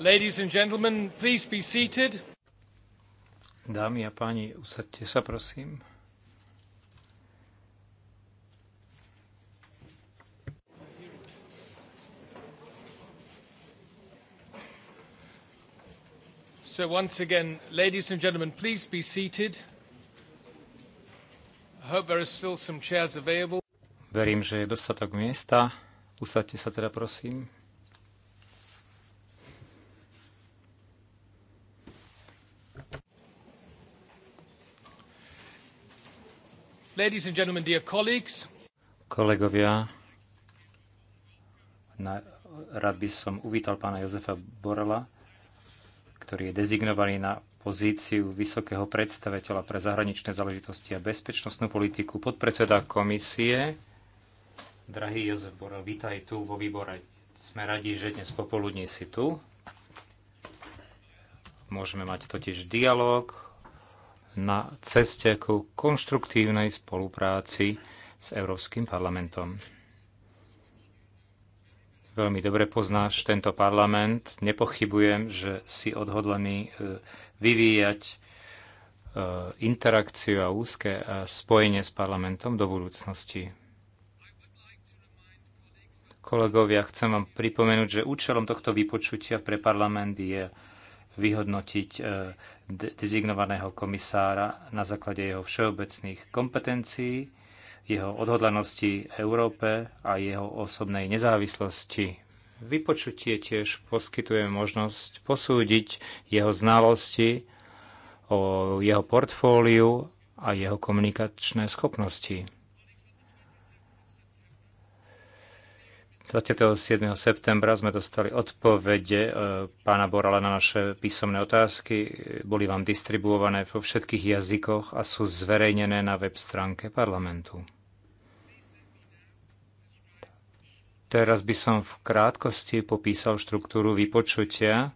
Ladies and gentlemen, please be seated. Dámy a páni, usadte sa prosím. So once again, ladies and gentlemen, please be seated. I hope there are still some chairs available. Verím, že je dostatok miesta. Usadte sa teda prosím. Ladies and gentlemen, dear colleagues. Kolegovia, na, rád by som uvítal pána Jozefa Borela, ktorý je dezignovaný na pozíciu vysokého predstaviteľa pre zahraničné záležitosti a bezpečnostnú politiku, podpredseda komisie. Drahý Jozef Borel, vítaj tu vo výbore. Sme radi, že dnes popoludní si tu. Môžeme mať totiž dialog na ceste ku konštruktívnej spolupráci s Európskym parlamentom. Veľmi dobre poznáš tento parlament. Nepochybujem, že si odhodlený e, vyvíjať e, interakciu a úzke e, spojenie s parlamentom do budúcnosti. Kolegovia, chcem vám pripomenúť, že účelom tohto vypočutia pre parlament je vyhodnotiť dezignovaného komisára na základe jeho všeobecných kompetencií, jeho odhodlanosti Európe a jeho osobnej nezávislosti. Vypočutie tiež poskytuje možnosť posúdiť jeho znalosti o jeho portfóliu a jeho komunikačné schopnosti. 27. septembra sme dostali odpovede e, pána Borala na naše písomné otázky. Boli vám distribuované vo všetkých jazykoch a sú zverejnené na web stránke parlamentu. Teraz by som v krátkosti popísal štruktúru vypočutia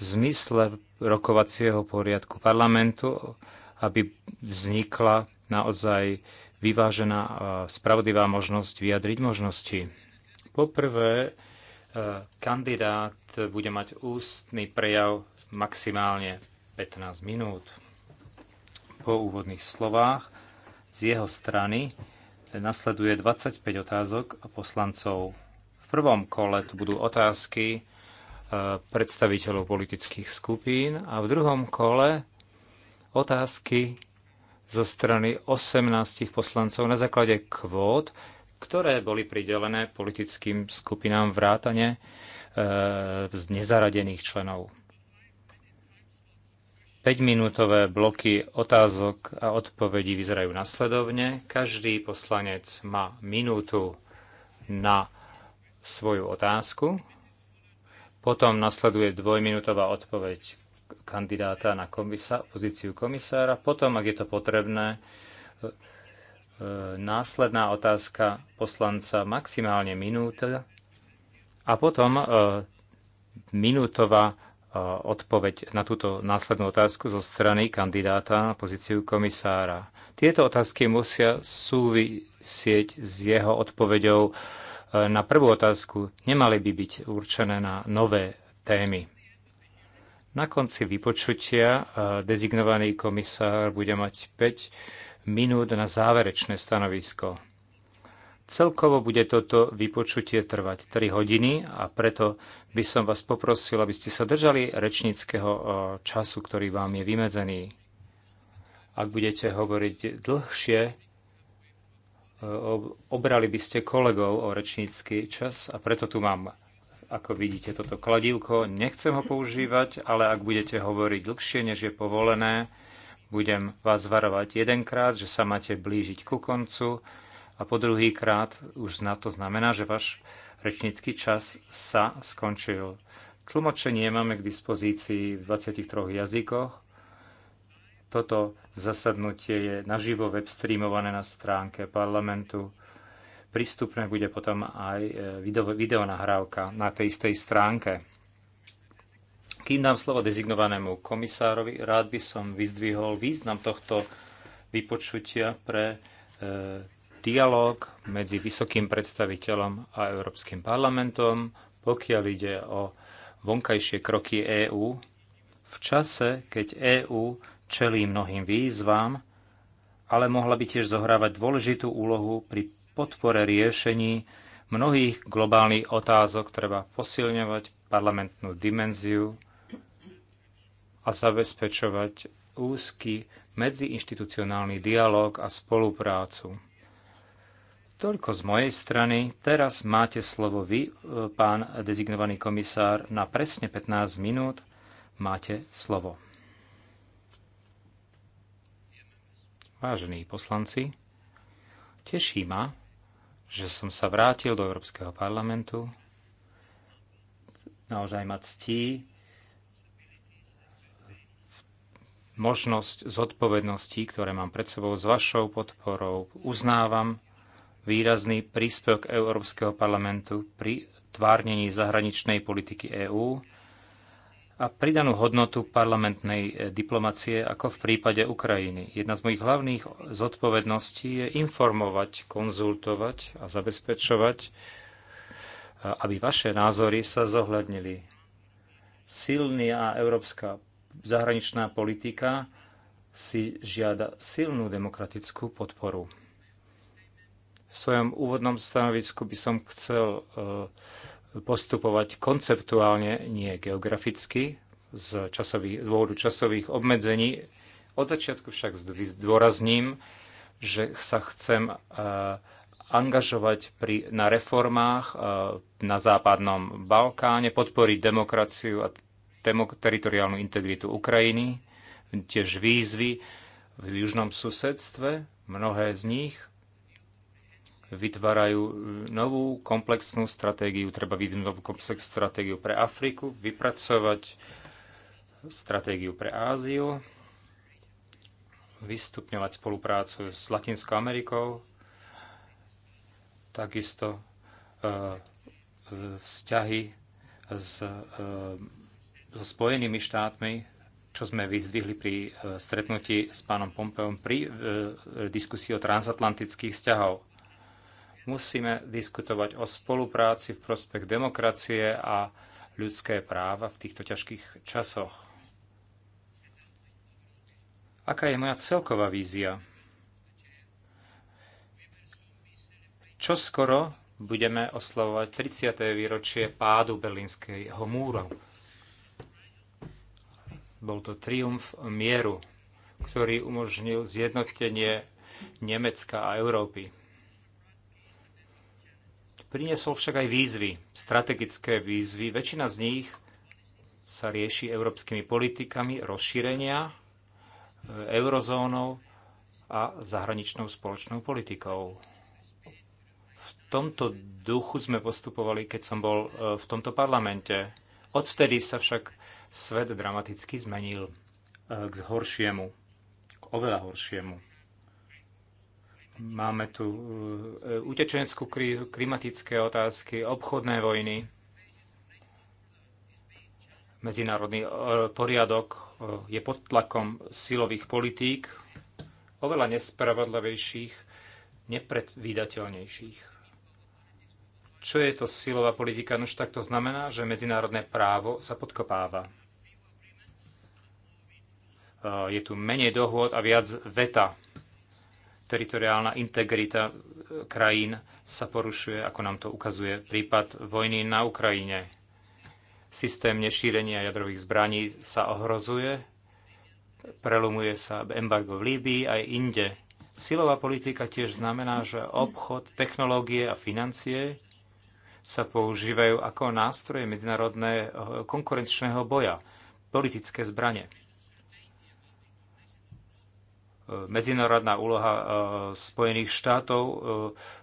v zmysle rokovacieho poriadku parlamentu, aby vznikla naozaj vyvážená a spravodlivá možnosť vyjadriť možnosti. Poprvé, e, kandidát bude mať ústny prejav maximálne 15 minút. Po úvodných slovách z jeho strany nasleduje 25 otázok a poslancov. V prvom kole tu budú otázky e, predstaviteľov politických skupín a v druhom kole otázky zo strany 18 poslancov na základe kvót, ktoré boli pridelené politickým skupinám vrátane e, z nezaradených členov. 5-minútové bloky otázok a odpovedí vyzerajú nasledovne. Každý poslanec má minútu na svoju otázku. Potom nasleduje dvojminútová odpoveď kandidáta na komisa- pozíciu komisára. Potom, ak je to potrebné, e, e, následná otázka poslanca maximálne minúta a potom e, minútová odpoveď na túto následnú otázku zo strany kandidáta na pozíciu komisára. Tieto otázky musia súvisieť s jeho odpoveďou na prvú otázku. Nemali by byť určené na nové témy. Na konci vypočutia e, dezignovaný komisár bude mať 5 minút na záverečné stanovisko. Celkovo bude toto vypočutie trvať 3 hodiny a preto by som vás poprosil, aby ste sa držali rečníckého e, času, ktorý vám je vymedzený. Ak budete hovoriť dlhšie, e, obrali by ste kolegov o rečnícky čas a preto tu mám ako vidíte, toto kladívko, nechcem ho používať, ale ak budete hovoriť dlhšie, než je povolené, budem vás varovať jedenkrát, že sa máte blížiť ku koncu a po druhý krát už na to znamená, že váš rečnícky čas sa skončil. Tlmočenie máme k dispozícii v 23 jazykoch. Toto zasadnutie je naživo webstreamované na stránke parlamentu Prístupné bude potom aj e, video, videonahrávka na tej istej stránke. Kým dám slovo dezignovanému komisárovi, rád by som vyzdvihol význam tohto vypočutia pre e, dialog medzi vysokým predstaviteľom a Európskym parlamentom, pokiaľ ide o vonkajšie kroky EÚ v čase, keď EÚ čelí mnohým výzvam, ale mohla by tiež zohrávať dôležitú úlohu pri podpore riešení mnohých globálnych otázok treba posilňovať parlamentnú dimenziu a zabezpečovať úzky medziinštitucionálny dialog a spoluprácu. Toľko z mojej strany. Teraz máte slovo vy, e, pán dezignovaný komisár, na presne 15 minút. Máte slovo. Vážení poslanci, teší ma, že som sa vrátil do Európskeho parlamentu. Naozaj ma ctí možnosť zodpovedností, ktoré mám pred sebou s vašou podporou. Uznávam výrazný príspevok Európskeho parlamentu pri tvárnení zahraničnej politiky EÚ a pridanú hodnotu parlamentnej eh, diplomacie ako v prípade Ukrajiny. Jedna z mojich hlavných zodpovedností je informovať, konzultovať a zabezpečovať, eh, aby vaše názory sa zohľadnili. a európska zahraničná politika si žiada silnú demokratickú podporu. V svojom úvodnom stanovisku by som chcel uh, postupovať konceptuálne, nie geograficky, z, časových, z dôvodu časových obmedzení. Od začiatku však zdôrazním, že sa chcem e, angažovať pri, na reformách e, na západnom Balkáne, podporiť demokraciu a teritoriálnu integritu Ukrajiny, tiež výzvy v južnom susedstve, mnohé z nich vytvárajú e, novú komplexnú stratégiu, treba vyvinúť novú komplexnú stratégiu pre Afriku, vypracovať stratégiu pre Áziu, vystupňovať spoluprácu s Latinskou Amerikou, takisto e, e, vzťahy s, so Spojenými štátmi, čo sme vyzdvihli pri stretnutí s pánom Pompeom pri diskusii o transatlantických vzťahov Musíme diskutovať o spolupráci v prospech demokracie a ľudské práva v týchto ťažkých časoch. Aká je moja celková vízia? Čo skoro budeme oslavovať 30. výročie pádu berlínskeho múru. Bol to triumf mieru, ktorý umožnil zjednotenie Nemecka a Európy. Priniesol však aj výzvy, strategické výzvy. Väčšina z nich sa rieši európskymi politikami rozšírenia e, eurozónou a zahraničnou spoločnou politikou. V tomto duchu sme postupovali, keď som bol e, v tomto parlamente. Odvtedy sa však svet dramaticky zmenil e, k horšiemu, k oveľa horšiemu. Máme tu e, utečenskú krízu, klimatické otázky, obchodné vojny, medzinárodný e, poriadok e, je pod tlakom silových politík, oveľa nespravodlivejších, nepredvídateľnejších. Čo je to silová politika? Nož tak to znamená, že medzinárodné právo sa podkopáva. Je tu menej dohôd a viac veta teritoriálna integrita e, krajín sa porušuje, ako nám to ukazuje prípad vojny na Ukrajine. Systém nešírenia jadrových zbraní sa ohrozuje, prelomuje sa embargo v Líbii aj inde. Silová politika tiež znamená, že obchod, technológie a financie sa používajú ako nástroje medzinárodného konkurenčného boja, politické zbranie medzinárodná úloha e, Spojených štátov e,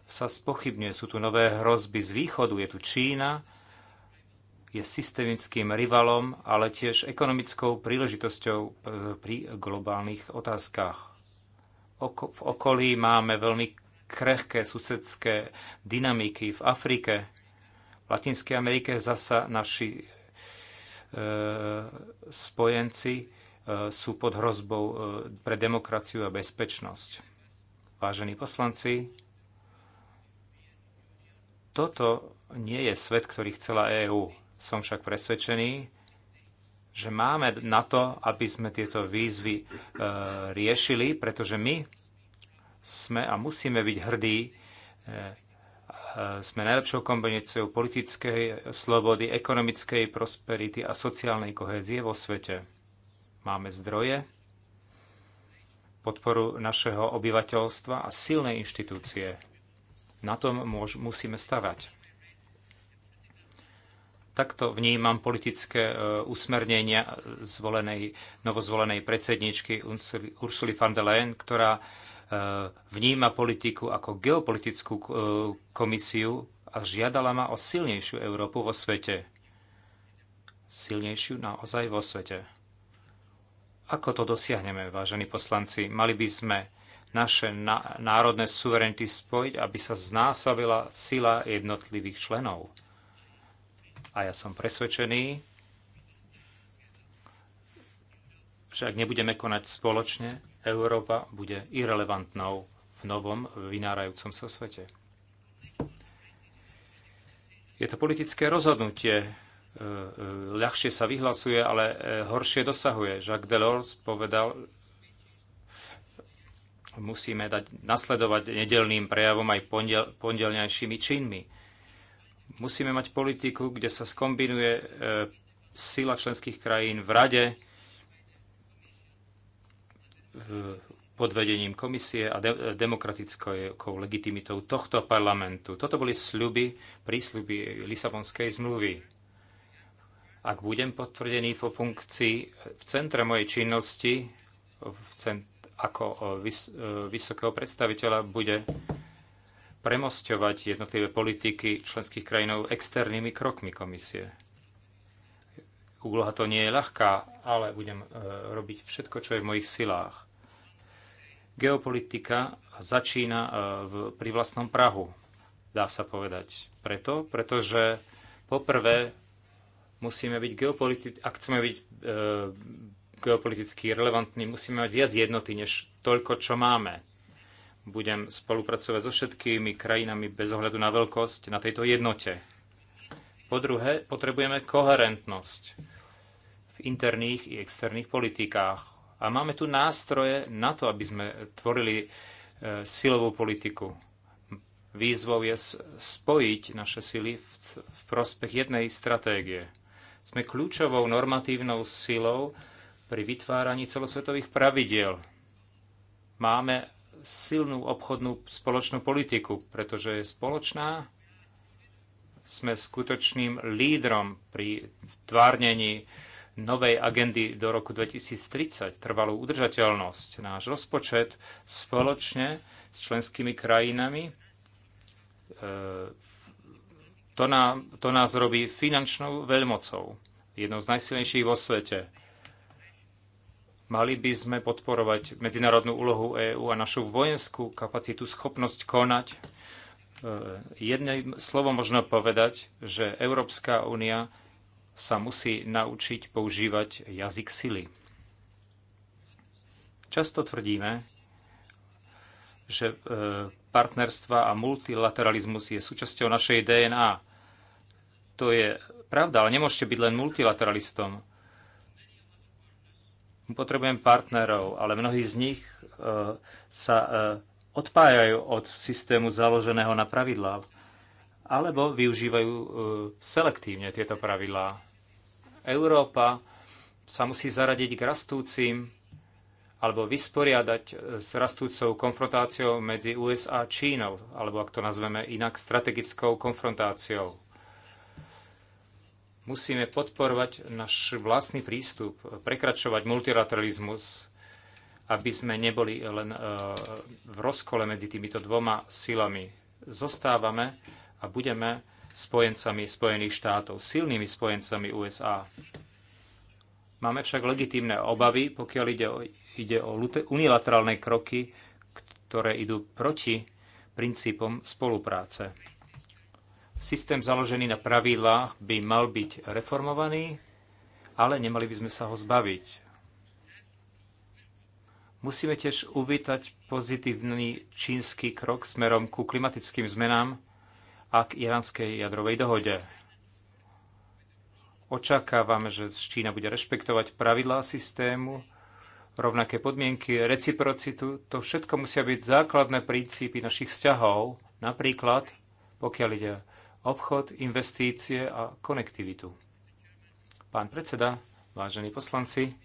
sa spochybňuje. Sú tu nové hrozby z východu, je tu Čína, je systemickým rivalom, ale tiež ekonomickou príležitosťou e, pri globálnych otázkach. V okolí máme veľmi krehké susedské dynamiky v Afrike. V Latinskej Amerike zasa naši e, spojenci sú pod hrozbou e, pre demokraciu a bezpečnosť. Vážení poslanci, toto nie je svet, ktorý chcela EÚ. Som však presvedčený, že máme na to, aby sme tieto výzvy e, riešili, pretože my sme a musíme byť hrdí, e, e sme najlepšou kombináciou politickej slobody, ekonomickej prosperity a sociálnej kohézie vo svete Máme zdroje, podporu našeho obyvateľstva a silné inštitúcie. Na tom môž, musíme stavať. Takto vnímam politické e, usmernenia zvolenej, novozvolenej predsedničky Ursuly van der Leyen, ktorá e, vníma politiku ako geopolitickú e, komisiu a žiadala ma o silnejšiu Európu vo svete. Silnejšiu naozaj vo svete. Ako to dosiahneme, vážení poslanci? Mali by sme naše národné suverenity spojiť, aby sa znásobila sila jednotlivých členov. A ja som presvedčený, že ak nebudeme konať spoločne, Európa bude irrelevantnou v novom, vynárajúcom sa svete. Je to politické rozhodnutie, E, e, ľahšie sa vyhlasuje, ale e, horšie dosahuje. Jacques Delors povedal, musíme dať, nasledovať nedelným prejavom aj pondel, pondelňajšími činmi. Musíme mať politiku, kde sa skombinuje sila členských krajín v rade pod vedením komisie a de- demokratickou legitimitou tohto parlamentu. Toto boli sľuby, prísľuby Lisabonskej zmluvy ak budem potvrdený vo funkcii v centre mojej činnosti, v cent, ako e, vys, e, vysokého predstaviteľa, bude premostovať jednotlivé politiky členských krajinov externými krokmi komisie. Úloha to nie je ľahká, ale budem e, robiť všetko, čo je v mojich silách. Geopolitika začína v, pri vlastnom Prahu, dá sa povedať. Preto, pretože poprvé Musíme byť geopoliticky, ak chceme byť e, geopoliticky relevantní, musíme mať viac jednoty, než toľko, čo máme. Budem spolupracovať so všetkými krajinami bez ohľadu na veľkosť na tejto jednote. Po druhé, potrebujeme koherentnosť v interných i externých politikách. A máme tu nástroje na to, aby sme tvorili e, silovú politiku. Výzvou je spojiť naše sily v, v prospech jednej stratégie. Sme kľúčovou normatívnou silou pri vytváraní celosvetových pravidiel. Máme silnú obchodnú spoločnú politiku, pretože je spoločná. Sme skutočným lídrom pri tvárnení novej agendy do roku 2030, trvalú udržateľnosť, náš rozpočet spoločne s členskými krajinami e, to, na, to nás robí finančnou veľmocou, jednou z najsilnejších vo svete. Mali by sme podporovať medzinárodnú úlohu EÚ a našu vojenskú kapacitu, schopnosť konať. E, jedným slovom možno povedať, že Európska únia sa musí naučiť používať jazyk sily. Často tvrdíme, že e, partnerstva a multilateralizmus je súčasťou našej DNA. To je pravda, ale nemôžete byť len multilateralistom. Potrebujem partnerov, ale mnohí z nich eh, sa eh, odpájajú od systému založeného na pravidlá alebo využívajú eh, selektívne tieto pravidlá. Európa sa musí zaradiť k rastúcim alebo vysporiadať s rastúcou konfrontáciou medzi USA a Čínou, alebo ak to nazveme inak, strategickou konfrontáciou. Musíme podporovať náš vlastný prístup, prekračovať multilateralizmus, aby sme neboli len e, v rozkole medzi týmito dvoma silami. Zostávame a budeme spojencami Spojených štátov, silnými spojencami USA. Máme však legitímne obavy, pokiaľ ide o, ide o unilaterálne kroky, ktoré idú proti princípom spolupráce. Systém založený na pravidlách by mal byť reformovaný, ale nemali by sme sa ho zbaviť. Musíme tiež uvítať pozitívny čínsky krok smerom ku klimatickým zmenám a k iránskej jadrovej dohode. Očakávame, že Čína bude rešpektovať pravidlá systému, rovnaké podmienky, reciprocitu. To všetko musia byť základné princípy našich vzťahov, napríklad pokiaľ ide obchod, investície a konektivitu. Pán predseda, vážení poslanci,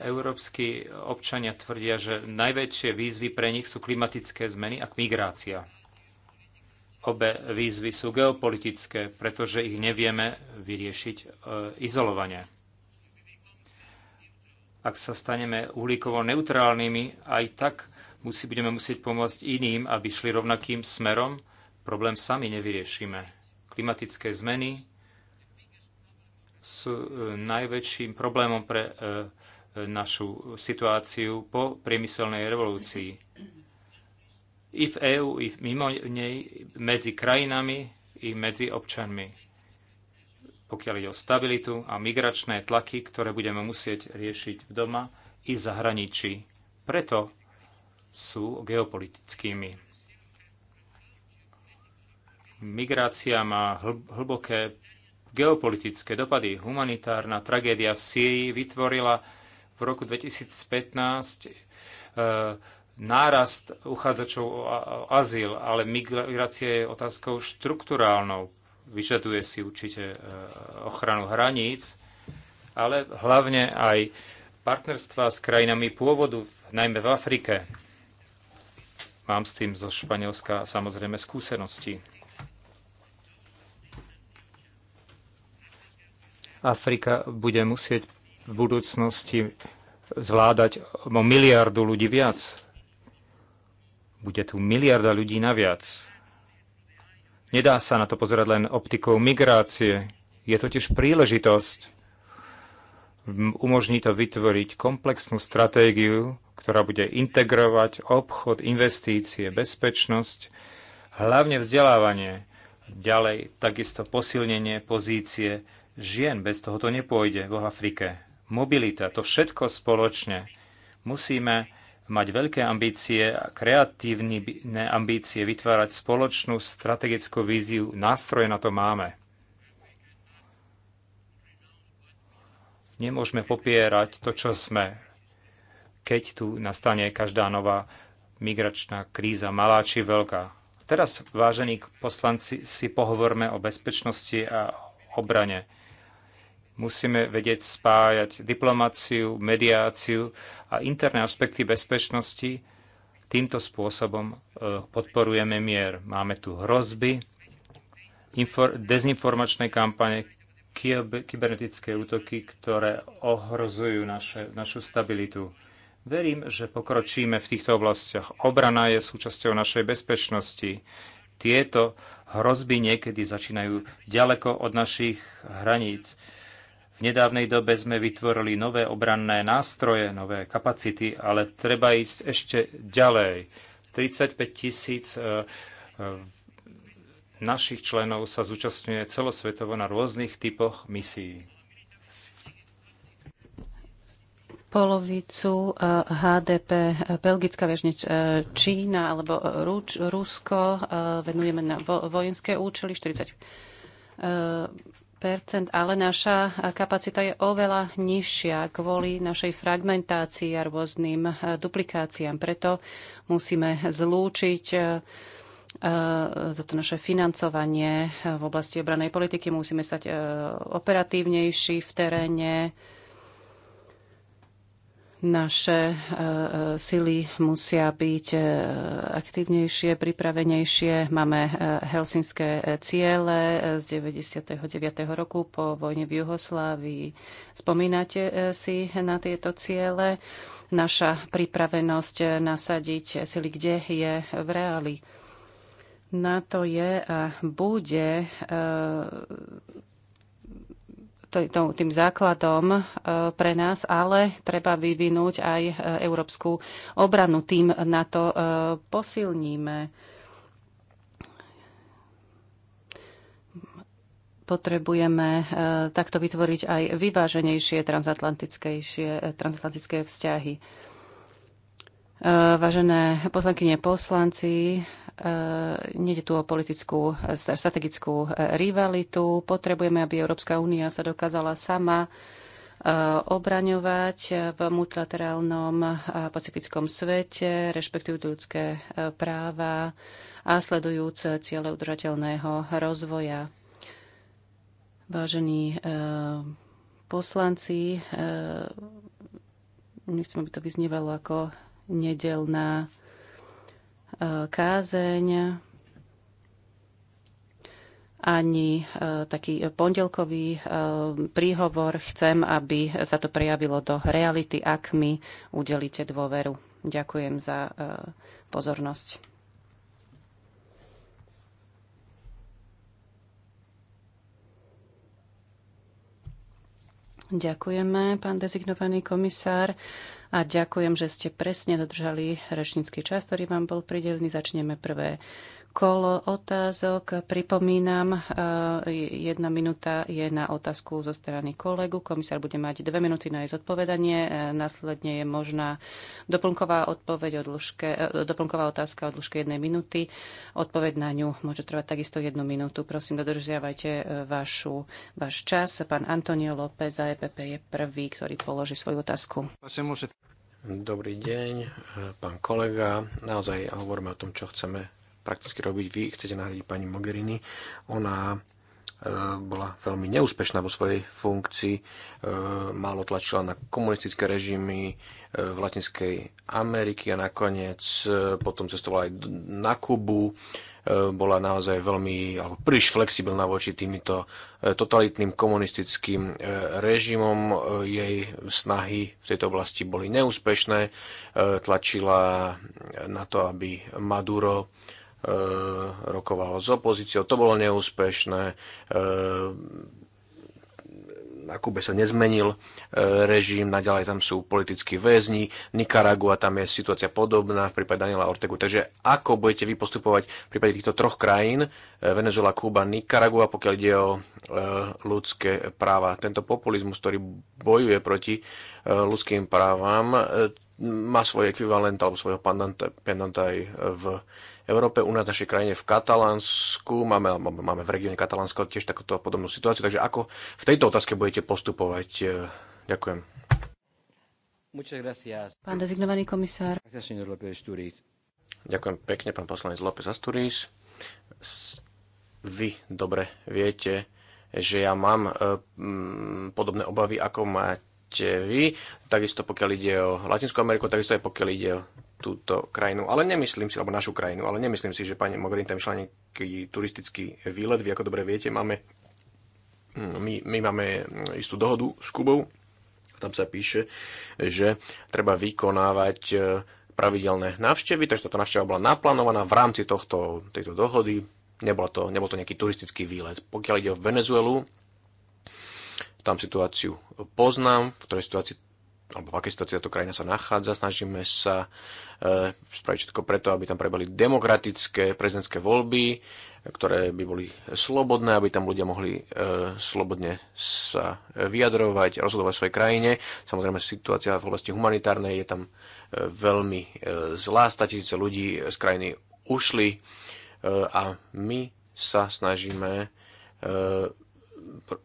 európsky občania tvrdia, že najväčšie výzvy pre nich sú klimatické zmeny a migrácia. Obe výzvy sú geopolitické, pretože ich nevieme vyriešiť e, izolovane. Ak sa staneme uhlíkovo neutrálnymi, aj tak musí, budeme musieť pomôcť iným, aby šli rovnakým smerom Problém sami nevyriešime. Klimatické zmeny sú e, najväčším problémom pre e, e, našu situáciu po priemyselnej revolúcii. I v EÚ, i mimo nej, medzi krajinami, i medzi občanmi. Pokiaľ ide o stabilitu a migračné tlaky, ktoré budeme musieť riešiť v doma i v zahraničí. Preto sú geopolitickými Migrácia má hlboké geopolitické dopady. Humanitárna tragédia v Sýrii vytvorila v roku 2015 e, nárast uchádzačov o, o azyl, ale migrácia je otázkou štruktúrálnou. Vyžaduje si určite e, ochranu hraníc, ale hlavne aj partnerstva s krajinami pôvodu, najmä v Afrike. Mám s tým zo Španielska samozrejme skúsenosti. Afrika bude musieť v budúcnosti zvládať o miliardu ľudí viac. Bude tu miliarda ľudí naviac. Nedá sa na to pozerať len optikou migrácie. Je totiž príležitosť. Umožní to vytvoriť komplexnú stratégiu, ktorá bude integrovať obchod, investície, bezpečnosť, hlavne vzdelávanie, ďalej takisto posilnenie pozície žien, bez toho to nepôjde vo Afrike. Mobilita, to všetko spoločne. Musíme mať veľké ambície, a kreatívne ambície, vytvárať spoločnú strategickú víziu. Nástroje na to máme. Nemôžeme popierať to, čo sme, keď tu nastane každá nová migračná kríza, malá či veľká. Teraz, vážení poslanci, si pohovorme o bezpečnosti a obrane Musíme vedieť spájať diplomáciu, mediáciu a interné aspekty bezpečnosti. Týmto spôsobom e, podporujeme mier. Máme tu hrozby, dezinformačné kampane, kybernetické útoky, ktoré ohrozujú naše, našu stabilitu. Verím, že pokročíme v týchto oblastiach. Obrana je súčasťou našej bezpečnosti. Tieto hrozby niekedy začínajú ďaleko od našich hraníc. V nedávnej dobe sme vytvorili nové obranné nástroje, nové kapacity, ale treba ísť ešte ďalej. 35 tisíc e, e, našich členov sa zúčastňuje celosvetovo na rôznych typoch misií. polovicu e, HDP Belgická väžne Čína alebo Rusko venujeme na vojenské účely 40 ale naša kapacita je oveľa nižšia kvôli našej fragmentácii a rôznym e, duplikáciám. Preto musíme zlúčiť e, e, toto naše financovanie v oblasti obranej politiky. Musíme stať operatívnejší v teréne, naše e, e, sily musia byť e, aktívnejšie, pripravenejšie. Máme helsinské ciele z 99. roku po vojne v Juhoslávii. Spomínate si na tieto ciele? Naša pripravenosť nasadiť sily, kde je v reáli? Na to je a bude tým základom e, pre nás, ale treba vyvinúť aj e, európsku obranu. Tým na to e, posilníme. potrebujeme takto vytvoriť aj vyváženejšie transatlantické vzťahy. Vážené poslankyne, poslanci, E, nejde tu o politickú e, strategickú e, rivalitu. Potrebujeme, aby Európska únia sa dokázala sama obraňovať v multilaterálnom pacifickom svete, rešpektujúc ľudské práva a sledujúc ciele udržateľného rozvoja. Vážení poslanci, nechcem, aby to vyznievalo ako nedelná E, kázeň, ani e, taký pondelkový e, príhovor. Chcem, aby sa to prejavilo do reality, ak mi udelíte dôveru. Ďakujem za pozornosť. Ďakujeme, pán dezignovaný komisár a ďakujem, že ste presne dodržali rečnícky čas, ktorý vám bol pridelený. Začneme prvé kolo otázok. Pripomínam, e, jedna minúta je na otázku zo strany kolegu. Komisár bude mať dve minúty na jej zodpovedanie. E, následne je možná doplnková, odpoveď o dĺžke, e, doplnková otázka o dĺžke jednej minúty. Odpoveď na ňu môže trvať takisto jednu minútu. Prosím, dodržiavajte vašu, váš čas. Pán Antonio López za EPP je prvý, ktorý položí svoju otázku. Dobrý deň, pán kolega. Naozaj hovoríme o tom, čo chceme prakticky robiť. Vy chcete nahradiť pani Mogherini. Ona e, bola veľmi neúspešná vo svojej funkcii, e, málo tlačila na komunistické režimy e, v Latinskej Ameriky a nakoniec potom cestovala aj na Kubu, bola naozaj veľmi, alebo príliš flexibilná voči týmito totalitným komunistickým režimom. Jej snahy v tejto oblasti boli neúspešné, tlačila na to, aby Maduro E, rokovalo s opozíciou, to bolo neúspešné, e, na Kube sa nezmenil e, režim, naďalej tam sú politickí väzni, Nikaragua tam je situácia podobná v prípade Daniela Ortegu. Takže ako budete vy postupovať v prípade týchto troch krajín, Venezuela, Kuba, Nikaragua, pokiaľ ide o ľudské práva? Tento populizmus, ktorý bojuje proti ľudským právam, má svoj ekvivalent alebo svojho pendanta aj v Európe. U nás našej krajine v Katalánsku máme, máme v regióne Katalánska tiež takúto podobnú situáciu. Takže ako v tejto otázke budete postupovať? E, ďakujem. Pán dezignovaný komisár. Ďakujem pekne, pán poslanec López Asturís. Vy dobre viete, že ja mám e, podobné obavy, ako máte vy. Takisto pokiaľ ide o Latinskú Ameriku, takisto aj pokiaľ ide o túto krajinu, ale nemyslím si, alebo našu krajinu, ale nemyslím si, že pani Mogherini tam išla nejaký turistický výlet. Vy ako dobre viete, máme, hm, my, my máme istú dohodu s Kubou, tam sa píše, že treba vykonávať e, pravidelné návštevy, takže táto návšteva bola naplánovaná v rámci tohto, tejto dohody, nebol to, nebol to nejaký turistický výlet. Pokiaľ ide o Venezuelu, tam situáciu poznám, v ktorej situácii alebo v akej situácii táto krajina sa nachádza. Snažíme sa uh, spraviť všetko preto, aby tam prebali demokratické prezidentské voľby, ktoré by boli slobodné, aby tam ľudia mohli uh, slobodne sa vyjadrovať, rozhodovať v svojej krajine. Samozrejme, situácia v oblasti humanitárnej je tam uh, veľmi uh, zlá. Statisíce ľudí z krajiny ušli uh, a my sa snažíme uh,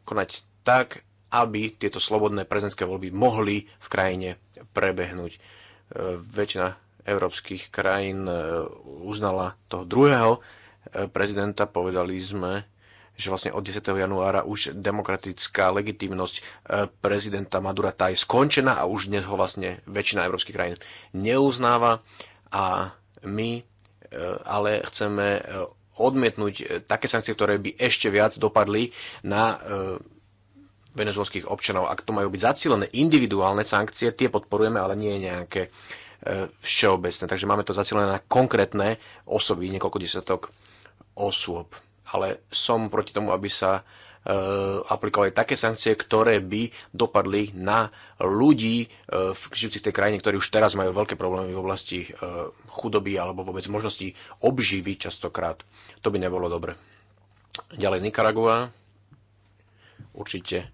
konať tak, aby tieto slobodné prezidentské voľby mohli v krajine prebehnúť. E, väčšina európskych krajín e, uznala toho druhého e, prezidenta. Povedali sme, že vlastne od 10. januára už demokratická legitimnosť prezidenta Madura tá je skončená a už dnes ho vlastne väčšina európskych krajín neuznáva a my ale chceme odmietnúť také sankcie, ktoré by ešte viac dopadli na venezuelských občanov. Ak to majú byť zacílené individuálne sankcie, tie podporujeme, ale nie nejaké e, všeobecné. Takže máme to zacílené na konkrétne osoby, niekoľko desiatok osôb. Ale som proti tomu, aby sa e, aplikovali také sankcie, ktoré by dopadli na ľudí e, v žijúcich tej krajine, ktorí už teraz majú veľké problémy v oblasti chudoby alebo vôbec možnosti obživy častokrát. To by nebolo dobre. Ďalej Nikaragua. Určite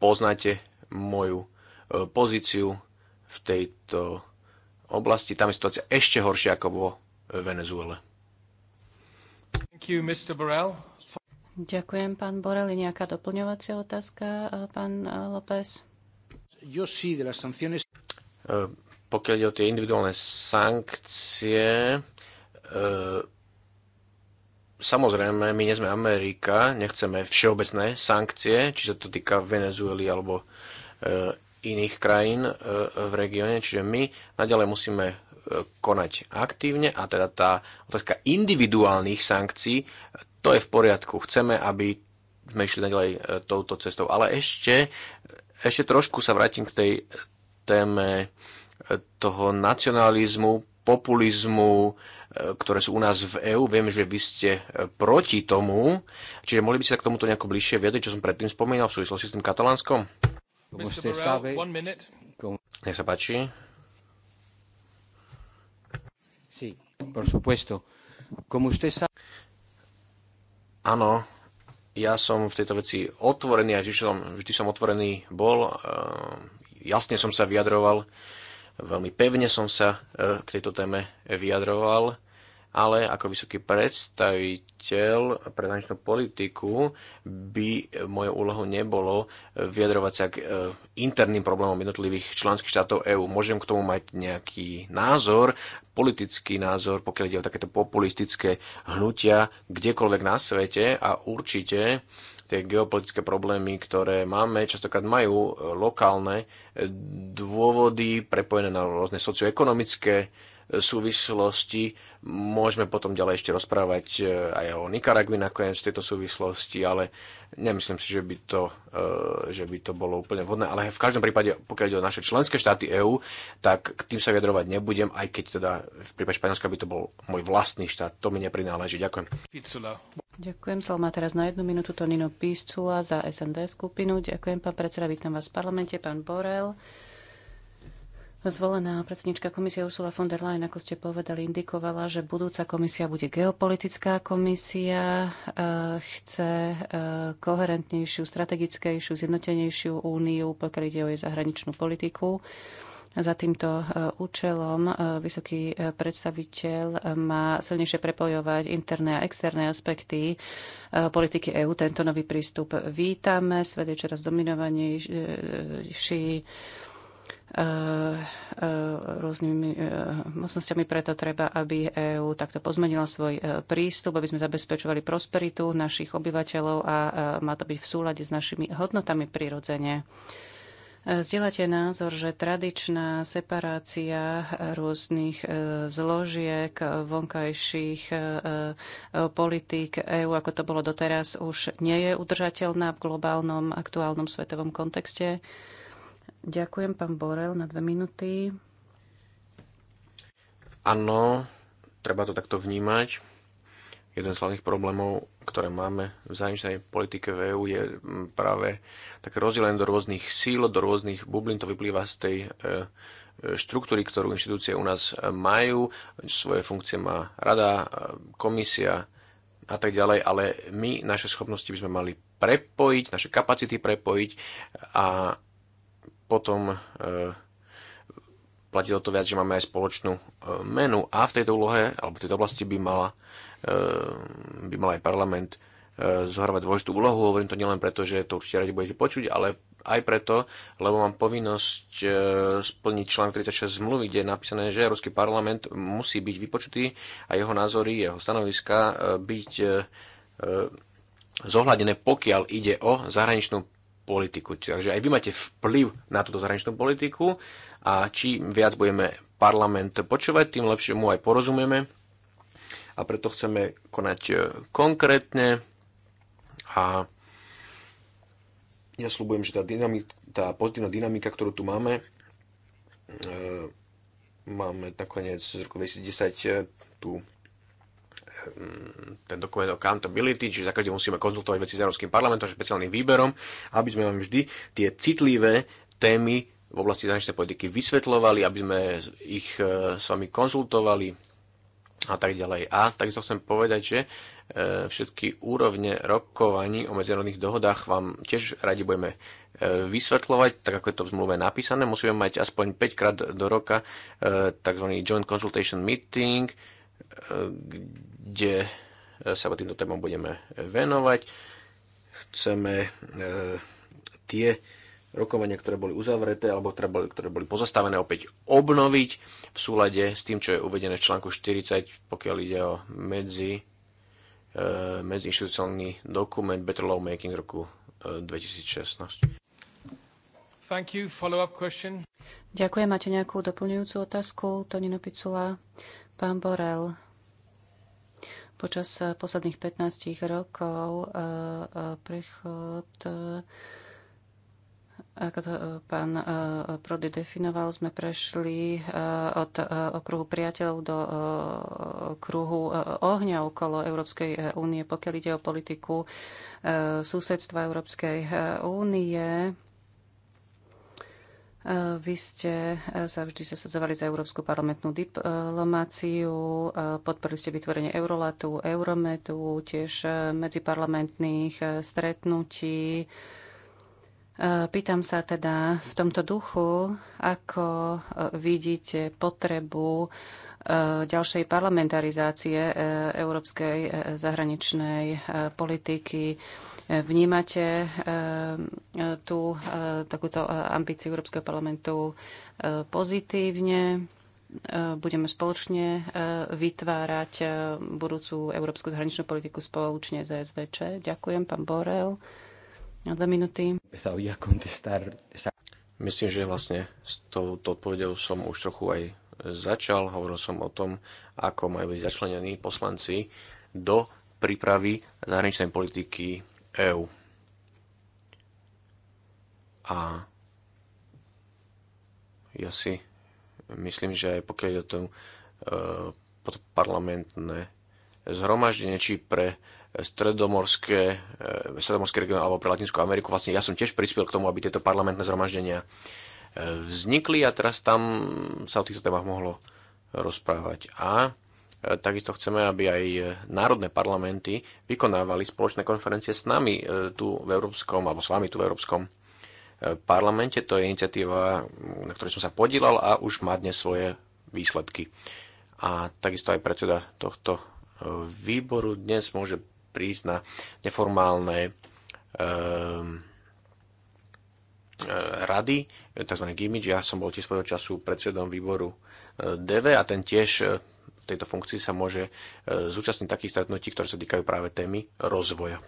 poznáte moju e, pozíciu v tejto oblasti. Tam je situácia ešte horšia ako vo Venezuele. You, Ďakujem, pán Borel. Nejaká doplňovacia otázka, e, pán e, López? Pokiaľ ide o tie individuálne sankcie, Samozrejme, my nie sme Amerika, nechceme všeobecné sankcie, či sa to týka Venezuely alebo e, iných krajín e, v regióne, čiže my naďalej musíme e, konať aktívne a teda tá otázka individuálnych sankcií, to je v poriadku. Chceme, aby sme išli naďalej e, touto cestou. Ale ešte, ešte trošku sa vrátim k tej téme e, toho nacionalizmu, populizmu, ktoré sú u nás v EÚ. Viem, že vy ste e, proti tomu, čiže mohli by ste sa k tomuto nejako bližšie vyjadriť, čo som predtým spomínal v súvislosti s tým katalánskom? Nech sa páči. Sí, por supuesto. Como usted sabe... Áno, ja som v tejto veci otvorený a vždy som, vždy som otvorený bol. Ehm, jasne som sa vyjadroval Veľmi pevne som sa e, k tejto téme vyjadroval, ale ako vysoký predstaviteľ pre zahraničnú politiku by moje úlohou nebolo e, vyjadrovať sa k e, interným problémom jednotlivých členských štátov EÚ. Môžem k tomu mať nejaký názor, politický názor, pokiaľ ide o takéto populistické hnutia kdekoľvek na svete a určite tie geopolitické problémy, ktoré máme, častokrát majú e, lokálne e, dôvody prepojené na rôzne socioekonomické e, súvislosti. Môžeme potom ďalej ešte rozprávať aj o Nikaragvi nakoniec v tejto súvislosti, ale nemyslím si, že by to, že by to bolo úplne vhodné. Ale v každom prípade, pokiaľ ide o naše členské štáty EÚ, tak k tým sa vyjadrovať nebudem, aj keď teda v prípade Španielska by to bol môj vlastný štát. To mi neprináleží. Ďakujem. Ďakujem. Slovo má teraz na jednu minútu Tonino Píscula za SND skupinu. Ďakujem, pán predseda. Vítam vás v parlamente, pán Borel. Zvolená predsednička komisie Ursula von der Leyen, ako ste povedali, indikovala, že budúca komisia bude geopolitická komisia, e, chce e, koherentnejšiu, strategickejšiu, zjednotenejšiu úniu, pokiaľ ide o jej zahraničnú politiku. Za týmto e, účelom e, vysoký e, predstaviteľ má silnejšie prepojovať interné a externé aspekty politiky EÚ. Tento nový prístup vítame. Svet je čoraz dominovanejší rôznymi mocnosťami, preto treba, aby EÚ takto pozmenila svoj prístup, aby sme zabezpečovali prosperitu našich obyvateľov a má to byť v súlade s našimi hodnotami prirodzene. E, zdieľate názor, že tradičná separácia rôznych e, zložiek e, vonkajších politík EÚ, ako to bolo doteraz, už nie je udržateľná v globálnom aktuálnom svetovom kontexte. Ďakujem, pán Borel, na dve minúty. Áno, treba to takto vnímať jeden z hlavných problémov, ktoré máme v zahraničnej politike v EÚ, je mm, práve také rozdelenie do rôznych síl, do rôznych bublín. To vyplýva z tej e, e, štruktúry, ktorú inštitúcie u nás e, majú. Svoje funkcie má rada, komisia a tak ďalej, ale my naše schopnosti by sme mali prepojiť, naše kapacity prepojiť a potom platilo to viac, že máme aj spoločnú menu a v tejto úlohe alebo v tejto oblasti by mala by mal aj parlament e, zohrávať dôležitú úlohu. Hovorím to nielen preto, že to určite radi budete počuť, ale aj preto, lebo mám povinnosť e, splniť článok 36 zmluvy, kde je napísané, že Európsky parlament musí byť vypočutý a jeho názory, jeho stanoviska e, byť zohľadené, pokiaľ ide o zahraničnú politiku. Takže aj vy máte vplyv na túto zahraničnú politiku a čím viac budeme parlament počúvať, tým lepšie mu aj porozumieme a preto chceme konať e, konkrétne a ja slúbujem, že tá, dynamik, tá pozitívna dynamika, ktorú tu máme, e, máme nakoniec z roku 2010 e, tu ten dokument accountability, čiže za každým musíme konzultovať veci s Európskym parlamentom, špeciálnym výberom, aby sme vám vždy tie citlivé témy v oblasti zahraničnej politiky vysvetľovali, aby sme ich s vami konzultovali, a tak ďalej. A takisto chcem povedať, že e, všetky úrovne rokovaní o medzinárodných dohodách vám tiež radi budeme e, vysvetľovať, tak ako je to v zmluve napísané. Musíme mať aspoň 5 krát do roka e, tzv. Joint Consultation Meeting, kde sa týmto témom budeme venovať. Chceme tie rokovania, ktoré boli uzavreté alebo ktoré boli, ktoré boli pozastavené, opäť obnoviť v súlade s tým, čo je uvedené v článku 40, pokiaľ ide o medzi, e, medziinstitucionálny dokument Better Lawmaking z roku e, 2016. Thank you. Follow-up question. Ďakujem. Máte nejakú doplňujúcu otázku? Tonino Picula, pán Borel. Počas posledných 15 rokov uh, uh, prechod uh, ako to e, pán e, Prody definoval, sme prešli e, od okruhu priateľov do kruhu ohňa okolo Európskej únie, pokiaľ ide o politiku susedstva Európskej únie. Vy ste sa vždy zasadzovali za európsku parlamentnú diplomáciu, podporili ste vytvorenie Eurolatu, Eurometu, tiež medziparlamentných stretnutí E, pýtam sa teda v tomto duchu, ako e, vidíte potrebu e, ďalšej parlamentarizácie európskej zahraničnej politiky. Vnímate tú takúto ambíciu Európskeho parlamentu pozitívne? Budeme spoločne vytvárať budúcu európsku zahraničnú politiku spoločne z SVČ. Ďakujem, pán Borel na dve minúty. Myslím, že vlastne s touto odpovedou som už trochu aj začal. Hovoril som o tom, ako majú byť začlenení poslanci do prípravy zahraničnej politiky EÚ. A ja si myslím, že aj pokiaľ je to e, parlamentné zhromaždenie, či pre stredomorské, e, stredomorské regióny alebo pre Latinskú Ameriku. Vlastne ja som tiež prispiel k tomu, aby tieto parlamentné zhromaždenia e, vznikli a teraz tam sa o týchto témach mohlo rozprávať. A e, takisto chceme, aby aj národné parlamenty vykonávali spoločné konferencie s nami tu v Európskom, alebo s vami tu v Európskom parlamente. To je iniciatíva, na ktorej som sa podielal a už má dnes svoje výsledky. A takisto aj predseda tohto výboru dnes môže prísť na neformálne ehm, e, rady, e, tzv. gimmick. Ja som bol tiež svojho času predsedom výboru e, DV a ten tiež v tejto funkcii sa môže zúčastniť takých stretnutí, ktoré sa týkajú práve témy rozvoja.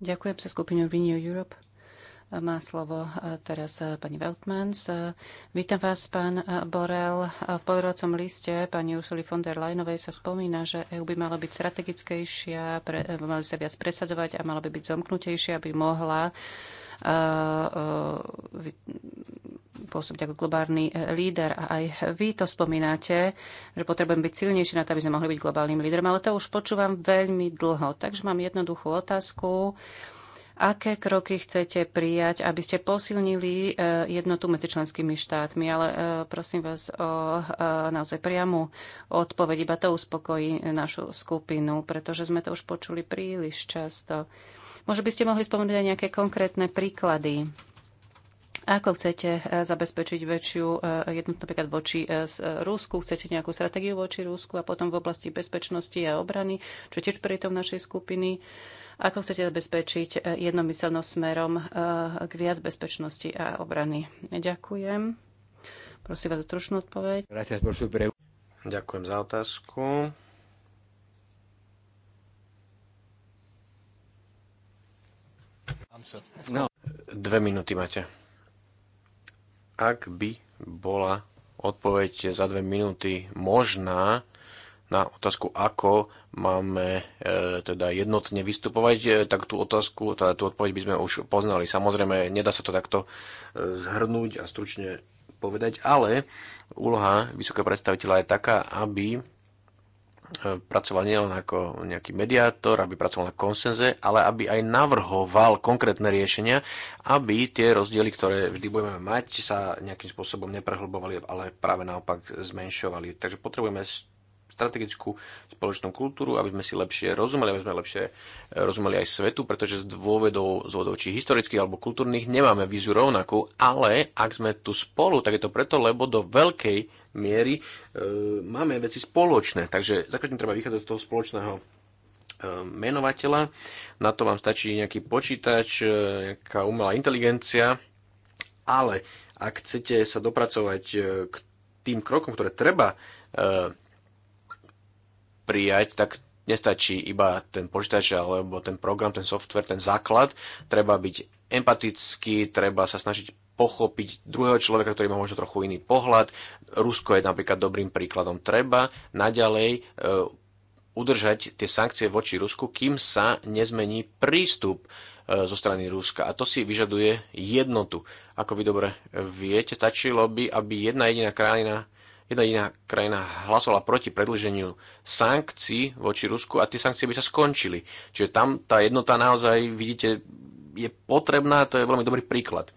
Ďakujem sa skupinu Renew Europe. Má slovo e, teraz e, pani Weltmans. E, vítam vás, pán Borel. V povedovacom liste pani Ursuli von der Leyenovej sa spomína, že EU by mala byť strategickejšia, pre, mala by sa viac presadzovať a mala by byť zomknutejšia, aby mohla pôsobiť ako globálny líder. A aj vy to spomínate, že potrebujem byť silnejší na to, aby sme mohli byť globálnym lídrom, ale to už počúvam veľmi dlho. Takže mám jednoduchú otázku. Uh, aké kroky chcete prijať, aby ste posilnili e, jednotu medzi členskými štátmi. Ale e, prosím vás o e, naozaj priamu odpoveď, iba to uspokojí našu skupinu, pretože sme to už počuli príliš často. Možno by ste mohli spomenúť aj nejaké konkrétne príklady. Ako chcete zabezpečiť väčšiu jednotnú napríklad voči Rúsku? Chcete nejakú stratégiu voči Rúsku a potom v oblasti bezpečnosti a obrany, čo tiež pri tom našej skupiny? Ako chcete zabezpečiť e, jednomyselnosť smerom e, k viac bezpečnosti a obrany? Ďakujem. Prosím vás o stručnú odpoveď. Ďakujem za otázku. No. Dve minúty máte. Ak by bola odpoveď za dve minúty možná, na otázku, ako máme e, teda jednotne vystupovať, e, tak tú otázku, teda tú odpoveď by sme už poznali. Samozrejme, nedá sa to takto e, zhrnúť a stručne povedať, ale úloha vysokého predstaviteľa je taká, aby e, pracoval nielen ako nejaký mediátor, aby pracoval na konsenze, ale aby aj navrhoval konkrétne riešenia, aby tie rozdiely, ktoré vždy budeme mať, sa nejakým spôsobom neprehlbovali, ale práve naopak zmenšovali. Takže potrebujeme strategickú spoločnú kultúru, aby sme si lepšie rozumeli, aby sme lepšie eh, rozumeli aj svetu, pretože z dôvodov, z dôvodov či historických alebo kultúrnych nemáme víziu rovnakú, ale ak sme tu spolu, tak je to preto, lebo do veľkej miery e, máme veci spoločné. Takže za každým treba vychádzať z toho spoločného e, menovateľa. Na to vám stačí nejaký počítač, e, nejaká umelá inteligencia, ale ak chcete sa dopracovať k tým krokom, ktoré treba prijať, tak nestačí iba ten počítač alebo ten program, ten software, ten základ. Treba byť empatický, treba sa snažiť pochopiť druhého človeka, ktorý má možno trochu iný pohľad. Rusko je napríklad dobrým príkladom. Treba naďalej e, udržať tie sankcie voči Rusku, kým sa nezmení prístup e, zo strany Ruska. A to si vyžaduje jednotu. Ako vy dobre viete, stačilo by, aby jedna jediná krajina jedna iná krajina hlasovala proti predlženiu sankcií voči Rusku a tie sankcie by sa skončili. Čiže tam tá jednota naozaj, vidíte, je potrebná, to je veľmi dobrý príklad.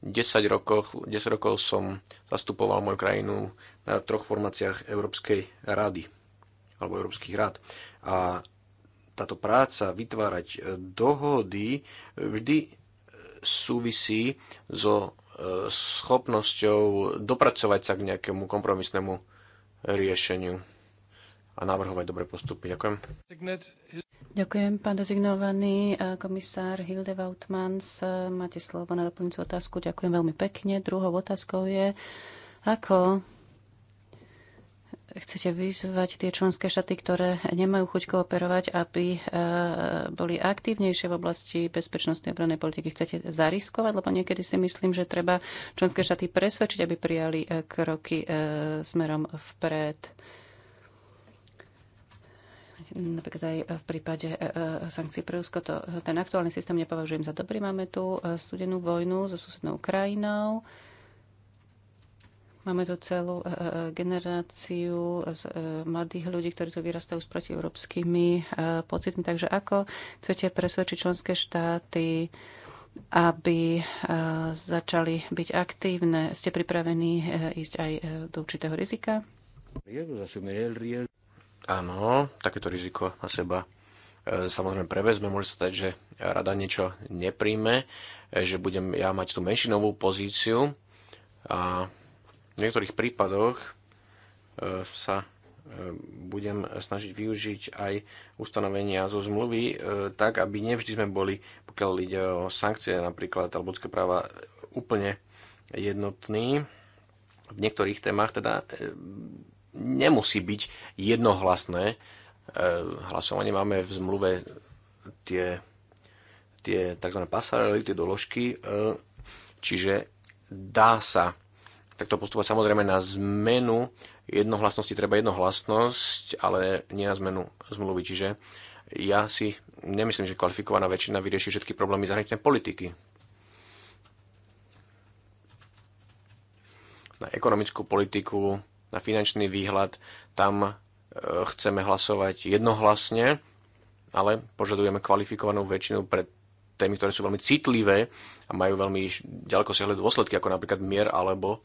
10 rokov, 10 rokov som zastupoval moju krajinu na troch formáciách Európskej rady alebo Európskych rád. A táto práca vytvárať dohody vždy súvisí so schopnosťou dopracovať sa k nejakému kompromisnému riešeniu a navrhovať dobre postupy. Ďakujem. Ďakujem, pán dezignovaný eh, komisár Hilde Wautmans. Máte slovo na doplňujúcu otázku. Ďakujem veľmi pekne. Druhou otázkou je, ako chcete vyzvať tie členské štáty, ktoré nemajú chuť kooperovať, aby e, boli aktívnejšie v oblasti bezpečnostnej obranej politiky? Chcete zariskovať? Lebo niekedy si myslím, že treba členské štáty presvedčiť, aby prijali e, kroky e, smerom vpred. Napríklad aj v prípade sankcií pre Rusko, to, ten aktuálny systém nepovažujem za dobrý. Máme tu studenú vojnu so susednou krajinou Máme tu celú e, e, generáciu z e, mladých ľudí, ktorí tu vyrastajú s protieurópskymi pocitmi. Takže ako chcete presvedčiť členské štáty, aby začali byť aktívne? Ste pripravení ísť aj do určitého rizika? Áno, takéto riziko na seba samozrejme prevezme. Môže sa stať, že rada niečo nepríjme, že budem ja mať tú menšinovú pozíciu a v niektorých prípadoch e, sa e, budem snažiť využiť aj ustanovenia zo zmluvy e, tak, aby nevždy sme boli, pokiaľ ide o sankcie napríklad alebo ľudské práva, úplne jednotní. V niektorých témach teda nemusí byť jednohlasné hlasovanie. Máme v zmluve tie, tie tzv. pasarely, tie doložky, čiže dá sa takto postupovať. Samozrejme na zmenu jednohlasnosti treba jednohlasnosť, ale nie na zmenu zmluvy. Čiže ja si nemyslím, že kvalifikovaná väčšina vyrieši všetky problémy zahraničnej politiky. Na ekonomickú politiku, na finančný výhľad, tam e, chceme hlasovať jednohlasne, ale požadujeme kvalifikovanú väčšinu pre témy, ktoré sú veľmi citlivé a majú veľmi ďaleko siahle dôsledky, ako napríklad mier alebo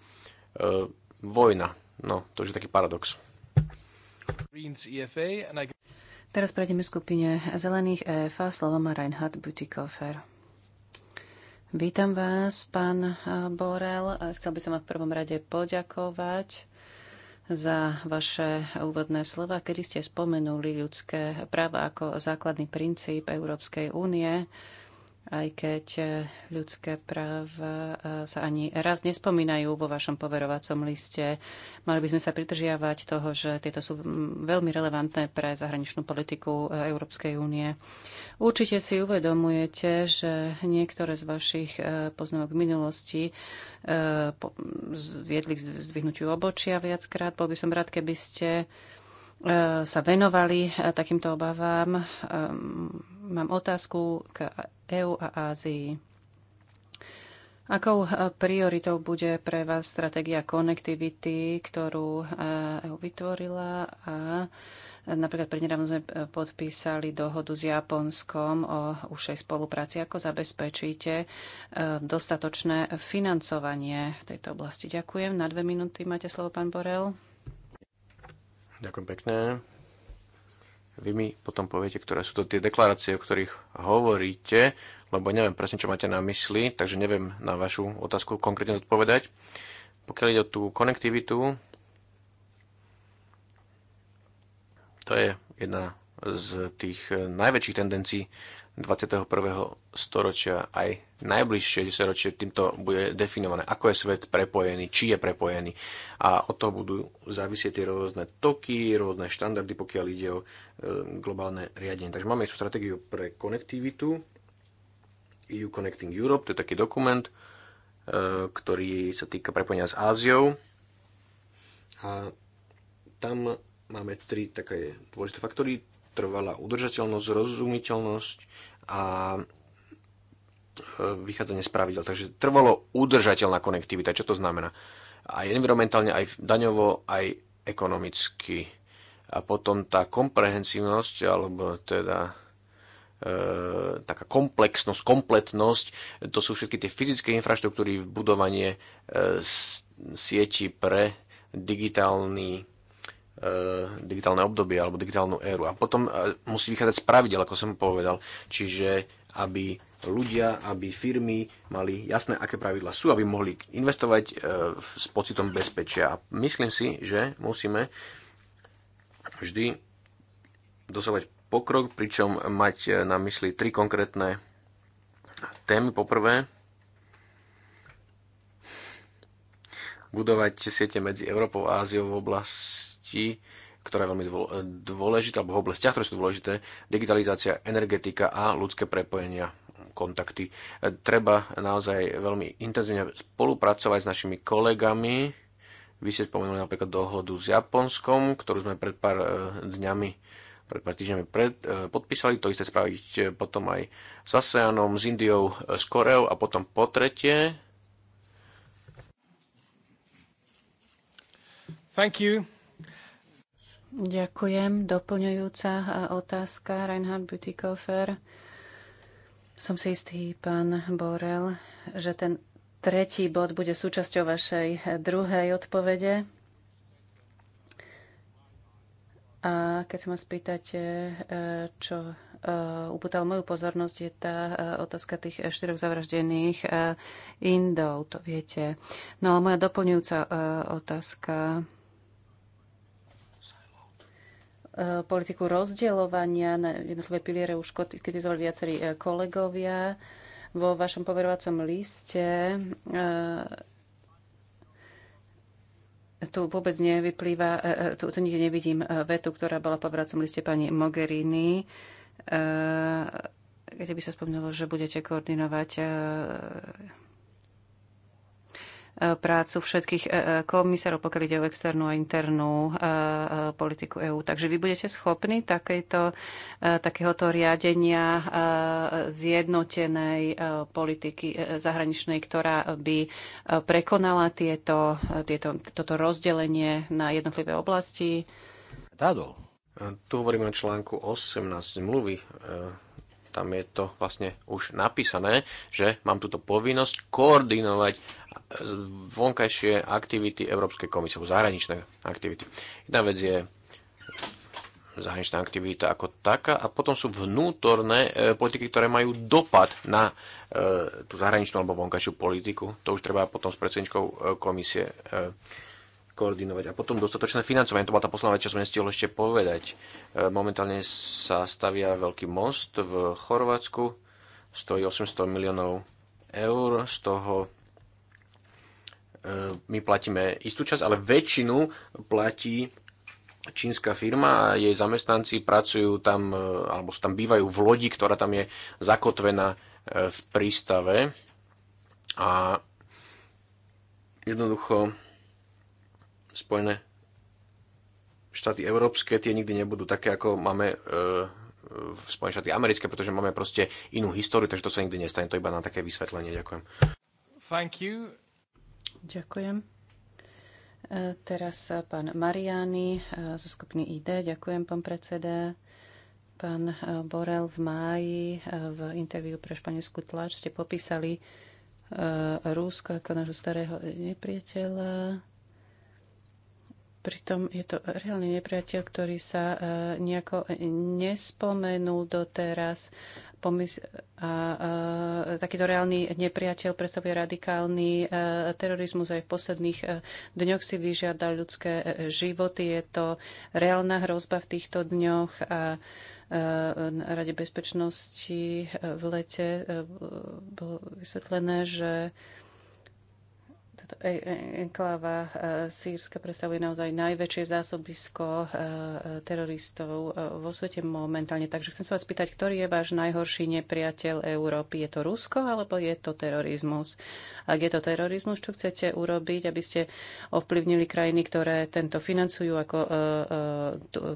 E, vojna. No, to je taký paradox. E Teraz prejdeme skupine Zelených EFA. Slovo má Reinhard Butikofer. Vítam vás, pán e, Borel. Chcel by som vám v prvom rade poďakovať za vaše úvodné slova, kedy ste spomenuli ľudské práva ako základný princíp Európskej únie aj keď e, ľudské práva e, sa ani raz nespomínajú vo vašom poverovacom liste. Mali by sme sa pridržiavať toho, že tieto sú veľmi relevantné pre zahraničnú politiku e, Európskej únie. Určite si uvedomujete, že niektoré z vašich poznámok minulosti viedli k zdvihnutiu obočia viackrát. Bol by som rád, keby ste E, sa venovali e, takýmto obavám. E, mám otázku k EÚ a Ázii. Akou prioritou bude pre vás stratégia konektivity, ktorú EU vytvorila a napríklad prednedávno sme podpísali dohodu s Japonskom o užšej spolupráci. Ako zabezpečíte dostatočné financovanie v tejto oblasti? Ďakujem. Na dve minúty máte slovo, pán Borel. Ďakujem pekne. Vy mi potom poviete, ktoré sú to tie deklarácie, o ktorých hovoríte, lebo neviem presne, čo máte na mysli, takže neviem na vašu otázku konkrétne zodpovedať. Pokiaľ ide o tú konektivitu, to je jedna z tých najväčších tendencií 21. storočia aj najbližšie 10 ročie týmto bude definované, ako je svet prepojený, či je prepojený. A od toho budú závisieť tie rôzne toky, rôzne štandardy, pokiaľ ide o e, globálne riadenie. Takže máme tu stratégiu pre konektivitu, EU Connecting Europe, to je taký dokument, e, ktorý sa týka prepojenia s Áziou. A tam máme tri také dôležité faktory, trvalá udržateľnosť, rozumiteľnosť a e, vychádzanie z pravidel. Takže trvalo udržateľná konektivita. Čo to znamená? Aj environmentálne, aj daňovo, aj ekonomicky. A potom tá komprehensívnosť, alebo teda e, taká komplexnosť, kompletnosť, to sú všetky tie fyzické infraštruktúry, budovanie e, sieti pre digitálny E, digitálne obdobie alebo digitálnu éru. A potom e, musí vychádzať z pravidel, ako som povedal. Čiže aby ľudia, aby firmy mali jasné, aké pravidla sú, aby mohli investovať e, s pocitom bezpečia. A myslím si, že musíme vždy dosovať pokrok, pričom mať na mysli tri konkrétne témy. Poprvé, budovať siete medzi Európou a Áziou v oblasti oblasti, ktorá je veľmi dôležitá, alebo v oblastiach, ktoré sú dôležité, digitalizácia, energetika a ľudské prepojenia kontakty. Treba naozaj veľmi intenzívne spolupracovať s našimi kolegami. Vy ste spomenuli napríklad dohodu s Japonskom, ktorú sme pred pár eh, dňami, pred pár týždňami pred, eh, podpísali. To isté spraviť eh, potom aj s ASEANom, s Indiou, s Koreou a potom po tretie. Thank you. Ďakujem. Doplňujúca otázka Reinhard Bütikofer. Som si istý, pán Borel, že ten tretí bod bude súčasťou vašej druhej odpovede. A keď sa ma spýtate, čo e, upútal moju pozornosť, je tá e, otázka tých e, štyroch zavraždených Indov, to viete. No a moja doplňujúca otázka E, politiku rozdeľovania na jednotlivé piliere už kritizovali viacerí e, kolegovia. Vo vašom poverovacom liste e, tu vôbec nevyplýva, tu, tu nikde nevidím vetu, ktorá bola v poverovacom liste pani Mogherini, kde by sa spomínalo, že budete koordinovať prácu všetkých e, e, komisárov, pokiaľ ide o externú a internú e, politiku EÚ. Takže vy budete schopní takéto, takéhoto riadenia zjednotenej politiky zahraničnej, ktorá by prekonala tieto, tieto, toto rozdelenie na jednotlivé oblasti. Tu hovoríme o článku 18 zmluvy tam je to vlastne už napísané, že mám túto povinnosť koordinovať eh, vonkajšie aktivity Európskej komisie, zahraničné aktivity. Jedna vec je zahraničná aktivita ako taká a potom sú vnútorné e, politiky, ktoré majú dopad na e, tú zahraničnú alebo vonkajšiu politiku. To už treba potom s predsedničkou e, komisie e, koordinovať. A potom dostatočné financovanie, to bola tá posledná vec, čo som nestihol ešte povedať. E, momentálne sa stavia veľký most v Chorvátsku, stojí 800 miliónov eur, z toho e, my platíme istú časť, ale väčšinu platí čínska firma a jej zamestnanci pracujú tam, e, alebo tam bývajú v lodi, ktorá tam je zakotvená v prístave. A jednoducho Spojené štáty európske, tie nikdy nebudú také, ako máme e, v Spojené štáty americké, pretože máme proste inú históriu, takže to sa nikdy nestane. To iba na také vysvetlenie. Ďakujem. Thank you. Ďakujem. E, teraz pán Mariani e, zo skupiny ID. Ďakujem, pán predseda. Pán Borel v máji v interviu pre španielskú tlač ste popísali rúsko ako nášho starého nepriateľa Pritom je to reálny nepriateľ, ktorý sa e, nejako nespomenul doteraz. Pomys- a, a, e, takýto reálny nepriateľ predstavuje radikálny a, e, terorizmus. Aj v posledných a, dňoch si vyžiada ľudské životy. Je to reálna hrozba v týchto dňoch a na Rade bezpečnosti v lete bolo vysvetlené, že E- e- enkláva e, sírska predstavuje naozaj najväčšie zásobisko teroristov vo svete momentálne. Takže chcem sa vás spýtať, ktorý je váš najhorší nepriateľ Európy? Je to Rusko alebo je to terorizmus? Ak je to terorizmus, čo chcete urobiť, aby ste ovplyvnili krajiny, ktoré tento financujú, ako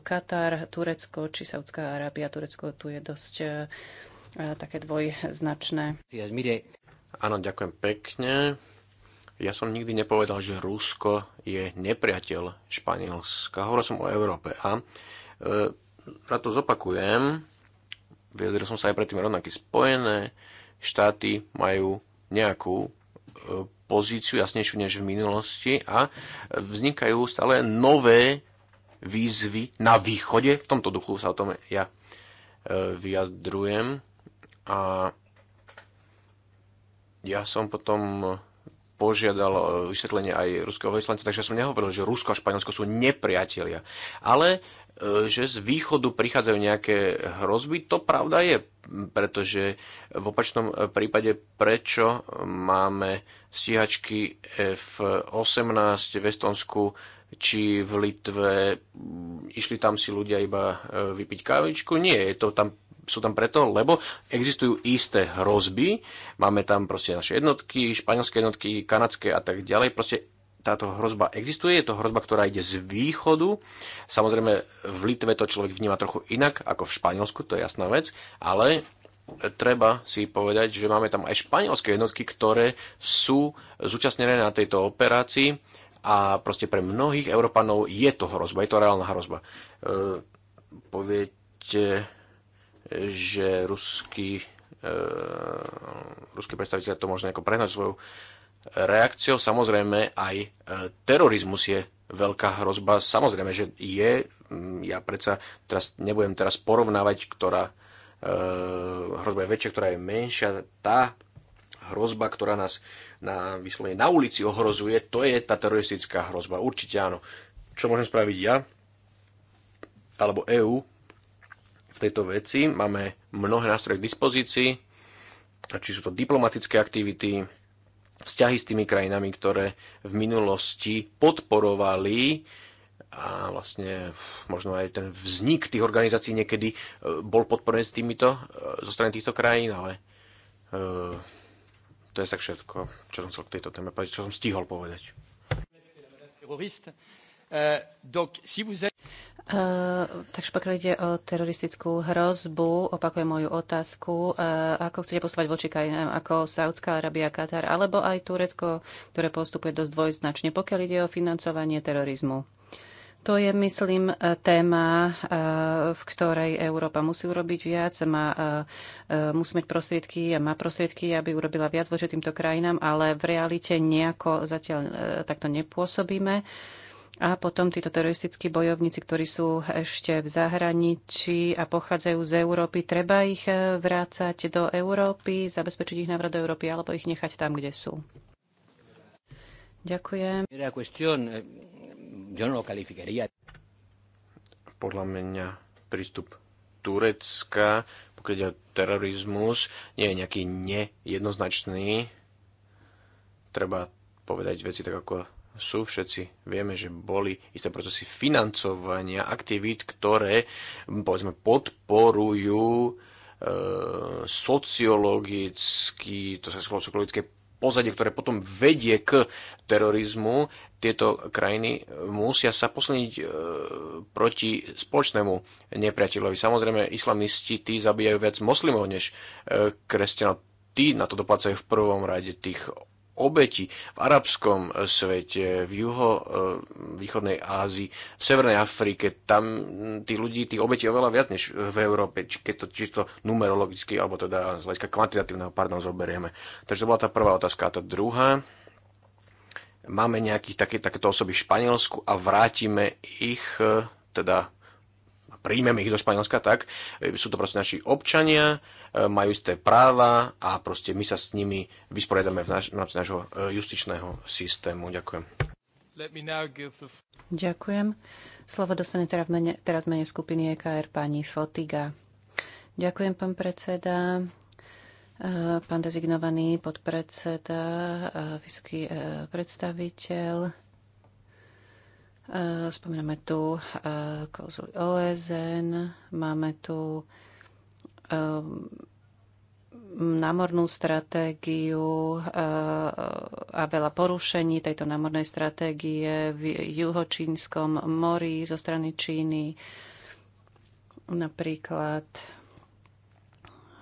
Katar, Turecko či Saudská Arábia. Turecko tu je dosť také dvojznačné. Áno, ďakujem pekne. Ja som nikdy nepovedal, že Rusko je nepriateľ Španielska. Hovoril som o Európe. A e, rád to zopakujem, vyjadril som sa aj predtým rovnaký. Spojené štáty majú nejakú e, pozíciu jasnejšiu než v minulosti a vznikajú stále nové výzvy na východe. V tomto duchu sa o tom ja e, vyjadrujem. A ja som potom požiadal vysvetlenie aj ruského vyslanca, takže som nehovoril, že Rusko a Španielsko sú nepriatelia. Ale e, že z východu prichádzajú nejaké hrozby, to pravda je, pretože v opačnom prípade prečo máme stíhačky F-18 v Estonsku či v Litve, išli tam si ľudia iba e, vypiť kávičku? Nie, je to tam sú tam preto, lebo existujú isté hrozby. Máme tam proste naše jednotky, španielské jednotky, kanadské a tak ďalej. Proste táto hrozba existuje, je to hrozba, ktorá ide z východu. Samozrejme, v Litve to človek vníma trochu inak ako v Španielsku, to je jasná vec, ale treba si povedať, že máme tam aj španielské jednotky, ktoré sú zúčastnené na tejto operácii a proste pre mnohých Európanov je to hrozba, je to reálna hrozba. E, poviete, že ruský, e, ruský predstaviteľ to možno prehnať svojou reakciou. Samozrejme aj e, terorizmus je veľká hrozba. Samozrejme, že je. Mm, ja predsa teraz nebudem teraz porovnávať, ktorá e, hrozba je väčšia, ktorá je menšia. Tá hrozba, ktorá nás na, vyslovene na ulici ohrozuje, to je tá teroristická hrozba. Určite áno. Čo môžem spraviť ja? Alebo EÚ? v tejto veci. Máme mnohé nástroje k dispozícii, či sú to diplomatické aktivity, vzťahy s tými krajinami, ktoré v minulosti podporovali a vlastne možno aj ten vznik tých organizácií niekedy e, bol podporený s týmito, e, zo strany týchto krajín, ale e, to je tak všetko, čo som chcel k tejto téme povedať, čo som stihol povedať. Uh, takže pokiaľ ide o teroristickú hrozbu, opakujem moju otázku, uh, ako chcete postupovať voči krajinám ako Saudská Arábia, Katar alebo aj Turecko, ktoré postupuje dosť dvojznačne, pokiaľ ide o financovanie terorizmu. To je, myslím, eh, téma, v ktorej Európa musí urobiť viac, má, musí mať prostriedky a má prostriedky, aby urobila viac voči týmto krajinám, ale v realite nejako zatiaľ takto nepôsobíme. A potom títo teroristickí bojovníci, ktorí sú ešte v zahraničí a pochádzajú z Európy, treba ich eh, vrácať do Európy, zabezpečiť ich návrat do Európy alebo ich nechať tam, kde sú. Ďakujem. Eh, no Podľa mňa prístup Turecka, pokiaľ ide o terorizmus, nie je nejaký nejednoznačný. Treba povedať veci tak, ako sú všetci. Vieme, že boli isté procesy financovania aktivít, ktoré povedzme, podporujú e, sociologicky, to sa sociologické pozadie, ktoré potom vedie k terorizmu, tieto krajiny musia sa poslniť e, proti spoločnému nepriateľovi. Samozrejme, islamisti tí zabíjajú viac moslimov než e, kresťanov. Tí na to doplácajú v prvom rade tých obeti v arabskom e, svete, v juho e, východnej Ázii, v Severnej Afrike, tam tých ľudí, tých obetí oveľa viac než v Európe, či keď to čisto numerologicky, alebo teda z hľadiska kvantitatívneho, pardon, zoberieme. Takže to bola tá prvá otázka. A tá druhá, máme nejakých také, takéto osoby v Španielsku a vrátime ich, e, teda príjmeme ich do Španielska, tak e, sú to proste naši občania, e, majú isté práva a proste my sa s nimi vysporiadame v rámci naš, nášho e, justičného systému. Ďakujem. The... Ďakujem. Slovo dostane teraz mene, teraz mene skupiny EKR pani Fotiga. Ďakujem, pán predseda. Pán dezignovaný podpredseda, vysoký predstaviteľ. Eh, spomíname tu eh, klauzuly OSN, máme tu eh, námornú stratégiu a veľa porušení tejto námornej stratégie v juhočínskom mori zo strany Číny. Napríklad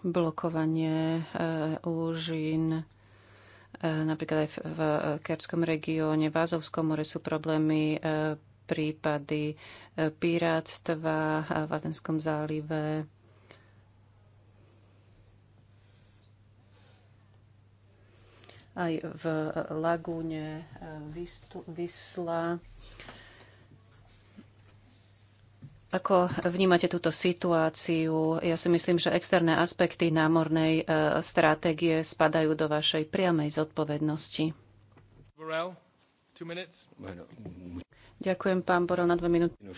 blokovanie úžin E, napríklad aj v Kerskom regióne, v Azovskom more sú problémy, e, prípady e, pirátstva v Atenskom zálive. Aj v lagúne Vysla Ako vnímate túto situáciu? Ja si myslím, že externé aspekty námornej e, stratégie spadajú do vašej priamej zodpovednosti. Borel, Ďakujem, pán Borel, na dve minúty. No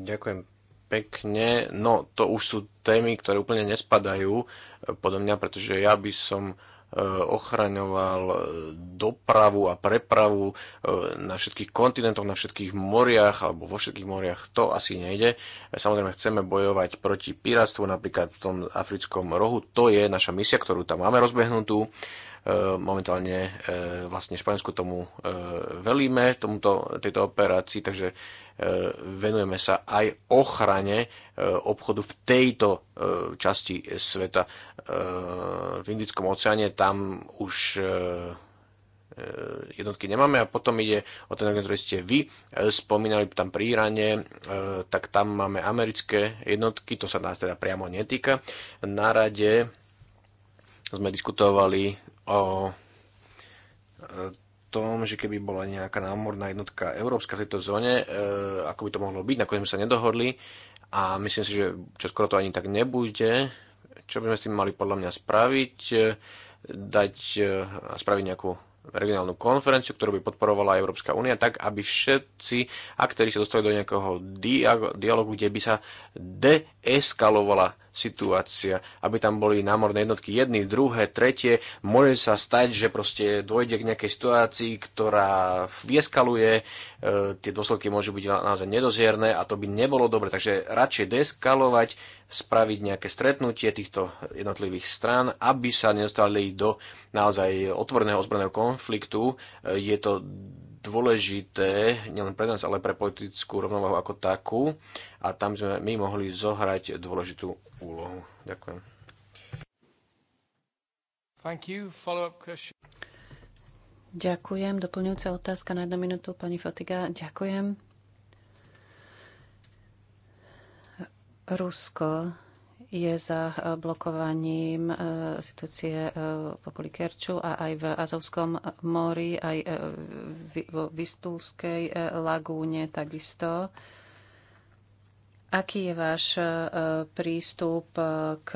Ďakujem pekne. No, to už sú témy, ktoré úplne nespadajú e, podľa mňa, pretože ja by som Eh, ochraňoval eh, dopravu a prepravu eh, na všetkých kontinentoch, na všetkých moriach alebo vo všetkých moriach, to asi nejde. Samozrejme chceme bojovať proti piráctvu, napríklad v tom africkom rohu, to je naša misia, ktorú tam máme rozbehnutú. Momentálne vlastne Španielsku tomu velíme, tomuto, tejto operácii, takže venujeme sa aj ochrane obchodu v tejto časti sveta v Indickom oceáne, tam už e, e, jednotky nemáme. A potom ide o ten orgán, ktorý ste vy e, spomínali tam pri Iráne, tak tam máme americké jednotky, to sa nás teda priamo netýka. Na rade sme diskutovali o tom, že keby bola nejaká námorná jednotka európska v tejto zóne, ako by to mohlo byť, nakoniec sme sa nedohodli a myslím si, že čo skoro to ani tak nebude, čo by sme s tým mali podľa mňa spraviť? E, dať e, a spraviť nejakú regionálnu konferenciu, ktorú by podporovala Európska únia, tak aby všetci aktéri sa dostali do nejakého dialogu, kde by sa deeskalovala situácia, aby tam boli námorné jednotky jedny, druhé, tretie. Môže sa stať, že proste dôjde k nejakej situácii, ktorá vieskaluje, e, tie dôsledky môžu byť naozaj nedozierné a to by nebolo dobre. Takže radšej deskalovať, spraviť nejaké stretnutie týchto jednotlivých strán, aby sa nedostali do naozaj otvorného ozbrojeného konfliktu. E, je to dôležité nielen pre nás, ale pre politickú rovnováhu ako takú a tam sme my mohli zohrať dôležitú úlohu. Ďakujem. Thank you. Follow-up question. Ďakujem. Doplňujúca otázka na jednu minútu, pani Fatiga. Ďakujem. Rusko je za eh, blokovaním eh, situácie eh, v okolí Kerču a aj v Azovskom mori, aj v Vistulskej lagúne takisto. Aký je váš prístup k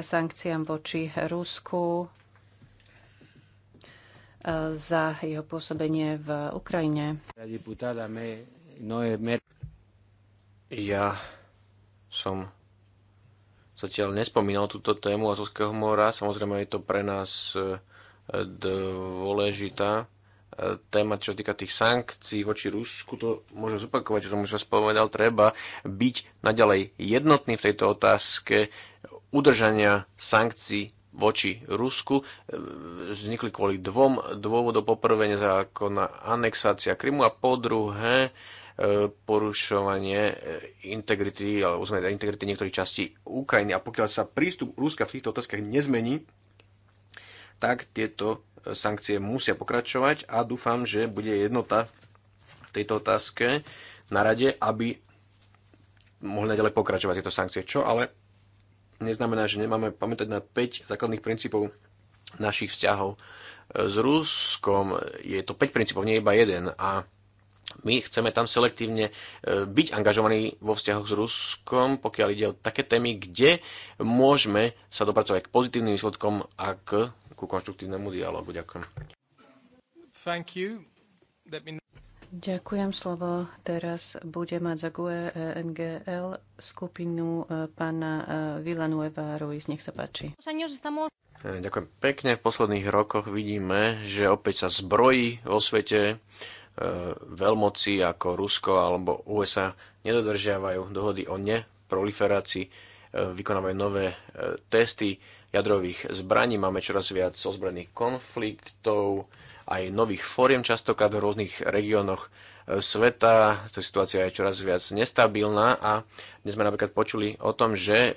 sankciám voči Rusku za jeho pôsobenie v Ukrajine? No ja som zatiaľ nespomínal túto tému Azovského mora. Samozrejme je to pre nás eh, dôležitá eh, téma, čo týka tých sankcií voči Rusku, to môžem zopakovať, čo som už spomenal, treba byť naďalej jednotný v tejto otázke udržania sankcií voči Rusku. Eh, vznikli kvôli dvom dôvodom. poprvé nezákonná anexácia Krymu a po druhé porušovanie eh, integrity alebo uzmenia teda integrity niektorých častí Ukrajiny. A pokiaľ sa prístup Ruska v týchto otázkach nezmení, tak tieto eh, sankcie musia pokračovať a dúfam, že bude jednota v tejto otázke na rade, aby mohli naďalej pokračovať tieto sankcie. Čo ale neznamená, že nemáme pamätať na 5 základných princípov našich vzťahov eh, s Ruskom. Je to 5 princípov, nie iba jeden. A my chceme tam selektívne e, byť angažovaní vo vzťahoch s Ruskom, pokiaľ ide o také témy, kde môžeme sa dopracovať k pozitívnym výsledkom a k, ku konštruktívnemu dialogu. Ďakujem. Thank you. Let me... Ďakujem slovo. Teraz bude mať za GUE e, NGL skupinu e, pána Villanueva Ruiz. Nech sa páči. Ďakujem pekne. V posledných rokoch vidíme, že opäť sa zbrojí vo svete E, veľmoci ako Rusko alebo USA nedodržiavajú dohody o neproliferácii, e, vykonávajú nové e, testy jadrových zbraní, máme čoraz viac ozbrojených konfliktov, aj nových fóriem častokrát v rôznych regiónoch sveta, tá situácia je čoraz viac nestabilná a dnes sme napríklad počuli o tom, že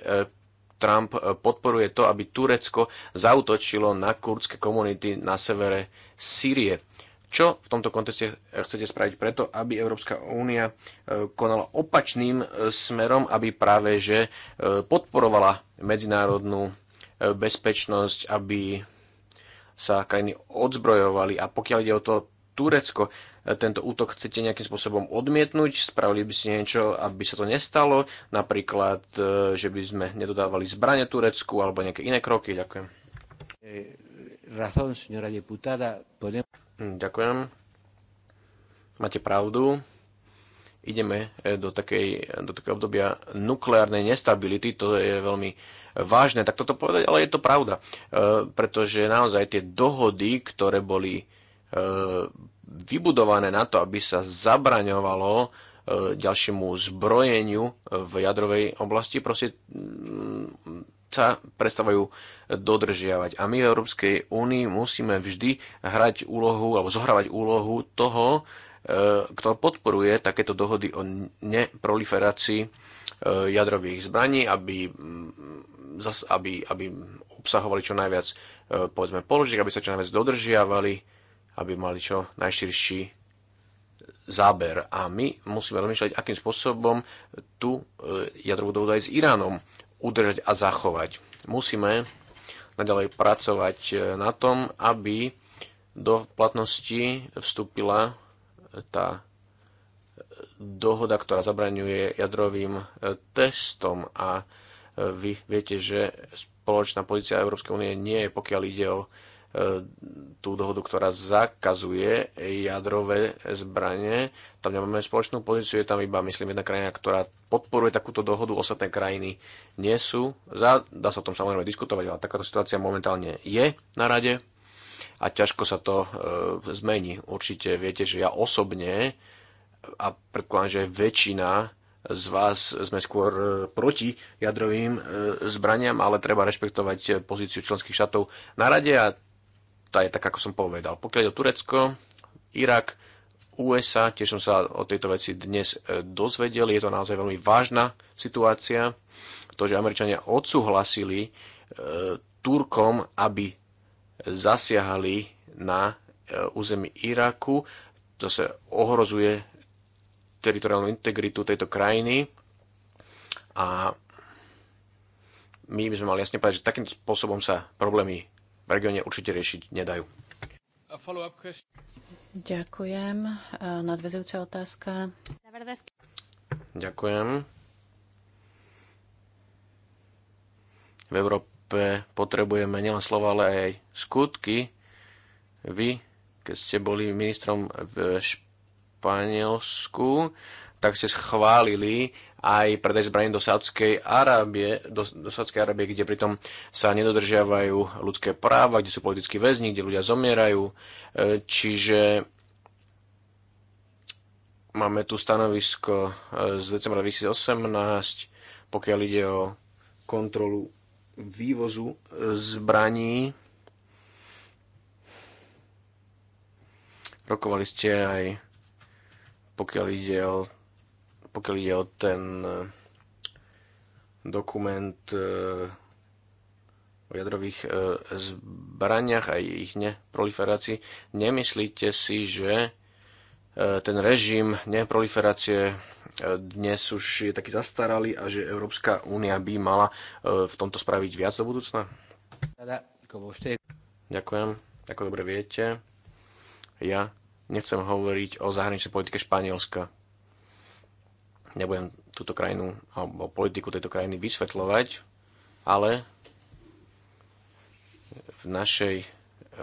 Trump podporuje to, aby Turecko zautočilo na kurdské komunity na severe Sýrie. Čo v tomto kontexte chcete spraviť preto, aby Európska únia e, konala opačným e, smerom, aby práve že e, podporovala medzinárodnú bezpečnosť, aby sa krajiny odzbrojovali. A pokiaľ ide o to Turecko, tento útok chcete nejakým spôsobom odmietnúť, spravili by ste niečo, aby sa to nestalo, napríklad, že by sme nedodávali zbranie Turecku alebo nejaké iné kroky. Ďakujem. Eh, razón, señora Hm, ďakujem. Máte pravdu. Ideme e, do, takej, do takého obdobia nukleárnej nestability, to je veľmi vážne, tak toto povedať, ale je to pravda. E, pretože naozaj tie dohody, ktoré boli e, vybudované na to, aby sa zabraňovalo e, ďalšiemu zbrojeniu v jadrovej oblasti. Proste hm, sa prestávajú dodržiavať. A my v Európskej únii musíme vždy hrať úlohu alebo zohrávať úlohu toho, e, kto podporuje takéto dohody o neproliferácii e, jadrových zbraní, aby, mm, aby, aby obsahovali čo najviac e, povedzme, položiek, aby sa čo najviac dodržiavali, aby mali čo najširší záber. A my musíme rozmýšľať, akým spôsobom tú jadrovú dohodu aj s Iránom udržať a zachovať. Musíme naďalej pracovať e, na tom, aby do platnosti vstúpila e, tá e, dohoda, ktorá zabraňuje jadrovým testom a vy viete, že spoločná pozícia Európskej únie nie je, pokiaľ ide o E, tú dohodu, ktorá zakazuje jadrové zbranie. Tam nemáme spoločnú pozíciu, je tam iba, myslím, jedna krajina, ktorá podporuje takúto dohodu, ostatné krajiny nie sú. Za, dá sa o tom samozrejme diskutovať, ale takáto situácia momentálne je na rade a ťažko sa to e, zmení. Určite viete, že ja osobne a predpokladám, že väčšina z vás sme skôr e, proti jadrovým e, zbraniam, ale treba rešpektovať pozíciu členských štátov na rade a tá je tak, ako som povedal. Pokiaľ je o Turecko, Irak, USA, tiež som sa o tejto veci dnes e, dozvedel, je to naozaj veľmi vážna situácia. To, že Američania odsúhlasili e, Turkom, aby zasiahali na e, území Iraku, to sa ohrozuje teritoriálnu integritu tejto krajiny a my by sme mali jasne povedať, že takýmto spôsobom sa problémy v regióne určite riešiť nedajú. Ďakujem. Nadvezujúca otázka. Ďakujem. V Európe potrebujeme nielen slova, ale aj skutky. Vy, keď ste boli ministrom v Španielsku, tak ste schválili aj predaj zbraní do Sádskej Arábie, do, do Sádskej Arábie, kde pritom sa nedodržiavajú ľudské práva, kde sú politickí väzni, kde ľudia zomierajú. E, čiže máme tu stanovisko e, z decembra 2018, pokiaľ ide o kontrolu vývozu e, zbraní. Rokovali ste aj pokiaľ ide o pokiaľ ide o ten e, dokument e, o jadrových e, zbraniach a ich neproliferácii, nemyslíte si, že ten režim neproliferácie dnes už je taký zastaralý a že Európska únia by mala v tomto spraviť viac do budúcna? Ďakujem. Ako dobre viete, ja nechcem hovoriť o zahraničnej politike Španielska nebudem túto krajinu alebo politiku tejto krajiny vysvetľovať, ale v našej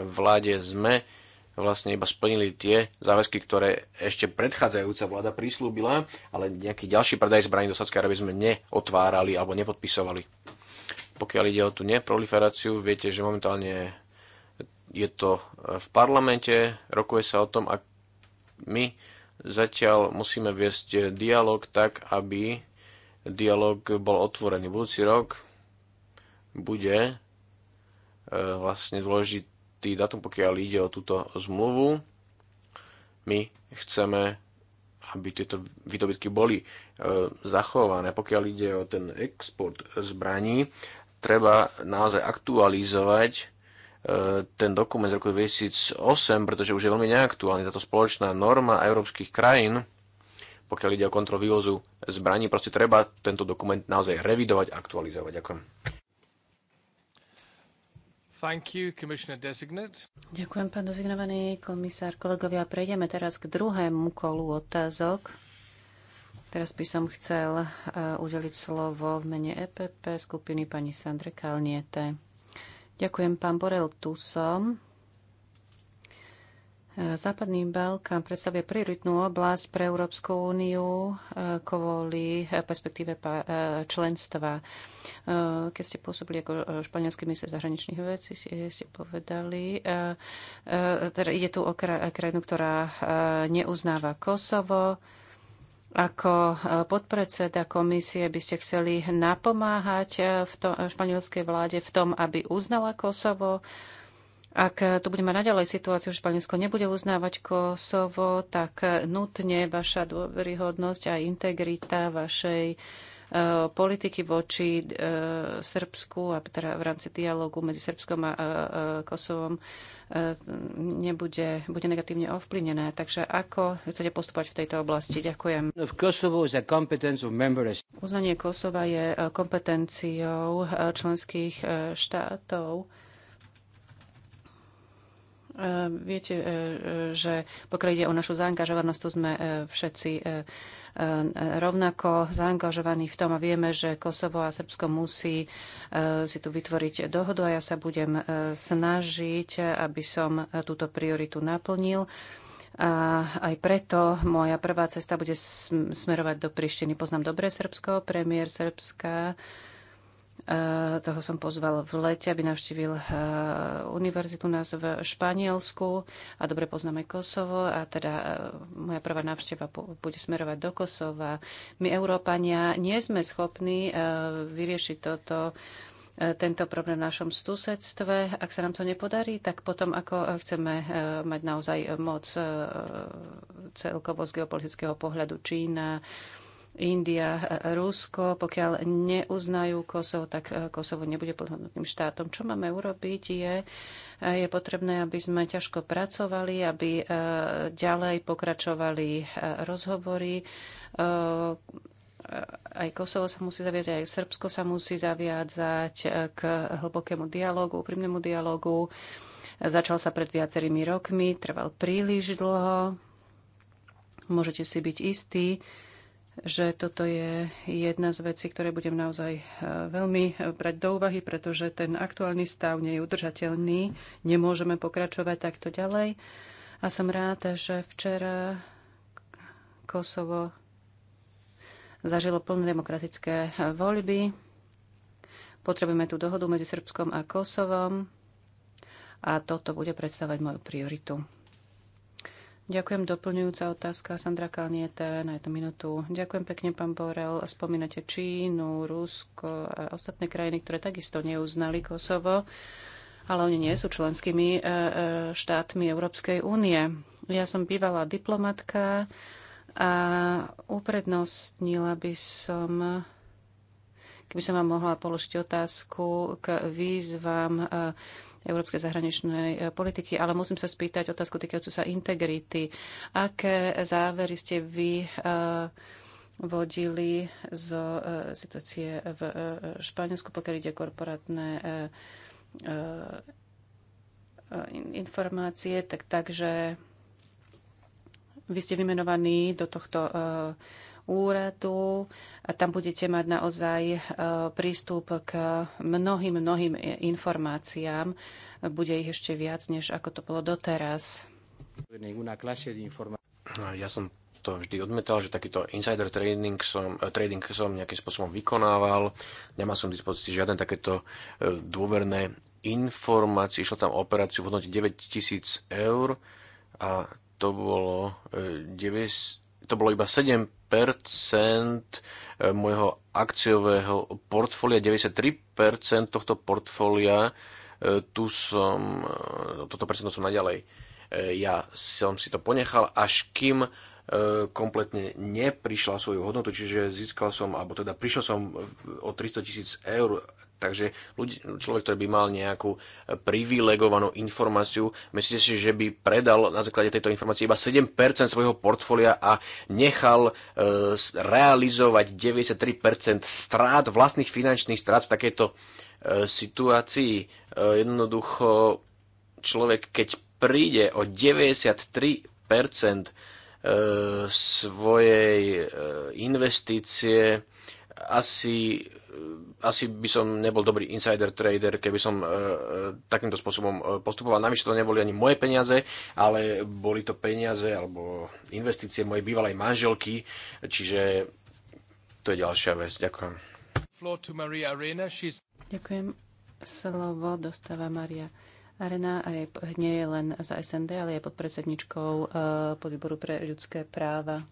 vláde sme vlastne iba splnili tie záväzky, ktoré ešte predchádzajúca vláda prislúbila, ale nejaký ďalší predaj zbraní do Sádskej Arabie sme neotvárali alebo nepodpisovali. Pokiaľ ide o tú neproliferáciu, viete, že momentálne je to v parlamente, rokuje sa o tom, a my Zatiaľ musíme viesť dialog tak, aby dialog bol otvorený. Budúci rok bude e, vlastne dôležitý datum, pokiaľ ide o túto zmluvu. My chceme, aby tieto výdobytky boli e, zachované. Pokiaľ ide o ten export zbraní, treba naozaj aktualizovať E, ten dokument z roku 2008, pretože už je veľmi neaktuálny táto spoločná norma európskych krajín, pokiaľ ide o kontrol vývozu zbraní, proste treba tento dokument naozaj revidovať, aktualizovať. Ďakujem. Thank you, Commissioner Designate. Ďakujem, pán dozignovaný komisár. Kolegovia, prejdeme teraz k druhému kolu otázok. Teraz by som chcel e, udeliť slovo v mene EPP skupiny pani Sandre Kalniete. Ďakujem, pán Borel, tu som. Západný Balkán predstavuje prioritnú oblasť pre Európsku úniu eh, kvôli eh, perspektíve eh, členstva. Keď ste pôsobili ako španielský minister zahraničných vecí, ste povedali, teda ide tu o krajinu, ktorá neuznáva Kosovo, ako e, podpredseda komisie by ste chceli napomáhať e, v to, španielskej vláde v tom, aby uznala Kosovo. Ak e, tu budeme naďalej situáciu, že Španielsko nebude uznávať Kosovo, tak nutne vaša dôveryhodnosť a integrita vašej Eh, politiky voči eh, Srbsku a teda v rámci dialogu medzi Srbskom a eh, Kosovom nebude bude negatívne ovplyvnené. Takže ako chcete postupovať v tejto oblasti? Ďakujem. Uznanie Kosova je kompetenciou členských štátov. Viete, že pokiaľ ide o našu zaangažovanosť, tu sme všetci Eh, rovnako zaangažovaní v tom a vieme, že Kosovo a Srbsko musí eh, si tu vytvoriť dohodu a ja sa budem eh, snažiť, aby som túto prioritu naplnil. A aj preto moja prvá cesta bude smerovať do Prištiny. Poznám dobre Srbsko, premiér Srbska Eh, toho som pozval v lete, aby navštívil eh, univerzitu nás v Španielsku a dobre poznáme Kosovo a teda eh, moja prvá návšteva bude smerovať do Kosova. My, Európania, nie sme schopní vyriešiť toto tento problém v našom susedstve. Ak sa nám to nepodarí, tak potom ako chceme mať naozaj moc celkovo z geopolitického pohľadu Čína, India, Rusko. Pokiaľ neuznajú Kosovo, tak eh, Kosovo nebude plnohodnotným štátom. Čo máme urobiť je, eh, je potrebné, aby sme ťažko pracovali, aby eh, ďalej pokračovali rozhovory aj Kosovo sa musí zaviazať, aj Srbsko sa musí zaviazať k hlbokému dialogu, úprimnému dialogu. Začal sa pred viacerými rokmi, trval príliš dlho. Môžete si byť istí, že toto je jedna z vecí, ktoré budem naozaj eh, veľmi eh, brať do úvahy, pretože ten aktuálny stav nie je udržateľný, nemôžeme pokračovať takto ďalej. A som rád, že včera Kosovo zažilo plné demokratické eh, voľby. Potrebujeme tú dohodu medzi Srbskom a Kosovom a toto bude predstavať moju prioritu. Ďakujem. Doplňujúca otázka Sandra Kalniete na jednu minútu. Ďakujem pekne, pán Borel. Spomínate Čínu, Rusko a ostatné krajiny, ktoré takisto neuznali Kosovo, ale oni nie sú členskými e, e, štátmi Európskej únie. Ja som bývalá diplomatka a uprednostnila by som keby som vám mohla položiť otázku k výzvam e, európskej zahraničnej e, politiky, ale musím sa spýtať otázku týkajúcu sa integrity. Aké závery ste vy e, vodili zo e, situácie v Španielsku, pokiaľ ide korporátne informácie, tak takže vy ste vymenovaní do tohto úradu. A tam budete mať naozaj e, prístup k mnohým, mnohým informáciám. Bude ich ešte viac, než ako to bolo doteraz. Ja som to vždy odmetal, že takýto insider trading som, e, trading som nejakým spôsobom vykonával. Nemal som v dispozícii žiadne takéto e, dôverné informácie. Išlo tam operáciu v hodnote 9000 eur a to bolo 9000 to bolo iba 7% eh, môjho akciového portfólia, 93% tohto portfólia, eh, tu som, eh, no, toto percento som naďalej. Ja som si to ponechal, až kým kompletne neprišla svoju hodnotu, čiže získal som, alebo teda prišiel som o 300 tisíc eur Takže ľudí, človek, ktorý by mal nejakú e, privilegovanú informáciu, myslíte si, že by predal na základe tejto informácie iba 7% svojho portfólia a nechal e, realizovať 93% strát, vlastných finančných strát v takejto e, situácii. E, jednoducho človek, keď príde o 93% e, svojej e, investície, asi asi by som nebol dobrý insider trader, keby som e, e takýmto spôsobom e, postupoval. Navyše to neboli ani moje peniaze, ale boli to peniaze alebo investície mojej bývalej manželky, čiže to je ďalšia vec. Ďakujem. Ďakujem. Slovo dostáva Maria Arena a je, nie je len za SND, ale je predsedničkou e, podvýboru pre ľudské práva.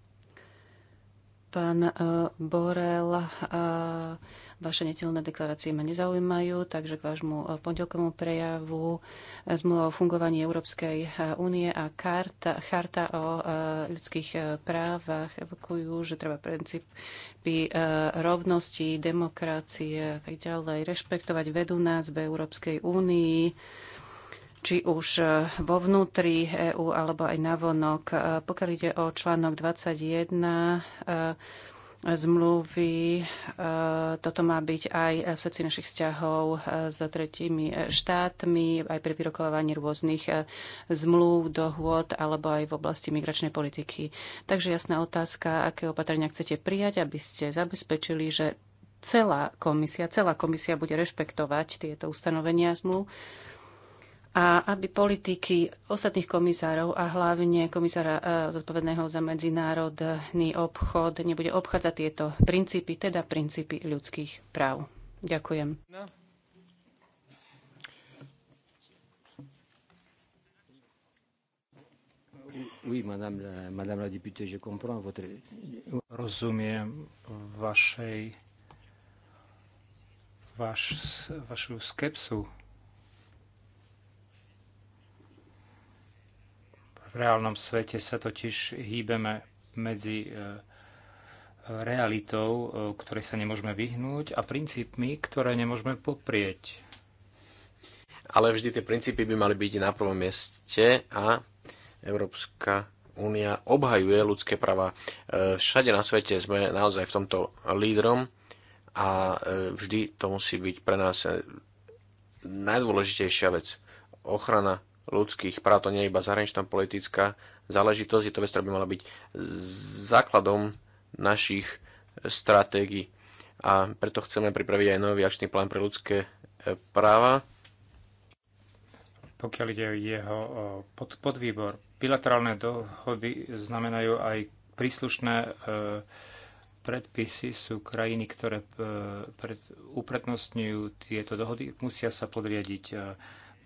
Pán e, Borel, e, Vaše netelné deklarácie ma nezaujímajú, takže k vášmu eh, pondelkovému prejavu eh, zmluva o fungovaní Európskej eh, únie a karta, charta o ľudských právach evokujú, že treba princípy rovnosti, demokracie a tak ďalej rešpektovať vedú nás v Európskej únii či už vo vnútri EÚ alebo aj navonok. Pokiaľ ide o článok 21, zmluvy. Eh, toto má byť aj v srdci našich vzťahov eh, s tretími eh, štátmi, aj pri vyrokovávaní rôznych zmluv, dohôd alebo aj v oblasti migračnej politiky. Takže jasná otázka, aké opatrenia chcete prijať, aby ste zabezpečili, že celá komisia, celá komisia bude rešpektovať tieto ustanovenia zmluv a aby politiky ostatných komisárov a hlavne komisára e, zodpovedného za medzinárodný obchod nebude obchádzať tieto princípy, teda princípy ľudských práv. Ďakujem. Rozumiem vašej, vaš, vašu skepsu V reálnom svete sa totiž hýbeme medzi e, realitou, e, ktorej sa nemôžeme vyhnúť a princípmi, ktoré nemôžeme poprieť. Ale vždy tie princípy by mali byť na prvom mieste a Európska únia obhajuje ľudské práva. E, všade na svete sme naozaj v tomto lídrom a vždy to musí byť pre nás najdôležitejšia vec. Ochrana ľudských práv. To nie je iba zahraničná politická záležitosť, je to vec, ktorá by mala byť základom našich stratégií. A preto chceme pripraviť aj nový akčný plán pre ľudské e, práva. Pokiaľ ide o jeho pod, podvýbor, bilaterálne dohody znamenajú aj príslušné e, predpisy sú krajiny, ktoré e, pred, uprednostňujú tieto dohody, musia sa podriadiť e,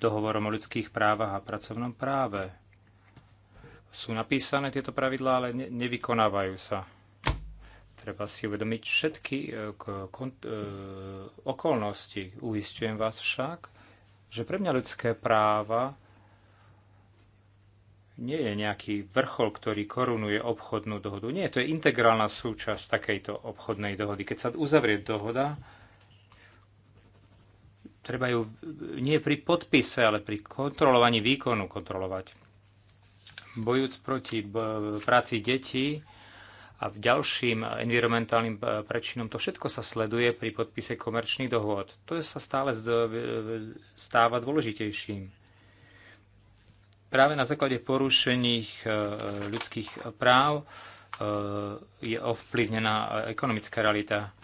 dohovorom o ľudských právach a pracovnom práve. Sú napísané tieto pravidlá, ale ne, nevykonávajú sa. Treba si uvedomiť všetky e, kont- e, okolnosti. Uistujem vás však, že pre mňa ľudské práva nie je nejaký vrchol, ktorý korunuje obchodnú dohodu. Nie, to je integrálna súčasť takejto obchodnej dohody. Keď sa uzavrie dohoda, treba ju nie pri podpise, ale pri kontrolovaní výkonu kontrolovať. Bojúc proti práci detí a v ďalším environmentálnym e, prečinom, to všetko sa sleduje pri podpise komerčných dohôd. To sa stále stáva dôležitejším. Práve na základe porušených e, ľudských práv e, je ovplyvnená ekonomická realita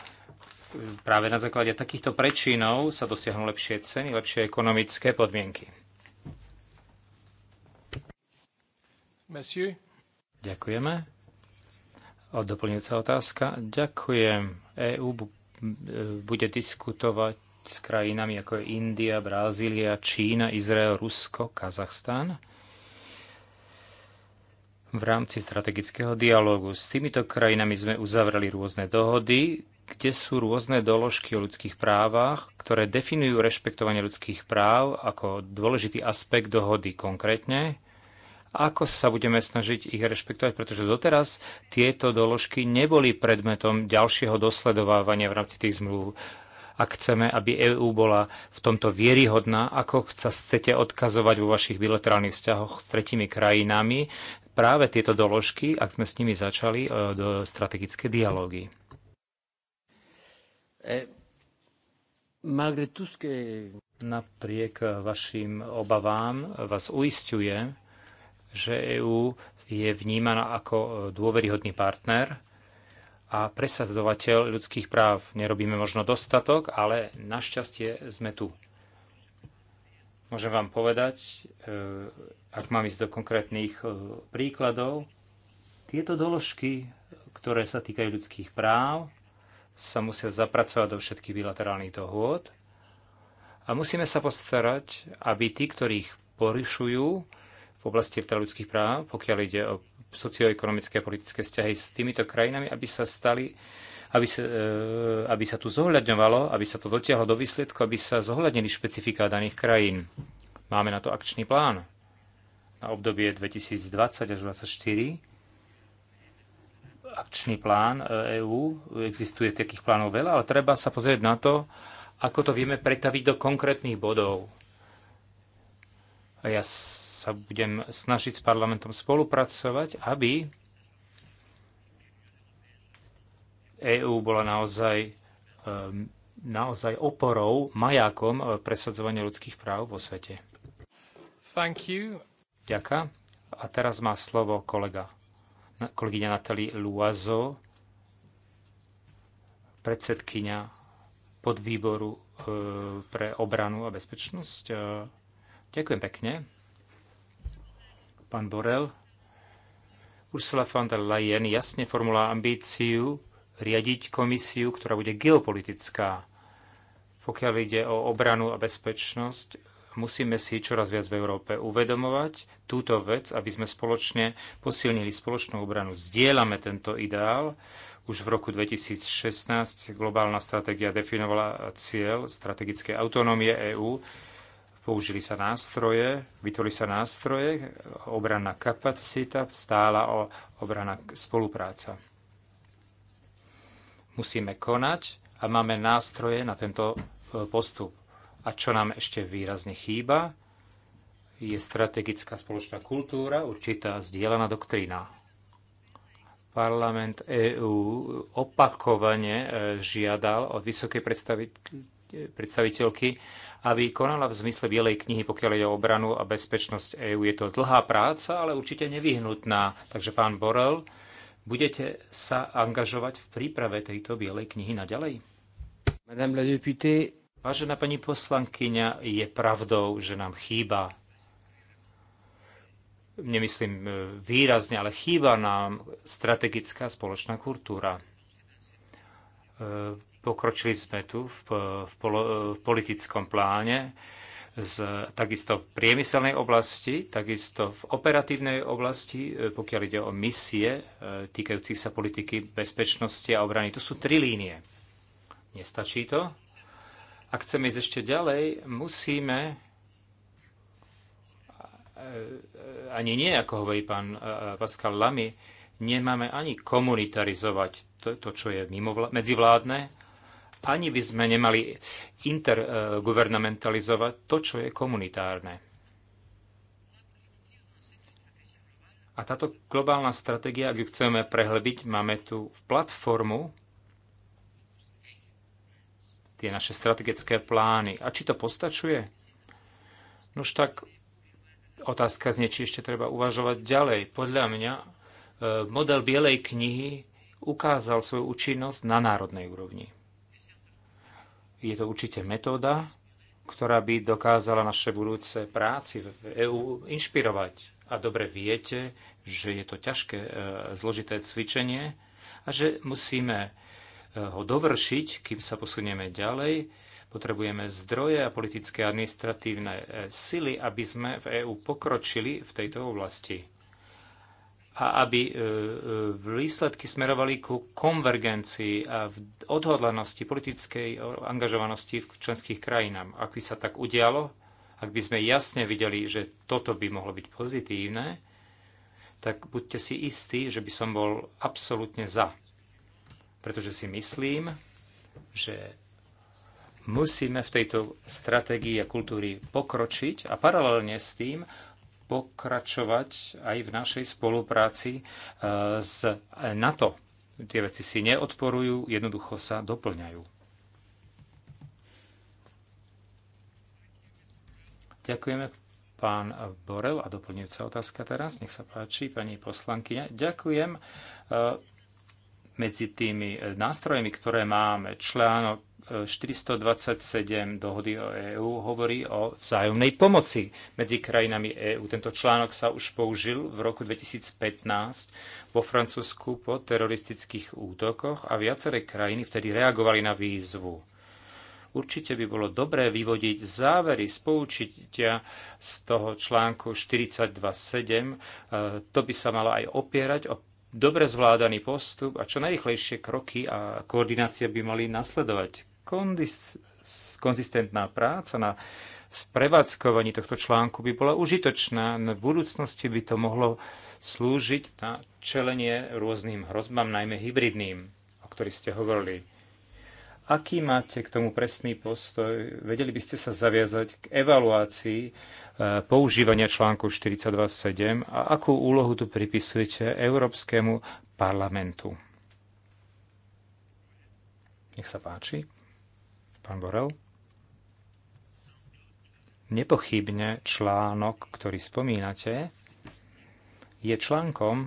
práve na základe takýchto prečinov sa dosiahnu lepšie ceny, lepšie ekonomické podmienky. Monsieur. Ďakujeme. O doplňujúca otázka. Ďakujem. EÚ bude diskutovať s krajinami ako je India, Brazília, Čína, Izrael, Rusko, Kazachstan v rámci strategického dialógu. S týmito krajinami sme uzavreli rôzne dohody, kde sú rôzne doložky o ľudských právach, ktoré definujú rešpektovanie ľudských práv ako dôležitý aspekt dohody konkrétne, ako sa budeme snažiť ich rešpektovať, pretože doteraz tieto doložky neboli predmetom ďalšieho dosledovávania v rámci tých zmluv. Ak chceme, aby EÚ bola v tomto vieryhodná, ako sa chcete odkazovať vo vašich bilaterálnych vzťahoch s tretimi krajinami, práve tieto doložky, ak sme s nimi začali, e, do strategické dialógy. E, Napriek vašim obavám vás uistuje, že EÚ je vnímaná ako e, dôveryhodný partner a presadzovateľ ľudských práv. Nerobíme možno dostatok, ale našťastie sme tu. Môžem vám povedať, e, ak mám ísť do konkrétnych príkladov, tieto doložky, ktoré sa týkajú ľudských práv, sa musia zapracovať do všetkých bilaterálnych dohôd a musíme sa postarať, aby tí, ktorých porušujú v oblasti ľudských práv, pokiaľ ide o socioekonomické a politické vzťahy s týmito krajinami, aby sa stali aby sa, e, aby sa tu zohľadňovalo, aby sa to dotiahlo do výsledku, aby sa zohľadnili špecifika daných krajín. Máme na to akčný plán na obdobie 2020 až 2024 akčný plán EÚ, e existuje takých plánov veľa, ale treba sa pozrieť na to, ako to vieme pretaviť do konkrétnych bodov. A ja sa budem snažiť s parlamentom spolupracovať, aby EÚ bola naozaj, e, naozaj oporou, majákom e, presadzovania ľudských práv vo svete. Thank you. Ďaká. A teraz má slovo kolega kolegyňa Natali Luazo, predsedkyňa podvýboru e, pre obranu a bezpečnosť. E, ďakujem pekne. Pán Borel, Ursula von der Leyen jasne formulá ambíciu riadiť komisiu, ktorá bude geopolitická, pokiaľ ide o obranu a bezpečnosť Musíme si čoraz viac v Európe uvedomovať túto vec, aby sme spoločne posilnili spoločnú obranu. Zdieľame tento ideál. Už v roku 2016 globálna stratégia definovala cieľ strategickej autonómie EÚ. Použili sa nástroje, vytvorili sa nástroje, obranná kapacita, stála o obranná spolupráca. Musíme konať a máme nástroje na tento e, postup. A čo nám ešte výrazne chýba, je strategická spoločná kultúra, určitá zdieľaná doktrína. Parlament EÚ opakovane e, žiadal od vysokej predstaviteľky, aby konala v zmysle Bielej knihy, pokiaľ je o obranu a bezpečnosť EÚ. Je to dlhá práca, ale určite nevyhnutná. Takže pán Borel, budete sa angažovať v príprave tejto Bielej knihy naďalej? Madame la députée, Vážená pani poslankyňa, je pravdou, že nám chýba nemyslím e, výrazne, ale chýba nám strategická spoločná kultúra. E, pokročili sme tu v, e, v, polo, v politickom pláne, z, takisto v priemyselnej oblasti, takisto v operatívnej oblasti, pokiaľ ide o misie týkajúcich sa politiky bezpečnosti a obrany. Tu sú tri línie. Nestačí to? Ak chceme ísť ešte ďalej, musíme eh, ani nie, ako hovorí pán eh, Pascal Lamy, nemáme ani komunitarizovať to, to čo je mimovla- medzivládne, ani by sme nemali intergovernamentalizovať to, čo je komunitárne. A táto globálna stratégia, ak ju chceme prehlbiť, máme tu platformu, tie naše strategické plány. A či to postačuje? Nož tak otázka znie, či ešte treba uvažovať ďalej. Podľa mňa e, model Bielej knihy ukázal svoju účinnosť na národnej úrovni. Je to určite metóda, ktorá by dokázala naše budúce práci v EÚ inšpirovať. A dobre viete, že je to ťažké, e, zložité cvičenie a že musíme Eh, ho dovršiť, kým sa posunieme ďalej. Potrebujeme zdroje a politické a administratívne eh, sily, aby sme v EÚ pokročili v tejto oblasti a aby eh, výsledky smerovali ku konvergencii a odhodlanosti politickej angažovanosti v členských krajinám. Ak by sa tak udialo, ak by sme jasne videli, že toto by mohlo byť pozitívne, tak buďte si istí, že by som bol absolútne za pretože si myslím, že musíme v tejto stratégii a kultúry pokročiť a paralelne s tým pokračovať aj v našej spolupráci e, s NATO. Tie veci si neodporujú, jednoducho sa doplňajú. Ďakujeme pán Borel a doplňujúca otázka teraz. Nech sa páči, pani poslankyňa. Ďakujem. E, medzi tými e, nástrojmi, ktoré máme. Článok 427 e, dohody o EÚ hovorí o vzájomnej pomoci medzi krajinami EÚ. Tento článok sa už použil v roku 2015 vo Francúzsku po teroristických útokoch a viaceré krajiny vtedy reagovali na výzvu. Určite by bolo dobré vyvodiť závery z poučitia z toho článku 42.7. E, to by sa malo aj opierať o dobre zvládaný postup a čo najrychlejšie kroky a koordinácia by mali nasledovať. Kondis, konzistentná práca na sprevádzkovaní tohto článku by bola užitočná. V budúcnosti by to mohlo slúžiť na čelenie rôznym hrozbám, najmä hybridným, o ktorých ste hovorili. Aký máte k tomu presný postoj? Vedeli by ste sa zaviazať k evaluácii používania článku 42.7 a akú úlohu tu pripisujete Európskemu parlamentu. Nech sa páči. Pán Borel. Nepochybne článok, ktorý spomínate, je článkom,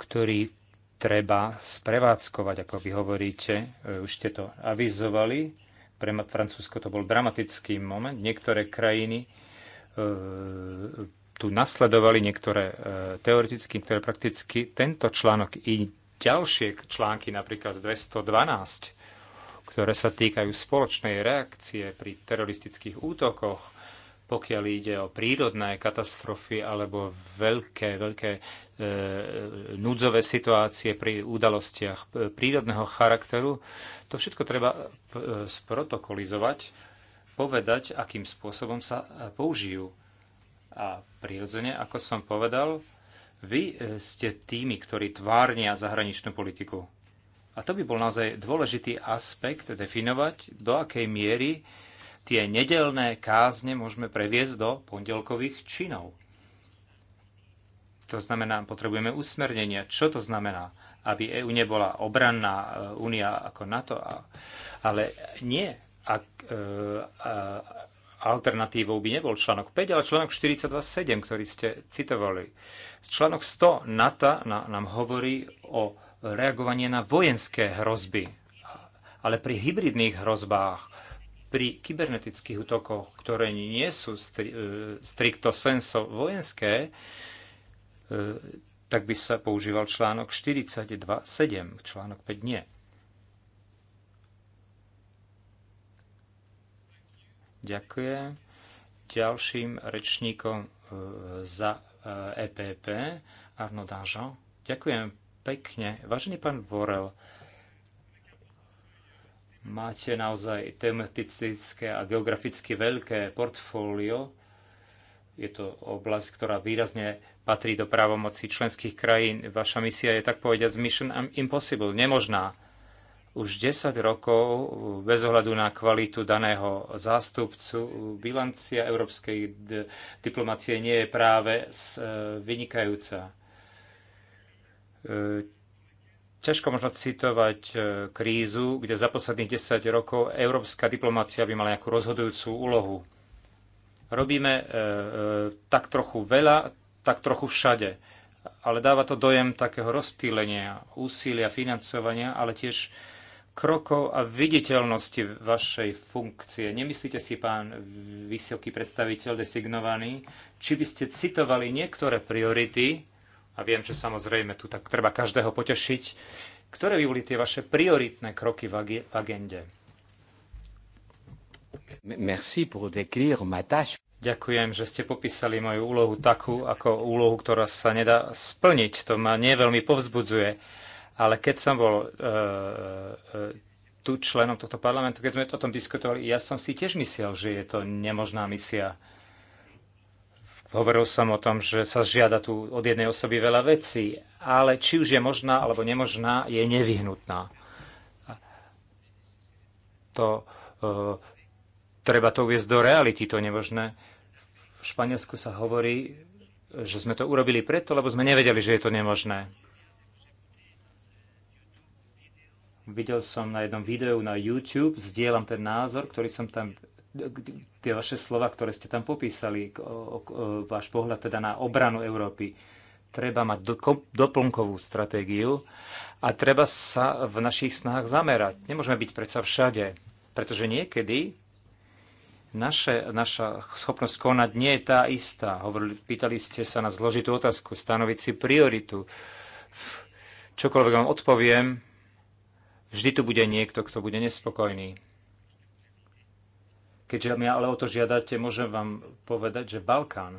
ktorý treba sprevádzkovať, ako vy hovoríte. E, už ste to avizovali. Pre Francúzsko to bol dramatický moment. Niektoré krajiny E, tu nasledovali niektoré e, teoreticky, niektoré prakticky. Tento článok i ďalšie články, napríklad 212, ktoré sa týkajú spoločnej reakcie pri teroristických útokoch, pokiaľ ide o prírodné katastrofy alebo veľké, veľké e, núdzové situácie pri udalostiach e, prírodného charakteru, to všetko treba sprotokolizovať povedať, akým spôsobom sa e, použijú. A prirodzene, ako som povedal, vy e, ste tými, ktorí tvárnia zahraničnú politiku. A to by bol naozaj dôležitý aspekt definovať, do akej miery tie nedelné kázne môžeme previesť do pondelkových činov. To znamená, potrebujeme usmernenia. Čo to znamená? Aby EU nebola obranná e, únia ako NATO, ale nie ak, e, a, alternatívou by nebol článok 5, ale článok 42.7, ktorý ste citovali. Článok 100 NATO na, nám hovorí o reagovanie na vojenské hrozby, ale pri hybridných hrozbách, pri kybernetických útokoch, ktoré nie sú stri, e, stricto senso vojenské, e, tak by sa používal článok 42.7, článok 5 nie. Ďakujem. Ďalším rečníkom e, za EPP, e Arno Dážo. Ďakujem pekne. Vážený pán Borel, máte naozaj tematické a geograficky veľké portfólio. Je to oblasť, ktorá výrazne patrí do právomoci členských krajín. Vaša misia je tak povediať z Mission Impossible, nemožná už 10 rokov, bez ohľadu na kvalitu daného zástupcu, bilancia európskej diplomacie nie je práve e, vynikajúca. E, ťažko možno citovať e, krízu, kde za posledných 10 rokov európska diplomacia by mala nejakú rozhodujúcu úlohu. Robíme tak trochu veľa, tak trochu všade ale dáva to dojem takého rozptýlenia, úsilia, financovania, ale tiež krokov a viditeľnosti vašej funkcie. Nemyslíte si, pán vysoký predstaviteľ designovaný, či by ste citovali niektoré priority, a viem, že samozrejme tu tak treba každého potešiť, ktoré by boli tie vaše prioritné kroky v agende? Merci pour décrire ma tâche. Ďakujem, že ste popísali moju úlohu takú, ako úlohu, ktorá sa nedá splniť. To ma nie veľmi povzbudzuje ale keď som bol eh, eh, tu členom tohto parlamentu, keď sme o tom diskutovali, ja som si tiež myslel, že je to nemožná misia. Hovoril som o tom, že sa žiada tu od jednej osoby veľa vecí, ale či už je možná alebo nemožná, je nevyhnutná. To e, treba to uviezť do reality, to nemožné. V Španielsku sa hovorí, že sme to urobili preto, lebo sme nevedeli, že je to nemožné. Videl som na jednom videu na YouTube, zdieľam ten názor, ktorý som tam, tie vaše slova, ktoré ste tam popísali, váš pohľad teda na obranu Európy. Treba mať doplnkovú stratégiu a treba sa v našich snách zamerať. Nemôžeme byť predsa všade, pretože niekedy naše, naša schopnosť konať nie je tá istá. Hovorili, pýtali ste sa na zložitú otázku, stanoviť si prioritu. Čokoľvek vám odpoviem, Vždy tu bude niekto, kto bude nespokojný. Keďže mi ale o to žiadate, môžem vám povedať, že Balkán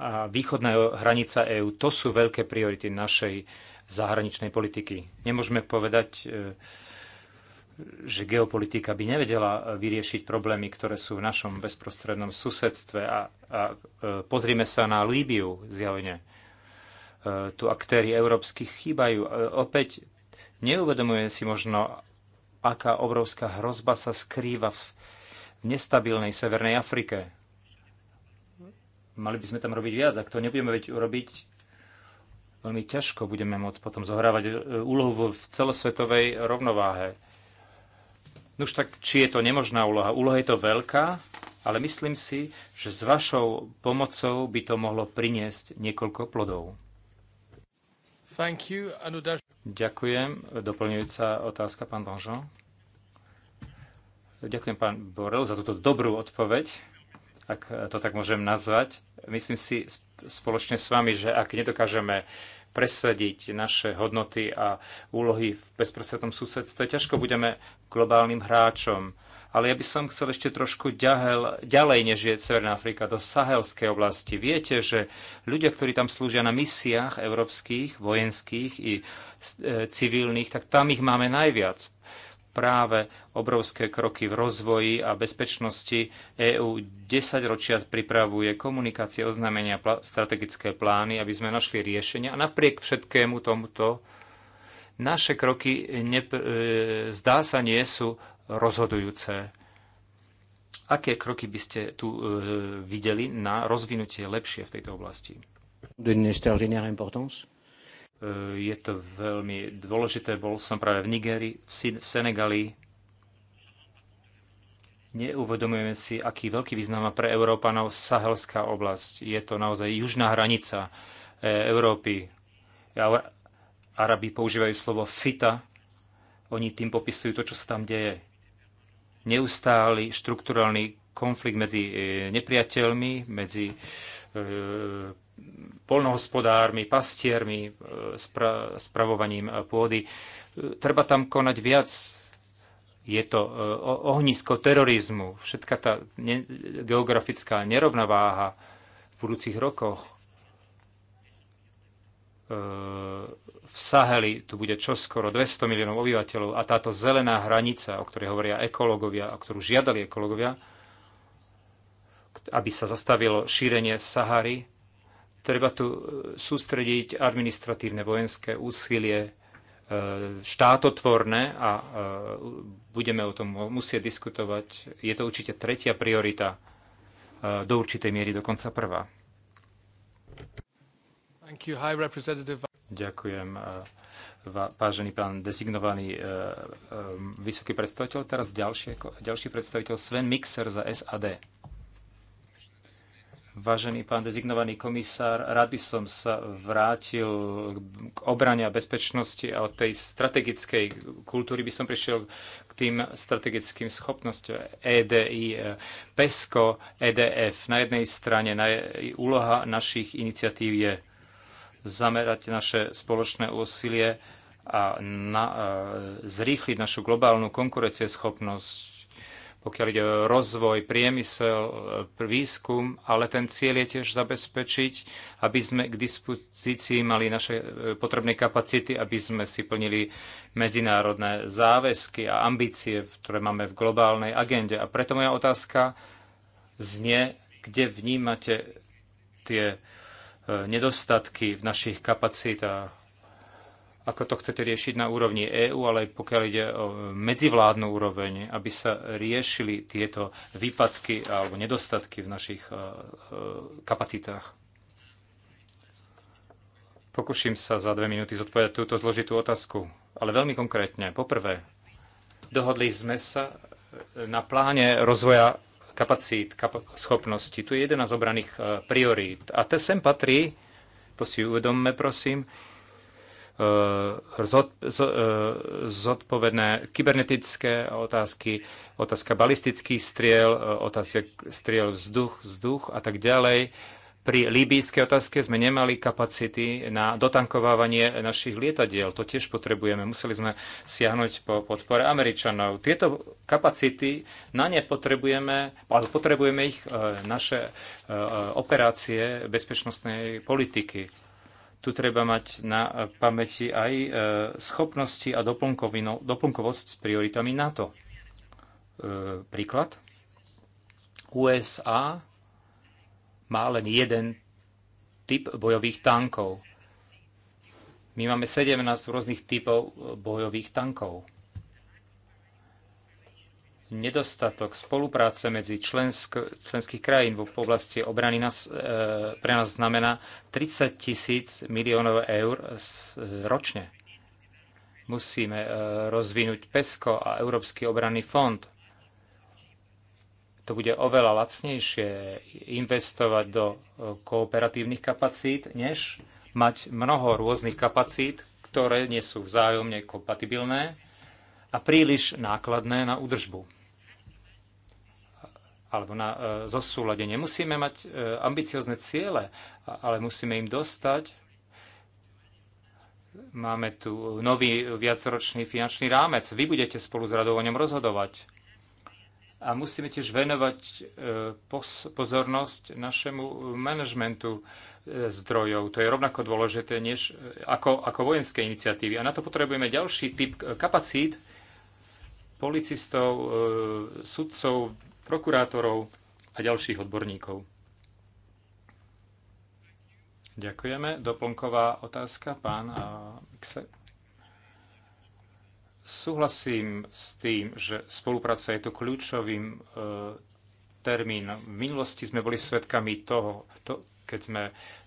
a východná hranica EÚ, to sú veľké priority našej zahraničnej politiky. Nemôžeme povedať, e, že geopolitika by nevedela vyriešiť problémy, ktoré sú v našom bezprostrednom susedstve. A, a e, pozrime sa na Líbiu zjavne. E, tu aktéry európskych chýbajú. Opäť Neuvedomuje si možno, aká obrovská hrozba sa skrýva v nestabilnej Severnej Afrike. Mali by sme tam robiť viac. Ak to nebudeme veď urobiť, veľmi ťažko budeme môcť potom zohrávať e, úlohu v celosvetovej rovnováhe. Nuž tak, či je to nemožná úloha? Úloha je to veľká, ale myslím si, že s vašou pomocou by to mohlo priniesť niekoľko plodov. Thank you, Ďakujem. Doplňujúca otázka, pán Donžon. Ďakujem, pán Borel, za túto dobrú odpoveď, ak to tak môžem nazvať. Myslím si spoločne s vami, že ak nedokážeme presadiť naše hodnoty a úlohy v bezprostrednom susedstve, ťažko budeme globálnym hráčom. Ale ja by som chcel ešte trošku ďahel, ďalej, než je Severná Afrika, do sahelskej oblasti. Viete, že ľudia, ktorí tam slúžia na misiách európskych, vojenských i e, civilných, tak tam ich máme najviac. Práve obrovské kroky v rozvoji a bezpečnosti EÚ 10 ročia pripravuje komunikácie, oznámenia, pl- strategické plány, aby sme našli riešenia. A napriek všetkému tomuto naše kroky e, zdá sa nie sú rozhodujúce. Aké kroky by ste tu e, videli na rozvinutie lepšie v tejto oblasti? E, je to veľmi dôležité. Bol som práve v Nigeri, v Senegali. Neuvedomujeme si, aký veľký význam má pre Európanov sahelská oblasť. Je to naozaj južná hranica e, Európy. Arabi používajú slovo fita. Oni tým popisujú to, čo sa tam deje neustály štrukturálny konflikt medzi e, nepriateľmi, medzi e, polnohospodármi, pastiermi, e, spra- spravovaním pôdy. Treba tam konať viac. Je to ohnisko terorizmu, všetka tá ne- geografická nerovnováha v budúcich rokoch. E v Saheli tu bude čoskoro 200 miliónov obyvateľov a táto zelená hranica, o ktorej hovoria ekológovia, o ktorú žiadali ekológovia, aby sa zastavilo šírenie Sahary, treba tu e, sústrediť administratívne vojenské úsilie e, štátotvorné a e, budeme o tom musieť diskutovať. Je to určite tretia priorita, do určitej miery dokonca prvá. Thank you, High Representative. Ďakujem, vážený pán designovaný e, e, vysoký predstaviteľ. Teraz ďalší, ďalší predstaviteľ Sven Mixer za SAD. Vážený pán dezignovaný komisár, rád by som sa vrátil k obrane a bezpečnosti a od tej strategickej kultúry by som prišiel k tým strategickým schopnosťom EDI, e, PESCO, EDF. Na jednej strane na, úloha našich iniciatív je zamerať naše spoločné úsilie a, na, e, zrýchliť našu globálnu konkurencieschopnosť, pokiaľ ide o rozvoj, priemysel, e, výskum, ale ten cieľ je tiež zabezpečiť, aby sme k dispozícii mali naše e, potrebné kapacity, aby sme si plnili medzinárodné záväzky a ambície, ktoré máme v globálnej agende. A preto moja otázka znie, kde vnímate tie uh, nedostatky v našich kapacitách. Ako to chcete riešiť na úrovni EÚ, ale aj pokiaľ ide o medzivládnu úroveň, aby sa riešili tieto výpadky alebo nedostatky v našich e, e, kapacitách? Pokúšim sa za dve minúty zodpovedať túto zložitú otázku, ale veľmi konkrétne. Poprvé, dohodli sme sa na pláne rozvoja kapacít, kap- schopností. Tu je jeden z obraných e, priorít. A te sem patrí, to si uvedomme prosím, e, e, zodpovedné kybernetické otázky, otázka balistických striel, otázka striel vzduch, vzduch a tak ďalej pri líbijskej otázke sme nemali kapacity na dotankovávanie našich lietadiel. To tiež potrebujeme. Museli sme siahnuť po podpore Američanov. Tieto kapacity na ne potrebujeme, alebo potrebujeme ich e, naše e, e, operácie bezpečnostnej politiky. Tu treba mať na pamäti aj schopnosti a doplnkovosť s prioritami NATO. Príklad. USA má len jeden typ bojových tankov. My máme 17 rôznych typov e, bojových tankov. Nedostatok spolupráce medzi člensk- členských krajín v oblasti obrany nás, e, pre nás znamená 30 tisíc miliónov eur s, e, ročne. Musíme e, rozvinúť PESCO a Európsky obranný fond – to bude oveľa lacnejšie investovať do e, kooperatívnych kapacít, než mať mnoho rôznych kapacít, ktoré nie sú vzájomne kompatibilné a príliš nákladné na údržbu alebo na e, zosúladenie. Musíme mať e, ambiciozne ciele, ale musíme im dostať. Máme tu nový viacročný finančný rámec. Vy budete spolu s radovaním rozhodovať a musíme tiež venovať e, pozornosť našemu manažmentu e, zdrojov. To je rovnako dôležité než e, ako, ako vojenské iniciatívy. A na to potrebujeme ďalší typ kapacít policistov, sudcov, prokurátorov a ďalších odborníkov. Ďakujeme. Doplnková otázka, pán Mikse. Súhlasím s tým, že spolupráca je to kľúčovým e, termínom. V minulosti sme boli svedkami toho, to, keď sme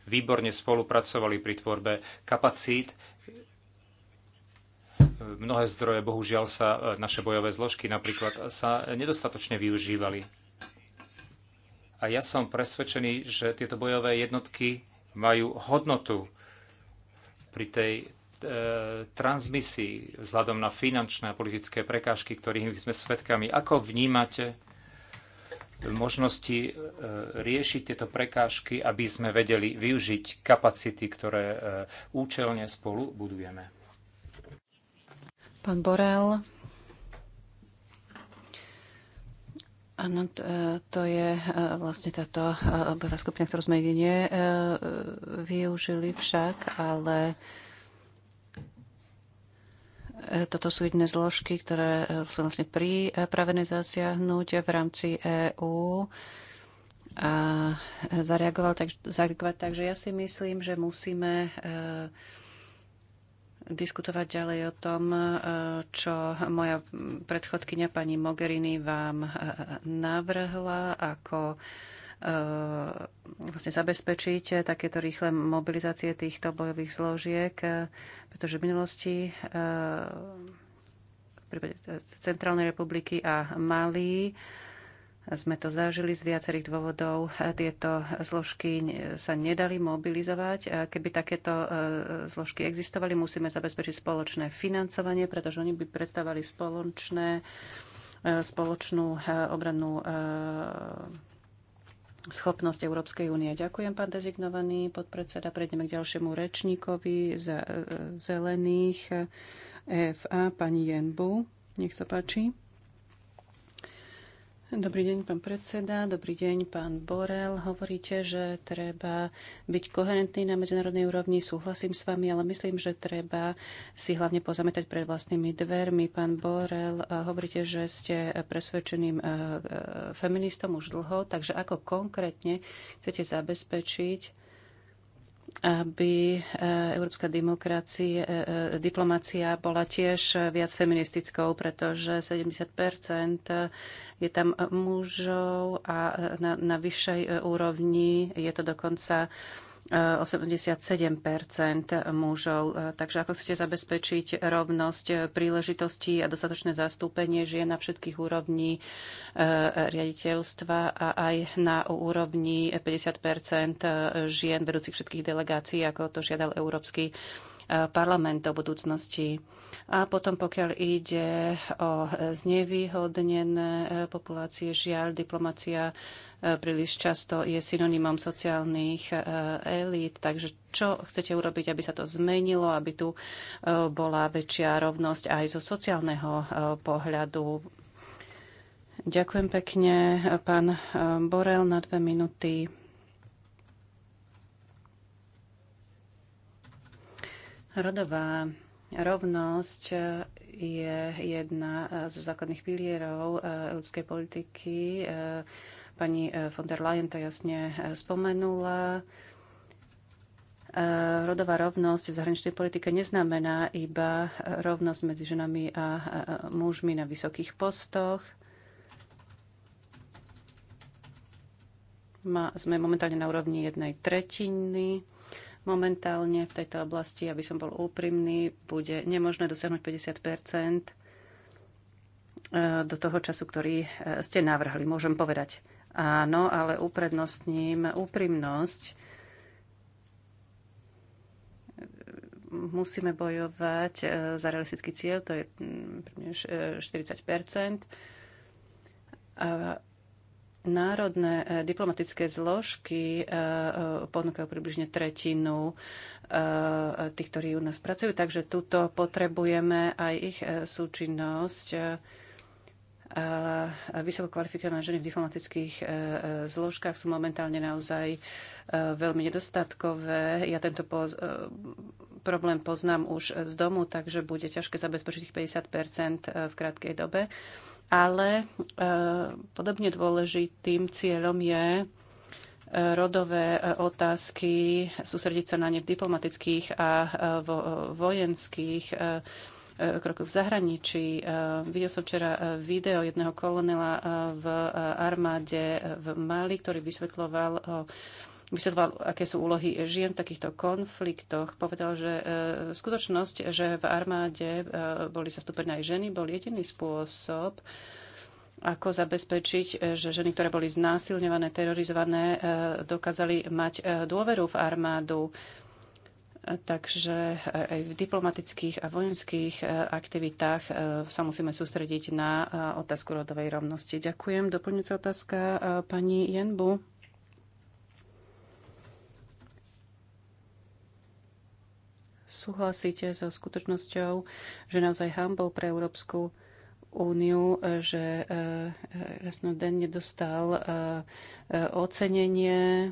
výborne spolupracovali pri tvorbe kapacít. Mnohé zdroje, bohužiaľ, sa e, naše bojové zložky napríklad sa nedostatočne využívali. A ja som presvedčený, že tieto bojové jednotky majú hodnotu pri tej E, transmisii vzhľadom na finančné a politické prekážky, ktorými sme svedkami. Ako vnímate možnosti e, riešiť tieto prekážky, aby sme vedeli využiť kapacity, ktoré e, účelne spolu budujeme? Pán Borel. Áno, to je vlastne táto obyvá skupina, ktorú sme jedine využili však, ale E, toto sú jedné zložky, ktoré e, sú vlastne pripravené zasiahnuť v rámci EÚ a zareagoval tak, zareagovať. Takže ja si myslím, že musíme e, diskutovať ďalej o tom, čo moja predchodkynia pani Mogherini vám navrhla ako E, vlastne zabezpečiť takéto rýchle mobilizácie týchto bojových zložiek, e, pretože v minulosti e, v prípade Centrálnej republiky a Malí sme to zažili z viacerých dôvodov. Tieto zložky sa nedali mobilizovať. Keby takéto zložky existovali, musíme zabezpečiť spoločné financovanie, pretože oni by predstavovali spoločné, spoločnú obrannú schopnosť Európskej únie. Ďakujem, pán dezignovaný podpredseda. Prejdeme k ďalšiemu rečníkovi za e, e, zelených EFA, pani Jenbu. Nech sa páči. Dobrý deň, pán predseda. Dobrý deň, pán Borel. Hovoríte, že treba byť koherentný na medzinárodnej úrovni. Súhlasím s vami, ale myslím, že treba si hlavne pozametať pred vlastnými dvermi. Pán Borel, eh, hovoríte, že ste presvedčeným eh, eh, feministom už dlho, takže ako konkrétne chcete zabezpečiť, aby eh, európska demokracia, eh, eh, diplomácia bola tiež viac feministickou, pretože 70 je tam mužov a na, na vyššej úrovni je to dokonca 87 eh, mužov. Eh, takže ako chcete zabezpečiť rovnosť eh, príležitostí a dostatočné zastúpenie žien na všetkých úrovni riaditeľstva a aj na úrovni 50 žien vedúcich všetkých delegácií, ako to žiadal Európsky parlament do budúcnosti. A potom, pokiaľ ide o znevýhodnené populácie, žiaľ, diplomacia E, príliš často je synonymom sociálnych e, elít. Takže čo chcete urobiť, aby sa to zmenilo, aby tu e, bola väčšia rovnosť aj zo sociálneho pohľadu? Ďakujem pekne, pán Borel, na dve minúty. Rodová rovnosť je jedna zo základných pilierov európskej politiky. Pani e, von der Leyen to jasne e, spomenula. E, rodová rovnosť v zahraničnej politike neznamená iba rovnosť medzi ženami a mužmi na vysokých postoch. sme momentálne na úrovni jednej tretiny. Momentálne v tejto oblasti, aby som bol úprimný, bude nemožné dosiahnuť 50 do toho času, ktorý ste navrhli, môžem povedať. Áno, ale uprednostním úprimnosť. Musíme bojovať e, za realistický cieľ, to je 40 mm, e, a národné e, diplomatické zložky ponúkajú približne tretinu tých, ktorí u nás pracujú, takže tuto potrebujeme aj ich súčinnosť vysoko kvalifikované ženy v diplomatických e, e, zložkách sú momentálne naozaj e, veľmi nedostatkové. Ja tento poz, problém poznám už z domu, takže bude ťažké zabezpečiť ich 50 v krátkej dobe. Ale podobne dôležitým cieľom je rodové otázky, sústrediť sa na ne v diplomatických a vo, vojenských E, krokov v zahraničí. E, videl som včera e, video jedného kolonela v armáde v Mali, ktorý vysvetľoval o aké sú úlohy žien v takýchto konfliktoch. Povedal, že skutočnosť, že v armáde boli zastúpené aj ženy, bol jediný spôsob, ako zabezpečiť, že ženy, ktoré boli znásilňované, terorizované, dokázali mať dôveru v armádu. Takže eh, aj v diplomatických a vojenských eh, aktivitách eh, sa musíme sústrediť na otázku rodovej rovnosti. Ďakujem. Doplňujúca otázka pani Jenbu. Súhlasíte so skutočnosťou, že naozaj hambou pre Európsku úniu, že Rasnoden nedostal ocenenie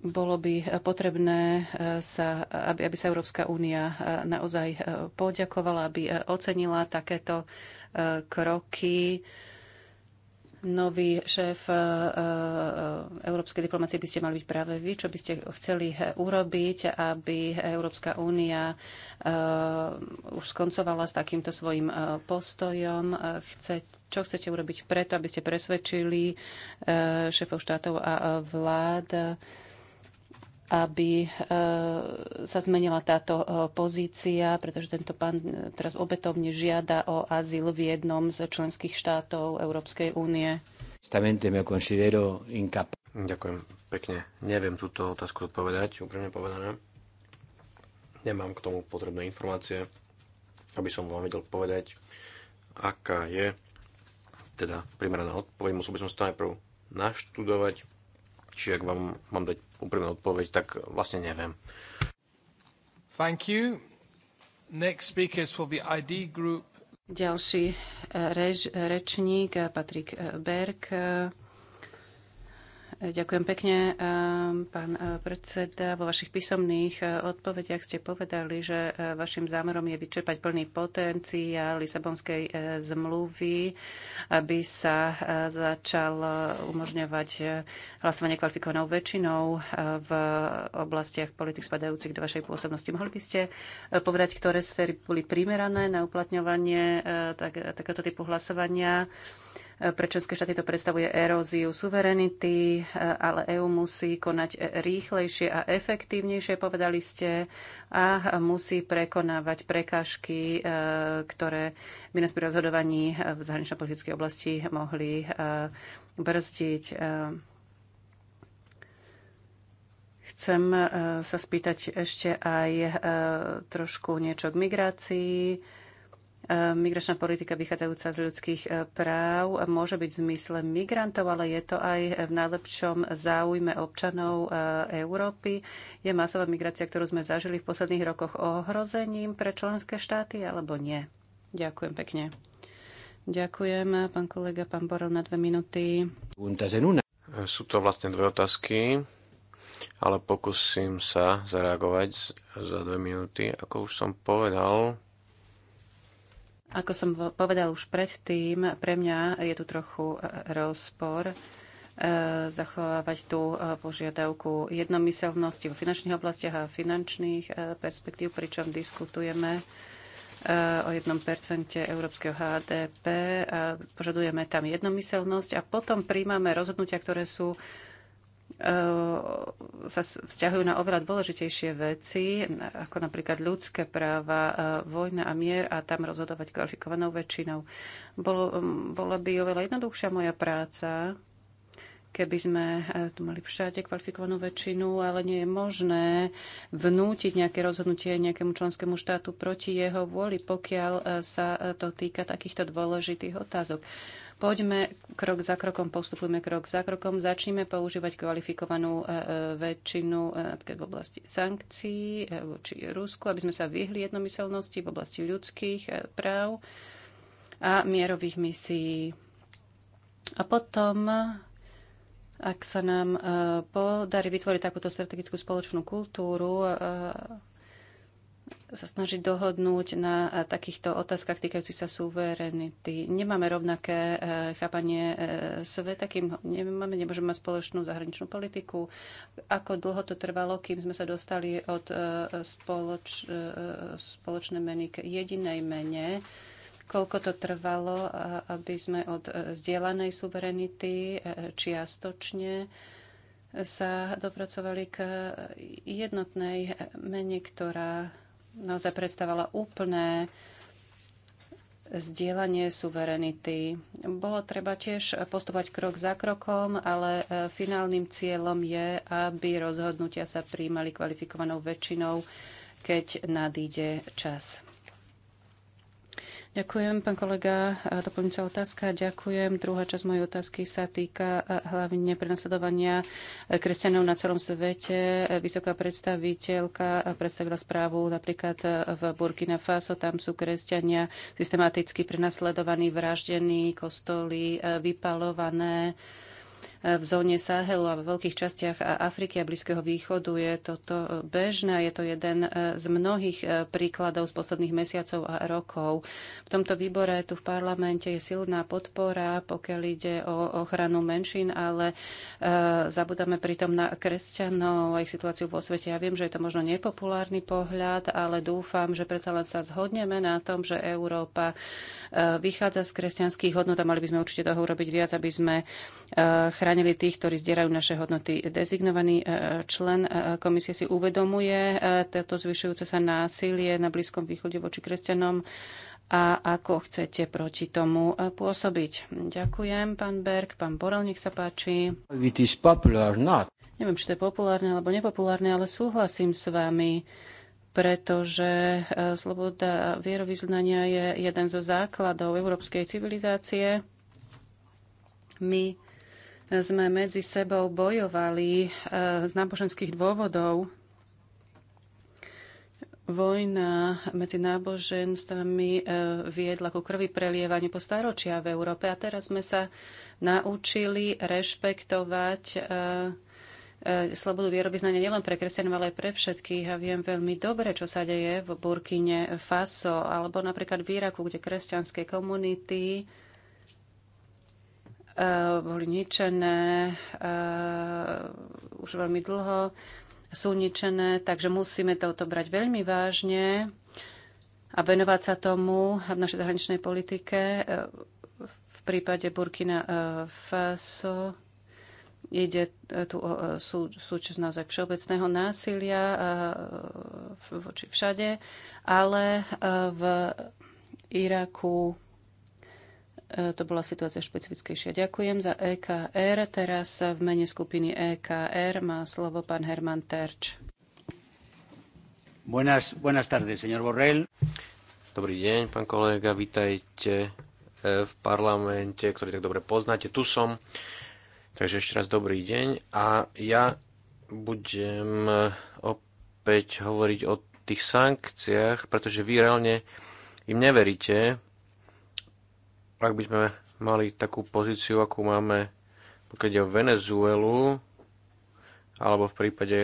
bolo by eh, potrebné, eh, sa, aby, aby sa Európska únia eh, naozaj poďakovala, aby ocenila takéto kroky. Nový šéf európskej diplomácie by ste mali byť práve vy, čo by ste chceli urobiť, aby Európska únia už skoncovala s takýmto svojim postojom. čo chcete urobiť preto, aby ste presvedčili šéfov štátov a vlád aby e, sa zmenila táto e, pozícia, pretože tento pán e, teraz obetovne žiada o azyl v jednom z členských štátov Európskej únie. Ďakujem pekne. Neviem túto otázku odpovedať, úprimne povedané. Nemám k tomu potrebné informácie, aby som vám vedel povedať, aká je teda primeraná odpoveď. Musel by som si to najprv naštudovať, Čiže ak vám mám dať úprimnú odpoveď, tak vlastne neviem. Thank you. Next speakers for the ID group. Ďalší eh, rež, rečník eh, Patrik eh, Berg Ďakujem pekne, ehm, pán eh, predseda. Vo vašich písomných eh, odpovediach ste povedali, že eh, vašim zámerom je vyčerpať plný potenciál Lisabonskej zmluvy, aby sa začal umožňovať hlasovanie kvalifikovanou väčšinou v oblastiach politik spadajúcich do vašej pôsobnosti. Mohli by ste povedať, ktoré sféry boli primerané na uplatňovanie tak, takéhoto typu hlasovania? Pre členské štáty to predstavuje eróziu suverenity, ale EÚ musí konať rýchlejšie a efektívnejšie, povedali ste, a musí prekonávať prekážky, e, ktoré by nás pri rozhodovaní v zahraničnej politickej oblasti mohli e, brzdiť. E, chcem sa spýtať ešte aj trošku niečo k migrácii E, migračná politika vychádzajúca z ľudských e, práv môže byť v zmysle migrantov, ale je to aj v najlepšom záujme občanov e, Európy. Je masová migrácia, ktorú sme zažili v posledných rokoch ohrozením pre členské štáty alebo nie? Ďakujem pekne. Ďakujem, pán kolega, pán Borel, na dve minúty. Sú to vlastne dve otázky, ale pokúsim sa zareagovať za dve minúty. Ako už som povedal, ako som povedal už predtým, pre mňa je tu trochu e, rozpor e, zachovávať tú e, požiadavku jednomyselnosti vo finančných oblastiach a finančných perspektív, pričom diskutujeme o jednom percente európskeho HDP. Požadujeme tam jednomyselnosť a potom príjmame rozhodnutia, ktoré sú E, sa vzťahujú na oveľa dôležitejšie veci, ako napríklad ľudské práva, e, vojna a mier a tam rozhodovať kvalifikovanou väčšinou. Bolo, bola by oveľa jednoduchšia moja práca, keby sme e, tu mali všade kvalifikovanú väčšinu, ale nie je možné vnútiť nejaké rozhodnutie nejakému členskému štátu proti jeho vôli, pokiaľ sa to týka takýchto dôležitých otázok. Poďme krok za krokom, postupujme krok za krokom, začneme používať kvalifikovanú e, e, väčšinu e, napríklad v oblasti sankcií voči Rusku, aby sme sa vyhli jednomyselnosti v oblasti ľudských práv a mierových misií. A potom, ak sa nám podarí vytvoriť takúto strategickú spoločnú kultúru, sa snažiť dohodnúť na e, takýchto otázkach týkajúcich sa suverenity. Nemáme rovnaké e, chápanie e, sveta, kým nemáme, nemôžeme mať spoločnú zahraničnú politiku. Ako dlho to trvalo, kým sme sa dostali od spoloč, spoločnej meny k jedinej mene? Koľko to trvalo, aby sme od zdieľanej suverenity čiastočne sa dopracovali k jednotnej mene, ktorá naozaj predstavovala úplné zdieľanie suverenity. Bolo treba tiež postupovať krok za krokom, ale e, finálnym cieľom je, aby rozhodnutia sa príjmali kvalifikovanou väčšinou, keď nadíde čas. Ďakujem, pán kolega. Doplňujúca otázka. Ďakujem. Druhá časť mojej otázky sa týka e, hlavne prenasledovania e, kresťanov na celom svete. E, vysoká predstaviteľka predstavila správu napríklad v Burkina Faso. Tam sú kresťania systematicky prenasledovaní, vraždení, kostoly vypalované v zóne Sahelu a v veľkých častiach Afriky a Blízkeho východu je toto e, bežné. Je to jeden e, z mnohých e, príkladov z posledných mesiacov a rokov. V tomto výbore tu v parlamente je silná podpora, pokiaľ ide o ochranu menšín, ale zabudáme pritom na kresťanov a ich situáciu vo svete. Ja viem, že je to možno nepopulárny pohľad, ale dúfam, že predsa len sa zhodneme na tom, že Európa vychádza z kresťanských hodnot a mali by sme určite toho urobiť viac, aby sme chránili chránili tých, ktorí zdierajú naše hodnoty. Dezignovaný e, člen e, komisie si uvedomuje e, toto zvyšujúce sa násilie na Blízkom východe voči kresťanom a ako chcete proti tomu pôsobiť. Ďakujem, pán Berg, pán Borel, nech sa páči. Popular, Neviem, či to je populárne alebo nepopulárne, ale súhlasím s vami pretože sloboda vierovýznania je jeden zo základov európskej civilizácie. My sme medzi sebou bojovali e, z náboženských dôvodov. Vojna medzi náboženstvami e, viedla ku krvi prelievaniu po staročia v Európe a teraz sme sa naučili rešpektovať e, slobodu vierobyznania nielen pre kresťanov, ale aj pre všetkých. A viem veľmi dobre, čo sa deje v Burkine Faso alebo napríklad v Iraku, kde kresťanské komunity Eh, boli ničené eh, už veľmi dlho, sú ničené, takže musíme toto brať veľmi vážne a venovať sa tomu v našej zahraničnej politike. Eh, v prípade Burkina Faso ide tu o sú, súčasť naozaj všeobecného násilia voči všade, ale v Iraku E, to bola situácia špecifickejšia. Ďakujem za EKR. Teraz v mene skupiny EKR má slovo pán Herman Terč. Buenas, buenas tardes, señor Borrell. Dobrý deň, pán kolega, vítajte e, v parlamente, ktorý tak dobre poznáte. Tu som, takže ešte raz dobrý deň. A ja budem e, opäť hovoriť o tých sankciách, pretože vy reálne im neveríte, ak by sme mali takú pozíciu, akú máme, pokiaľ ide o Venezuelu, alebo v prípade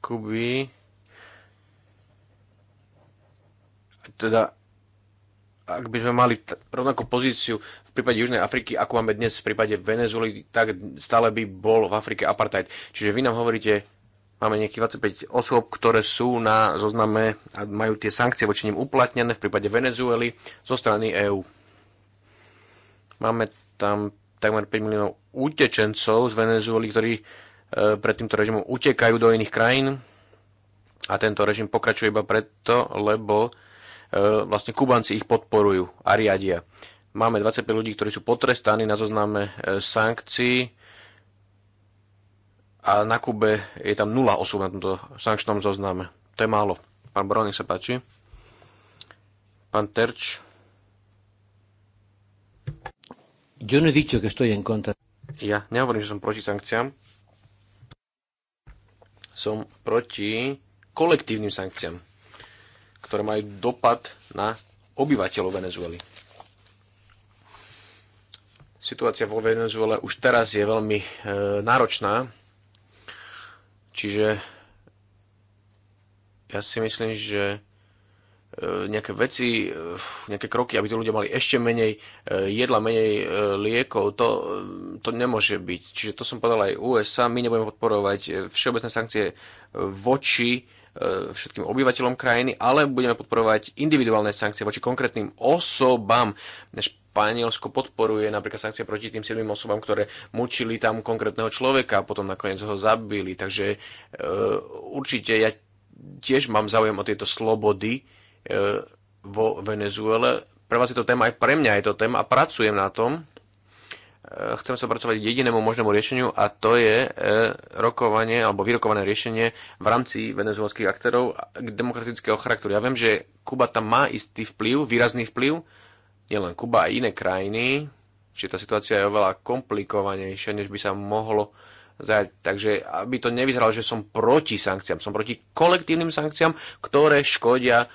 Kuby, teda ak by sme mali rovnakú pozíciu v prípade Južnej Afriky, ako máme dnes v prípade Venezuely, tak stále by bol v Afrike apartheid. Čiže vy nám hovoríte, Máme nejakých 25 osôb, ktoré sú na zozname a majú tie sankcie voči nim uplatnené v prípade Venezuely zo strany EÚ. Máme tam takmer 5 miliónov utečencov z Venezuely, ktorí e, pred týmto režimom utekajú do iných krajín a tento režim pokračuje iba preto, lebo e, vlastne Kubanci ich podporujú a riadia. Máme 25 ľudí, ktorí sú potrestaní na zozname e, sankcií a na Kube je tam nula osôb na tomto sankčnom zozname. To je málo. Pán Brony sa páči. Pán Terč. Yo no he dicho que estoy en contra. Ja nehovorím, že som proti sankciám. Som proti kolektívnym sankciám, ktoré majú dopad na obyvateľov Venezuely. Situácia vo Venezuele už teraz je veľmi e, náročná Čiže ja si myslím, že e, nejaké veci, e, nejaké kroky, aby to ľudia mali ešte menej e, jedla, menej liekov, to, to nemôže byť. Čiže to som povedal aj USA, my nebudeme podporovať všeobecné sankcie voči všetkým obyvateľom krajiny, ale budeme podporovať individuálne sankcie voči konkrétnym osobám. Španielsko podporuje napríklad sankcie proti tým 7 osobám, ktoré mučili tam konkrétneho človeka a potom nakoniec ho zabili. Takže e, určite ja tiež mám záujem o tieto slobody e, vo Venezuele. Pre vás je to téma, aj pre mňa je to téma a pracujem na tom. E, chcem sa pracovať k jedinému možnému riešeniu a to je e, rokovanie alebo vyrokované riešenie v rámci venezuelských aktérov k demokratického charakteru. Ja viem, že Kuba tam má istý vplyv, výrazný vplyv, nielen Kuba, aj iné krajiny, čiže tá situácia je oveľa komplikovanejšia, než by sa mohlo zajať. Takže aby to nevyzeralo, že som proti sankciám, som proti kolektívnym sankciám, ktoré škodia,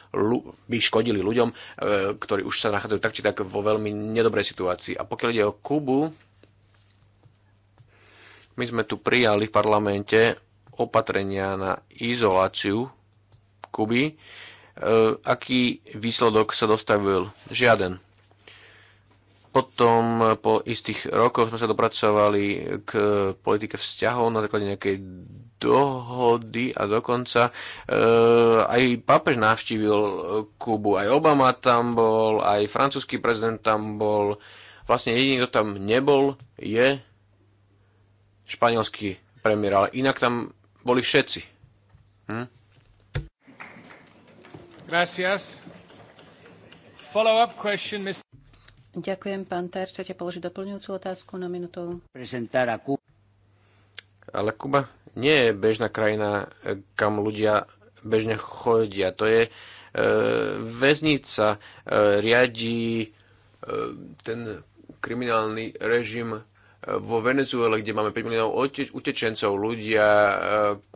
by škodili ľuďom, e, ktorí už sa nachádzajú tak či tak vo veľmi nedobrej situácii. A pokiaľ ide o Kubu, my sme tu prijali v parlamente opatrenia na izoláciu Kuby. E, aký výsledok sa dostavil? Žiaden potom e, po istých rokoch sme sa dopracovali k politike vzťahov na základe nejakej dohody a dokonca uh, aj pápež navštívil Kubu, aj Obama tam bol, aj francúzsky prezident tam bol. Vlastne jediný, kto tam nebol, je španielský premiér, ale inak tam boli všetci. Hm? Gracias. Follow-up question, Mr. Ďakujem, pán Ter. Chcete položiť doplňujúcu otázku na minútu? Ale Kuba nie je bežná krajina, kam ľudia bežne chodia. To je e, väznica, e, riadi e, ten kriminálny režim e, vo Venezuele, kde máme 5 miliónov utečencov, ľudia e,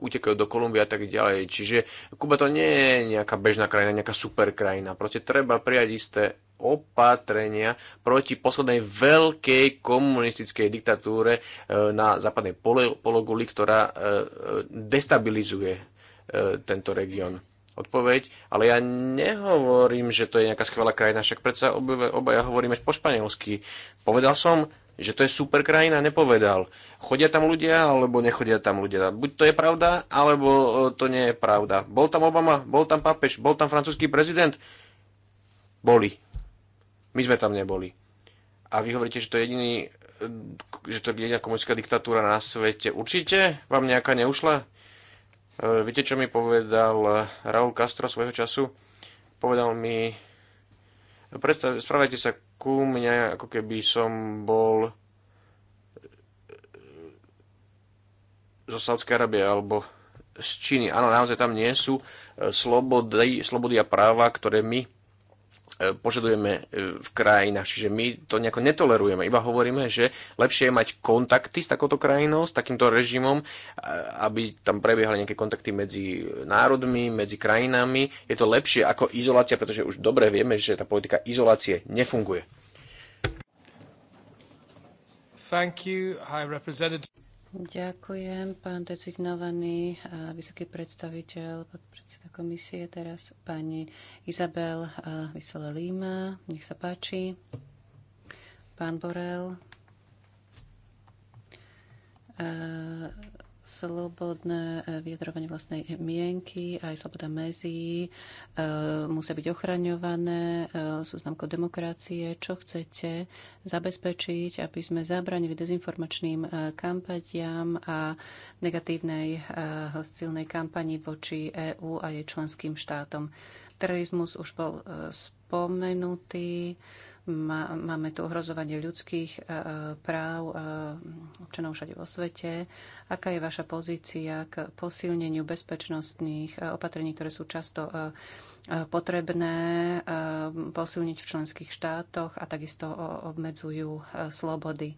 utekajú do Kolumbia a tak ďalej. Čiže Kuba to nie je nejaká bežná krajina, nejaká super krajina. Proste treba prijať isté opatrenia proti poslednej veľkej komunistickej diktatúre e, na západnej pologuli, ktorá e, e, destabilizuje tento región. Odpoveď, ale ja nehovorím, že to je nejaká skvelá krajina, však predsa obaja hovoríme po španielsky. Povedal som, že to je super krajina, nepovedal. Chodia tam ľudia, alebo nechodia tam ľudia. Buď to je pravda, alebo to nie je pravda. Bol tam Obama, bol tam papež, bol tam francúzsky prezident. Boli my sme tam neboli. A vy hovoríte, že to je jediný, e, že to je jediná komunistická diktatúra na svete. Určite vám nejaká neušla? E, viete, čo mi povedal e, Raúl Castro svojho času? Povedal mi, predstav, spravajte sa ku mňa, ako keby som bol zo Saudskej Arábie alebo z Číny. Áno, naozaj tam nie sú slobody, slobody a práva, ktoré my E, požadujeme e, v krajinách. Čiže my to nejako netolerujeme. Iba hovoríme, že lepšie je mať kontakty s takouto krajinou, s takýmto režimom, aby tam prebiehali nejaké kontakty medzi národmi, medzi krajinami. Je to lepšie ako izolácia, pretože už dobre vieme, že tá politika izolácie nefunguje. Thank you, high representative. Ďakujem, pán dezignovaný eh, vysoký predstaviteľ, podpredseda komisie. Teraz pani Izabel eh, Vysole Líma, nech sa páči. Pán Borel, eh, slobodné e, vyjadrovanie vlastnej mienky, aj sloboda mézií e, musia byť ochraňované, sú e, známkou demokracie. Čo chcete zabezpečiť, aby sme zabranili dezinformačným kampaniam a negatívnej hostilnej kampani voči EÚ a jej členským štátom? Terorizmus už bol spomenutý Máme tu ohrozovanie ľudských e, e, práv e, občanov všade vo svete. Aká je vaša pozícia k posilneniu bezpečnostných opatrení, ktoré sú často potrebné posilniť v členských štátoch a takisto obmedzujú slobody?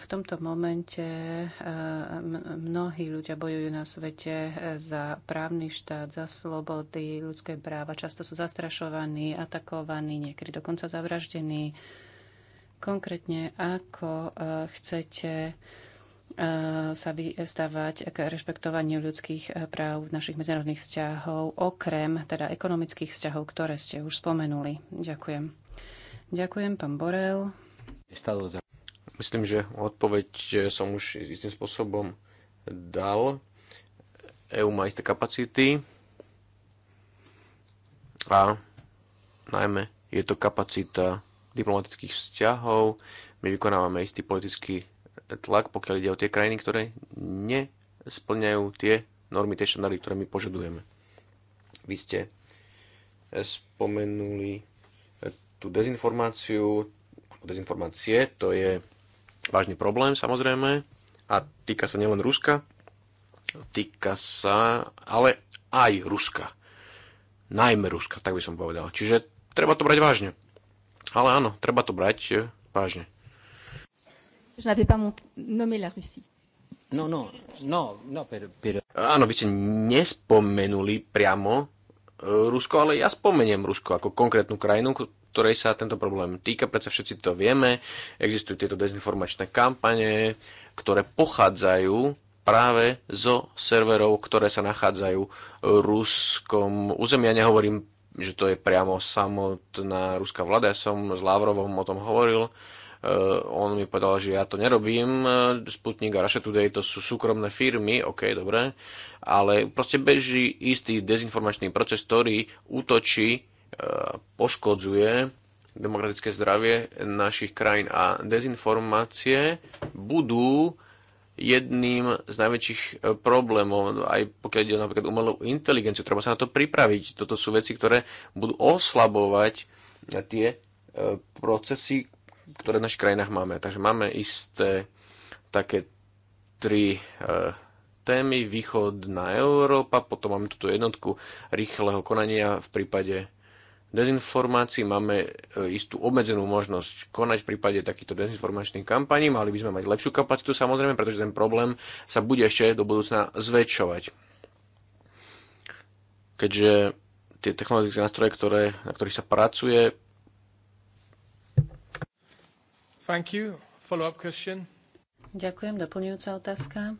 V tomto momente eh, mnohí ľudia bojujú na svete eh, za právny štát, za slobody, ľudské práva. Často sú zastrašovaní, atakovaní, niekedy dokonca zavraždení. Konkrétne, ako eh, chcete sa vystávať k rešpektovaniu ľudských práv v našich medzinárodných vzťahov, okrem teda ekonomických vzťahov, ktoré ste už spomenuli. Ďakujem. Ďakujem, pán Borel. Myslím, že odpoveď eh, som už istým spôsobom dal. EU má isté kapacity a najmä je to kapacita diplomatických vzťahov. My vykonávame istý politický tlak, pokiaľ ide o tie krajiny, ktoré nesplňajú tie normy, tie štandardy, ktoré my požadujeme. Vy ste spomenuli tú dezinformáciu, dezinformácie, to je vážny problém samozrejme a týka sa nielen Ruska, týka sa ale aj Ruska. Najmä Ruska, tak by som povedal. Čiže treba to brať vážne. Ale áno, treba to brať eh, vážne. Je n'avais pas nommé la Russie. No, no, no, no, pero, pero... Áno, vy ste nespomenuli priamo eh, Rusko, ale ja spomeniem Rusko ako konkrétnu krajinu, ktorej sa tento problém týka, predsa všetci to vieme, existujú tieto dezinformačné kampane, ktoré pochádzajú práve zo serverov, ktoré sa nachádzajú v ruskom území. Ja nehovorím, že to je priamo samotná ruská vláda, ja som s Lavrovom o tom hovoril, Uh, on mi povedal, že ja to nerobím, e, Sputnik a Russia Today to sú súkromné firmy, ok, dobre, ale proste beží istý dezinformačný proces, ktorý útočí poškodzuje demokratické zdravie našich krajín a dezinformácie budú jedným z najväčších e, problémov, aj pokiaľ ide napríklad umelú inteligenciu, treba sa na to pripraviť. Toto sú veci, ktoré budú oslabovať tie e, procesy, ktoré v našich krajinách máme. Takže máme isté také tri e, témy, východná Európa, potom máme túto jednotku rýchleho konania v prípade dezinformácií, máme e, istú obmedzenú možnosť konať v prípade takýchto dezinformačných kampaní, mali by sme mať lepšiu kapacitu samozrejme, pretože ten problém sa bude ešte do budúcna zväčšovať. Keďže tie technologické nástroje, ktoré, na ktorých sa pracuje... Thank you. Follow-up question. Ďakujem. Doplňujúca otázka.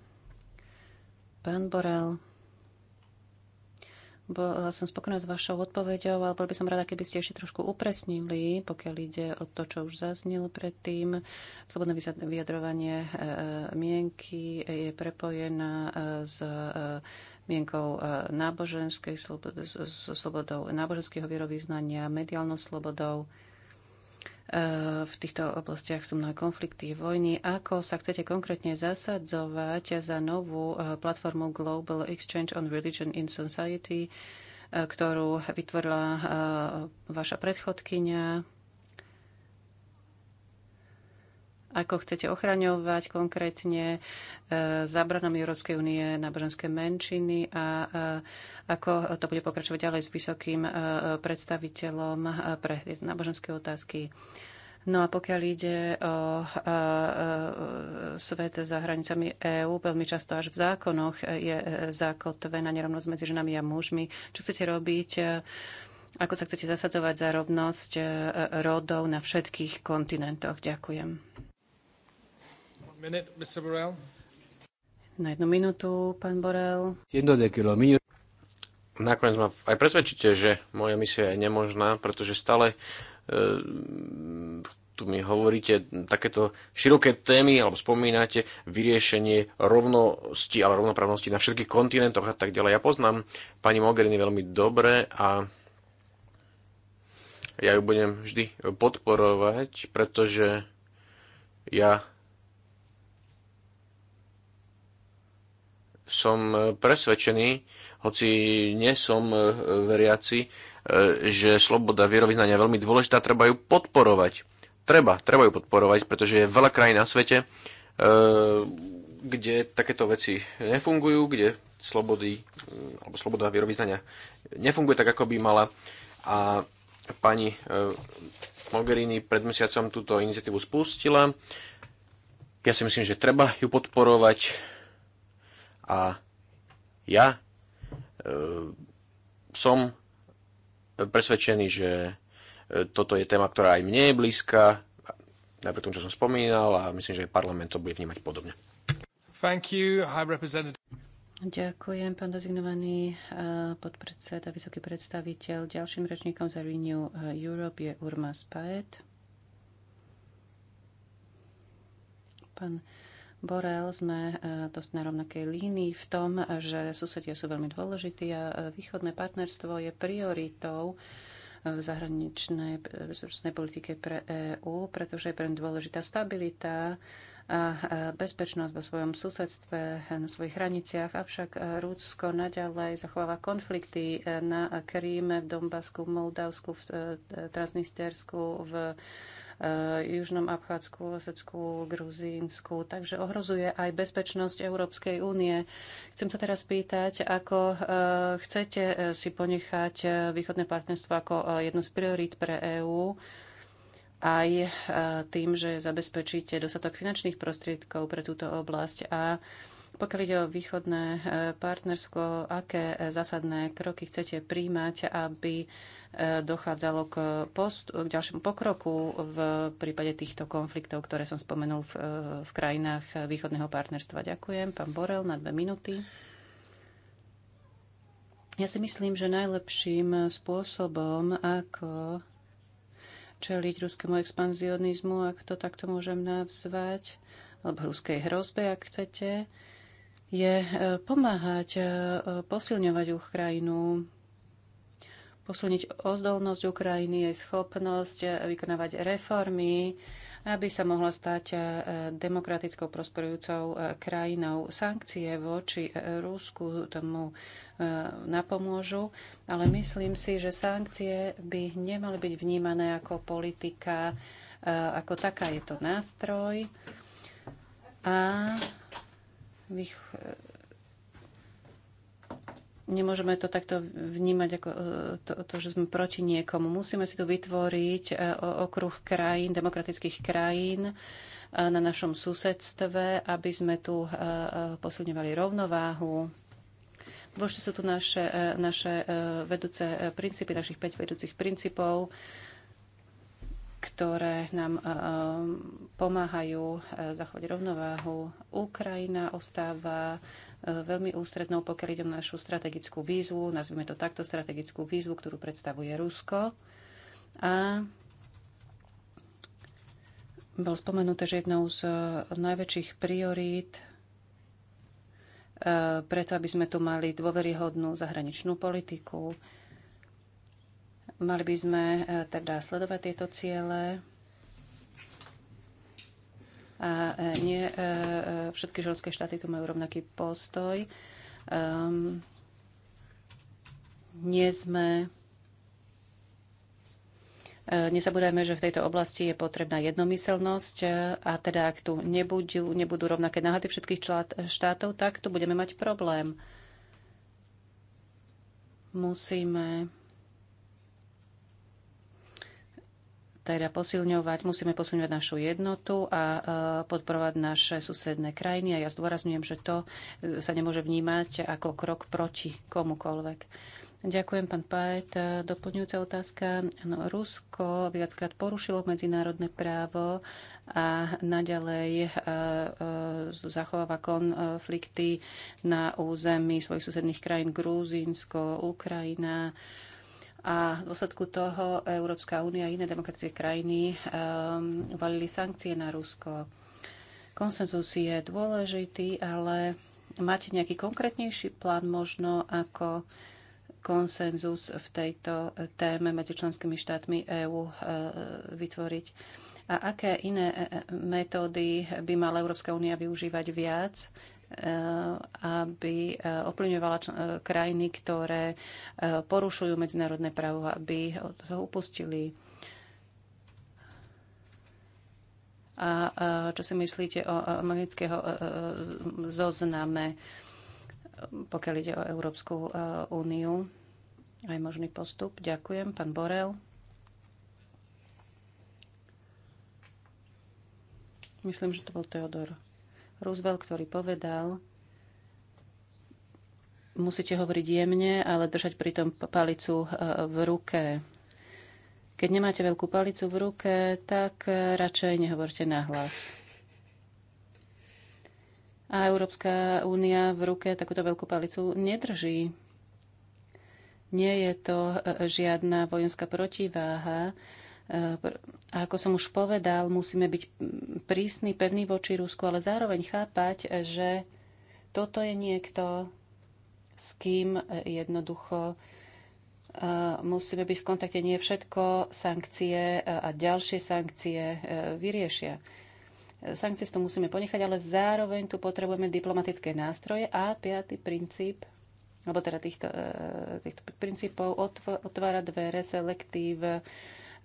Pán Borel bola som spokojná s vašou odpoveďou, ale bol by som rada, keby ste ešte trošku upresnili, pokiaľ ide o to, čo už zaznelo predtým. Slobodné vyjadrovanie e, e, mienky je prepojená e, s mienkou náboženskej, slobodou náboženského vierovýznania, mediálnou slobodou Eh, v týchto oblastiach sú mnohé konflikty, vojny. Ako sa chcete konkrétne zasadzovať za novú eh, platformu Global Exchange on Religion in Society, eh, ktorú vytvorila vaša predchodkynia? ako chcete ochraňovať konkrétne e, zábranami Európskej únie náboženské menšiny a e, ako to bude pokračovať ďalej s vysokým e, predstaviteľom e, pre náboženské otázky. No a pokiaľ ide o svet za hranicami EÚ, veľmi často až v zákonoch je zakotvená nerovnosť medzi ženami a mužmi. Čo chcete robiť? Ako sa chcete zasadzovať za rovnosť rodov na všetkých kontinentoch? Ďakujem. Na jednu minútu, pán Borel. Nakoniec ma aj presvedčíte, že moja misia je nemožná, pretože stále e, tu mi hovoríte takéto široké témy, alebo spomínate vyriešenie rovnosti, ale rovnoprávnosti na všetkých kontinentoch a tak ďalej. Ja poznám pani Mogherini veľmi dobre a ja ju budem vždy podporovať, pretože ja som e, presvedčený, hoci nie som e, veriaci, e, že sloboda vierovýznania je veľmi dôležitá, treba ju podporovať. Treba, treba ju podporovať, pretože je veľa krajín na svete, kde takéto veci nefungujú, kde slobody, alebo sloboda vierovýznania nefunguje tak, ako by mala. A pani Mogherini pred mesiacom túto iniciatívu spustila. Ja si myslím, že treba ju podporovať a ja e, som presvedčený, že e, toto je téma, ktorá aj mne je blízka, napriek tomu, čo som spomínal, a myslím, že aj parlament to bude vnímať podobne. Thank you, high representative. Ďakujem, pán dozignovaný e, podpredseda, vysoký predstaviteľ. Ďalším rečníkom za Renew e, Europe je Urmas Paet. Pán Borel sme e, dosť na rovnakej línii v tom, že susedia sú veľmi dôležití a e, východné partnerstvo je prioritou e, v zahraničnej bezpečnostnej politike pre EÚ, pretože je pre dôležitá stabilita a bezpečnosť vo svojom susedstve, na svojich hraniciach. Avšak Rúdsko naďalej zachováva konflikty na Kríme, v Donbasku, v Moldavsku, v Transnistersku, v Eh, Južnom abchátsku, Osecku, Gruzínsku, takže ohrozuje aj bezpečnosť Európskej únie. Chcem sa teraz pýtať, ako eh, chcete eh, si ponechať východné partnerstvo ako jednu z priorít pre EÚ aj tým, že zabezpečíte dostatok finančných prostriedkov pre túto oblasť a pokiaľ ide o východné eh, partnersko, aké eh, zásadné kroky chcete príjmať, aby eh, dochádzalo k, post- k ďalšiemu pokroku v prípade týchto konfliktov, ktoré som spomenul v, v krajinách východného partnerstva? Ďakujem. Pán Borel, na dve minúty. Ja si myslím, že najlepším spôsobom, ako čeliť ruskému expanzionizmu, ak to takto môžem nazvať, alebo ruskej hrozbe, ak chcete, je e, pomáhať e, e, posilňovať Ukrajinu, posilniť ozdolnosť Ukrajiny, jej schopnosť vykonávať reformy, aby sa mohla stať demokratickou prosperujúcou krajinou. Sankcie voči Rusku tomu napomôžu, ale myslím si, že sankcie by nemali byť vnímané ako politika, ako taká je to nástroj. A Vych... Nemôžeme to takto vnímať ako e, to, to, že sme proti niekomu. Musíme si tu vytvoriť e, okruh krajín, demokratických krajín e, na našom susedstve, aby sme tu posilňovali rovnováhu. Dôležité sú tu naše, naše vedúce princípy, našich 5 vedúcich princípov ktoré nám e, e, pomáhajú e, zachovať rovnováhu. Ukrajina ostáva veľmi ústrednou, pokiaľ ide o našu strategickú výzvu, nazvime to takto strategickú výzvu, ktorú predstavuje Rusko. A bol spomenuté, že jednou z najväčších priorít preto, aby sme tu mali dôveryhodnú zahraničnú politiku, Mali by sme e, teda sledovať tieto ciele a e, nie e, všetky členské štáty tu majú rovnaký postoj. Ehm, nie sme Nezabúdajme, že v tejto oblasti je potrebná jednomyselnosť a teda ak tu nebudú, nebudú rovnaké náhľady všetkých štátov, tak tu budeme mať problém. Musíme teda posilňovať, musíme posilňovať našu jednotu a e, podporovať naše susedné krajiny. A ja zdôrazňujem, že to e, sa nemôže vnímať ako krok proti komukolvek. Ďakujem, pán Paet. E, doplňujúca otázka. No, Rusko viackrát porušilo medzinárodné právo a naďalej e, e, zachováva konflikty na území svojich susedných krajín Gruzínsko, Ukrajina. E, a v dôsledku toho Európska únia a iné demokracie krajiny um, uvalili sankcie na Rusko. Konsenzus je dôležitý, ale máte nejaký konkrétnejší plán možno ako konsenzus v tejto téme medzi členskými štátmi EÚ ehm, vytvoriť? A aké iné ehm, metódy by mala Európska únia využívať viac, Eh, aby eh, ovplyvňovala eh, krajiny, ktoré porušujú medzinárodné právo, aby ho upustili. A čo si myslíte o magnického zozname, pokiaľ ide o Európsku úniu? Aj možný postup. Ďakujem. Pán Borel. Myslím, že to bol Teodor. Roosevelt, ktorý povedal, musíte hovoriť jemne, ale držať pritom palicu e, v ruke. Keď nemáte veľkú palicu v ruke, tak e, radšej nehovorte nahlas. A Európska únia v ruke takúto veľkú palicu nedrží. Nie je to e, žiadna vojenská protiváha, E, ako som už povedal, musíme byť prísni, pevní voči Rusku, ale zároveň chápať, že toto je niekto, s kým jednoducho e, musíme byť v kontakte. Nie všetko sankcie e, a ďalšie sankcie vyriešia. Sankcie to musíme ponechať, ale zároveň tu potrebujeme diplomatické nástroje a piatý princíp, alebo teda týchto, týchto princípov otvára dvere selektív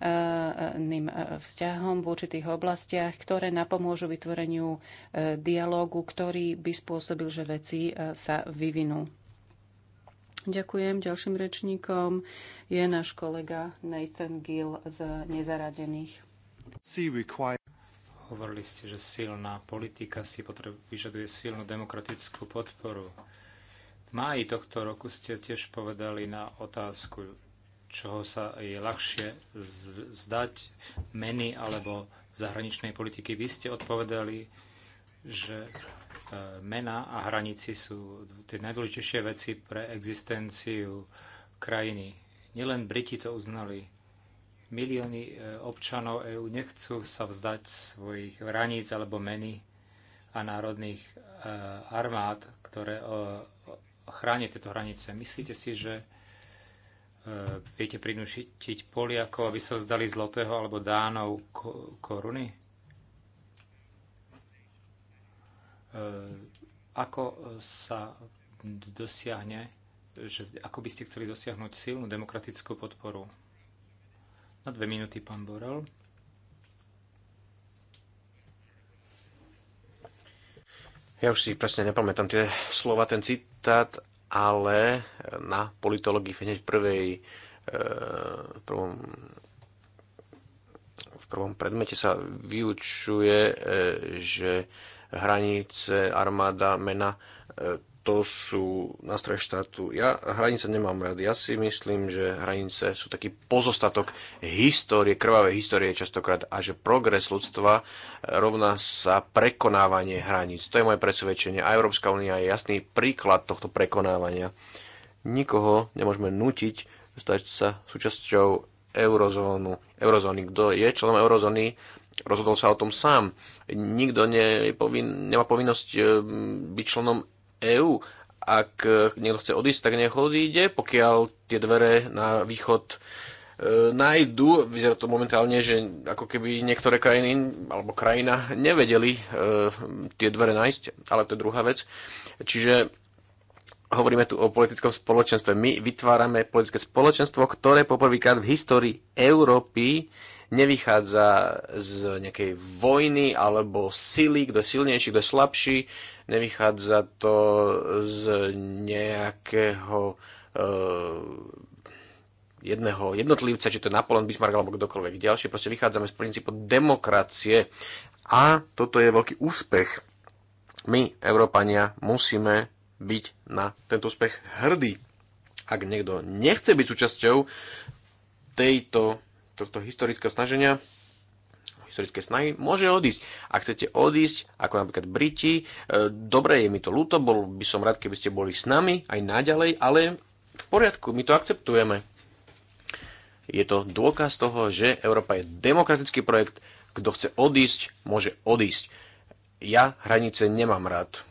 E, e, e, vzťahom v určitých oblastiach, ktoré napomôžu vytvoreniu dialógu, ktorý by spôsobil, že veci sa vyvinú. Ďakujem. Ďalším rečníkom je náš kolega Nathan Gill z Nezaradených. Hovorili ste, že silná politika si potrebu vyžaduje silnú demokratickú podporu. V máji tohto roku ste tiež povedali na otázku čoho sa je ľahšie zdať, meny alebo zahraničnej politiky. Vy ste odpovedali, že e, mena a hranici sú tie najdôležitejšie veci pre existenciu krajiny. Nielen Briti to uznali. Milióny e, občanov EÚ nechcú sa vzdať svojich hraníc alebo meny a národných e, armád, ktoré chránia tieto hranice. Myslíte si, že E, viete prinúšiť Poliakov, aby sa zdali zlotého alebo dánov koruny? E, ako sa dosiahne, že, ako by ste chceli dosiahnuť silnú demokratickú podporu? Na dve minúty, pán Borel. Ja už si presne nepamätám tie slova, ten citát, ale na politológii hneď v prvej e, v prvom, v prvom predmete sa vyučuje, e, že hranice, armáda, mena e, to sú nástroje štátu. Ja hranice nemám rád. Ja si myslím, že hranice sú taký pozostatok histórie, krvavé histórie častokrát a že progres ľudstva rovná sa prekonávanie hraníc. To je moje presvedčenie. A Európska únia je jasný príklad tohto prekonávania. Nikoho nemôžeme nutiť stať sa súčasťou eurozónu, eurozóny. Kto je členom eurozóny, rozhodol sa o tom sám. Nikto ne, povin, nemá povinnosť eh, byť členom EÚ. Ak e, niekto chce odísť, tak nech odíde, pokiaľ tie dvere na východ e, nájdu. Vyzerá to momentálne, že ako keby niektoré krajiny alebo krajina nevedeli e, tie dvere nájsť, ale to je druhá vec. Čiže hovoríme tu o politickom spoločenstve. My vytvárame politické spoločenstvo, ktoré poprvýkrát v histórii Európy nevychádza z nejakej vojny alebo sily, kto je silnejší, kto je slabší, Nevychádza to z nejakého eh, jedného jednotlivca, či to je Napoleon Bismarck alebo kdokoľvek ďalší. Proste vychádzame z princípu demokracie a toto je veľký úspech. My, Európania, musíme byť na tento úspech hrdí. Ak niekto nechce byť súčasťou tejto, tohto historického snaženia, historické snahy, môže odísť. Ak chcete odísť, ako napríklad Briti, e, dobre, je mi to ľúto, bol by som rád, keby ste boli s nami aj naďalej, ale v poriadku, my to akceptujeme. Je to dôkaz toho, že Európa je demokratický projekt, kto chce odísť, môže odísť. Ja hranice nemám rád.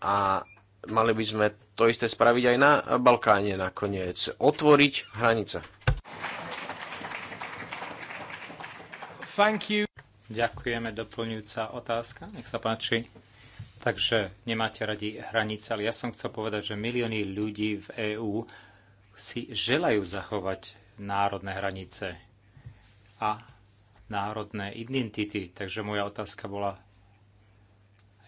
A mali by sme to isté spraviť aj na Balkáne nakoniec. Otvoriť hranice. Thank you. Ďakujeme. Doplňujúca otázka, nech sa páči. Takže nemáte radi hranice, ale ja som chcel povedať, že milióny ľudí v EÚ si želajú zachovať národné hranice a národné identity. Takže moja otázka bola,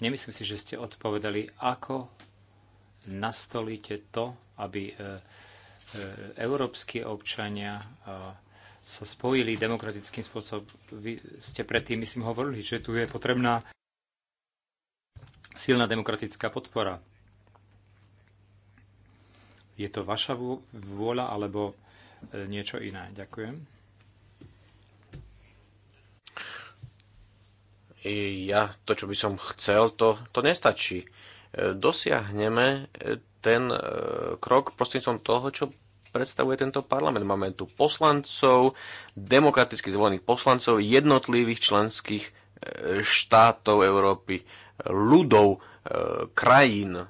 nemyslím si, že ste odpovedali, ako nastolíte to, aby e, e, európsky občania sa spojili demokratickým spôsobom. Vy ste predtým, myslím, hovorili, že tu je potrebná silná demokratická podpora. Je to vaša vôľa alebo e, niečo iné? Ďakujem. E, ja to, čo by som chcel, to, to nestačí. E, dosiahneme ten krok prostredníctvom toho, čo predstavuje tento parlament. Máme tu poslancov, demokraticky zvolených poslancov jednotlivých členských e, štátov Európy, ľudov, e, krajín e,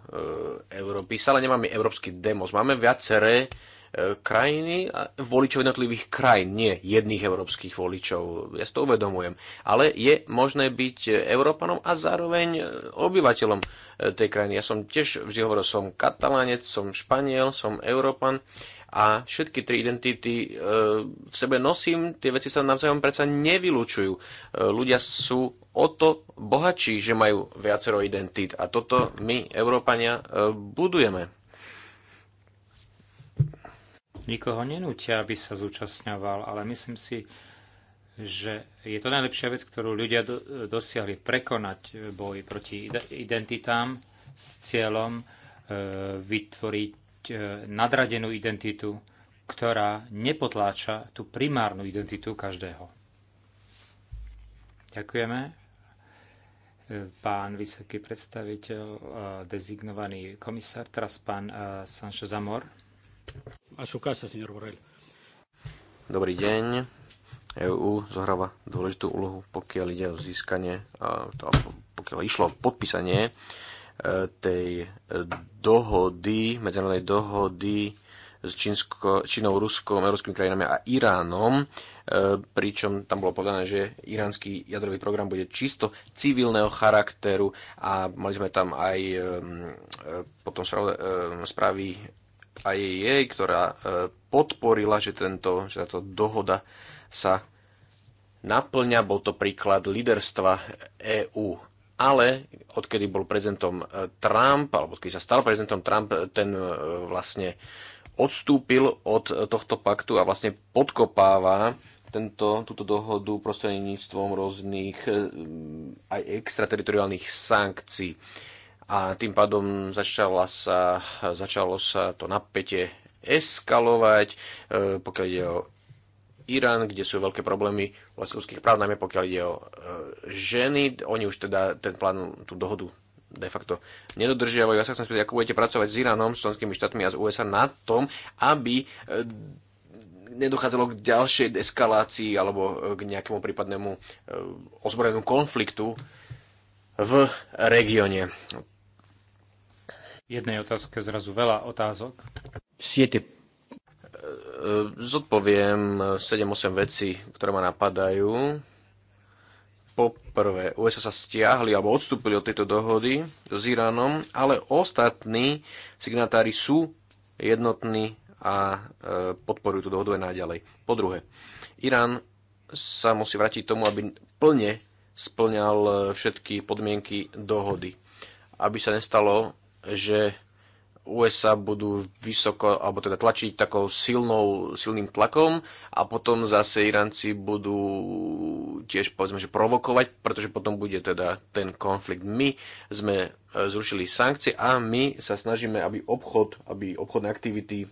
Európy. Stále nemáme európsky demos. Máme viaceré krajiny a voličov jednotlivých krajín, nie jedných európskych voličov. Ja si to uvedomujem. Ale je možné byť Európanom a zároveň obyvateľom tej krajiny. Ja som tiež vždy hovoril, som katalánec, som španiel, som Európan a všetky tri identity e, v sebe nosím, tie veci sa navzájom predsa nevylučujú. E, ľudia sú o to bohatší, že majú viacero identít a toto my, Európania, e, budujeme. Nikoho nenútia, aby sa zúčastňoval, ale myslím si, že je to najlepšia vec, ktorú ľudia dosiahli prekonať boj proti identitám s cieľom vytvoriť E, nadradenú identitu, ktorá nepotláča tú primárnu identitu každého. Ďakujeme. E, pán vysoký predstaviteľ, e, dezignovaný komisár, teraz pán Sancho Zamor. Dobrý deň. EU zohráva dôležitú úlohu, pokiaľ ide o získanie, pokiaľ išlo o podpísanie tej e, dohody, medzinárodnej dohody s Čínsko, Čínou, Ruskom, európskymi krajinami a Iránom, e, pričom tam bolo povedané, že iránsky jadrový program bude čisto civilného charakteru a mali sme tam aj e, potom správy jej, ktorá podporila, že, tento, že táto dohoda sa naplňa. Bol to príklad líderstva EÚ ale odkedy bol prezidentom e, Trump, alebo odkedy sa stal prezidentom Trump, e, ten e, vlastne odstúpil od tohto paktu a vlastne podkopáva tento, túto dohodu prostredníctvom rôznych aj extrateritoriálnych sankcií. A tým pádom začala sa, začalo sa to napätie eskalovať, pokiaľ ide o Irán, kde sú veľké problémy vlastne ľudských práv, najmä pokiaľ ide o e, ženy. Oni už teda ten plán, tú dohodu de facto nedodržiavajú. Ja sa chcem spýtať, ako budete pracovať s Iránom, s členskými štátmi a z USA na tom, aby e, nedochádzalo k ďalšej eskalácii alebo e, k nejakému prípadnému ozbrojenému konfliktu v regióne. Jednej otázke zrazu veľa otázok. Siete E, zodpoviem 7-8 vecí, ktoré ma napadajú. Poprvé, USA sa stiahli alebo odstúpili od tejto dohody s Iránom, ale ostatní signatári sú jednotní a e, podporujú tú dohodu aj naďalej. Po druhé, Irán sa musí vrátiť tomu, aby plne splňal e, všetky podmienky dohody. Aby sa nestalo, že USA budú vysoko, alebo teda tlačiť takou silnou, silným tlakom a potom zase Iránci budú tiež povedzme, že provokovať, pretože potom bude teda ten konflikt. My sme e, zrušili sankcie a my sa snažíme, aby obchod, aby obchodné aktivity e,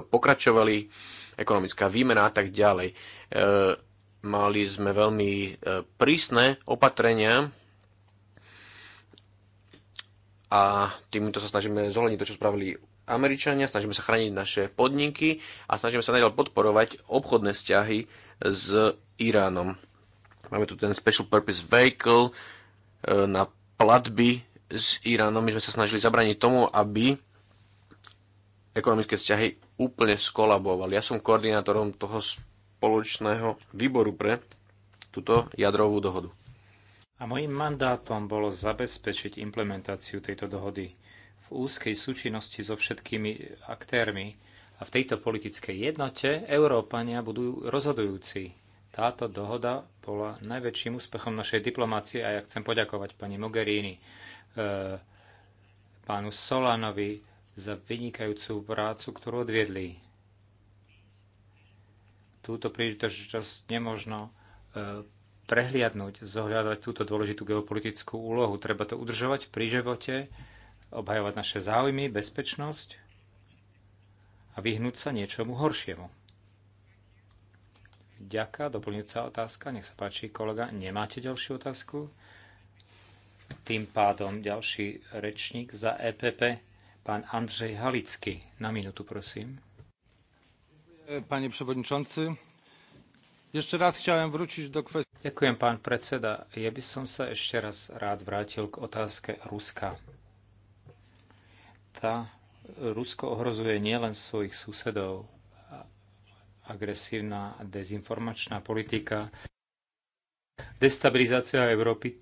pokračovali, ekonomická výmena a tak ďalej. E, mali sme veľmi prísne opatrenia, a týmto sa snažíme zohľadniť to, čo spravili Američania, snažíme sa chrániť naše podniky a snažíme sa najďal podporovať obchodné vzťahy s Iránom. Máme tu ten Special Purpose Vehicle e, na platby s Iránom. My sme sa snažili zabraniť tomu, aby ekonomické vzťahy úplne skolabovali. Ja som koordinátorom toho spoločného výboru pre túto jadrovú dohodu. A mojim mandátom bolo zabezpečiť implementáciu tejto dohody v úzkej súčinnosti so všetkými aktérmi a v tejto politickej jednote Európania budú rozhodujúci. Táto dohoda bola najväčším úspechom našej diplomácie a ja chcem poďakovať pani Mogherini, e, pánu Solanovi za vynikajúcu prácu, ktorú odviedli. Túto príležitosť nemožno e, prehliadnúť, zohľadať túto dôležitú geopolitickú úlohu. Treba to udržovať pri živote, obhajovať naše záujmy, bezpečnosť a vyhnúť sa niečomu horšiemu. Ďaká, doplňujúca otázka, nech sa páči, kolega. Nemáte ďalšiu otázku? Tým pádom ďalší rečník za EPP, pán Andrzej Halicky. Na minútu, prosím. Panie przewodniczący, ešte raz chciałem wróciť do kvestie. Ďakujem, pán predseda. Ja by som sa ešte raz rád vrátil k otázke Ruska. Tá Rusko ohrozuje nielen svojich susedov, agresívna dezinformačná politika, destabilizácia Európy.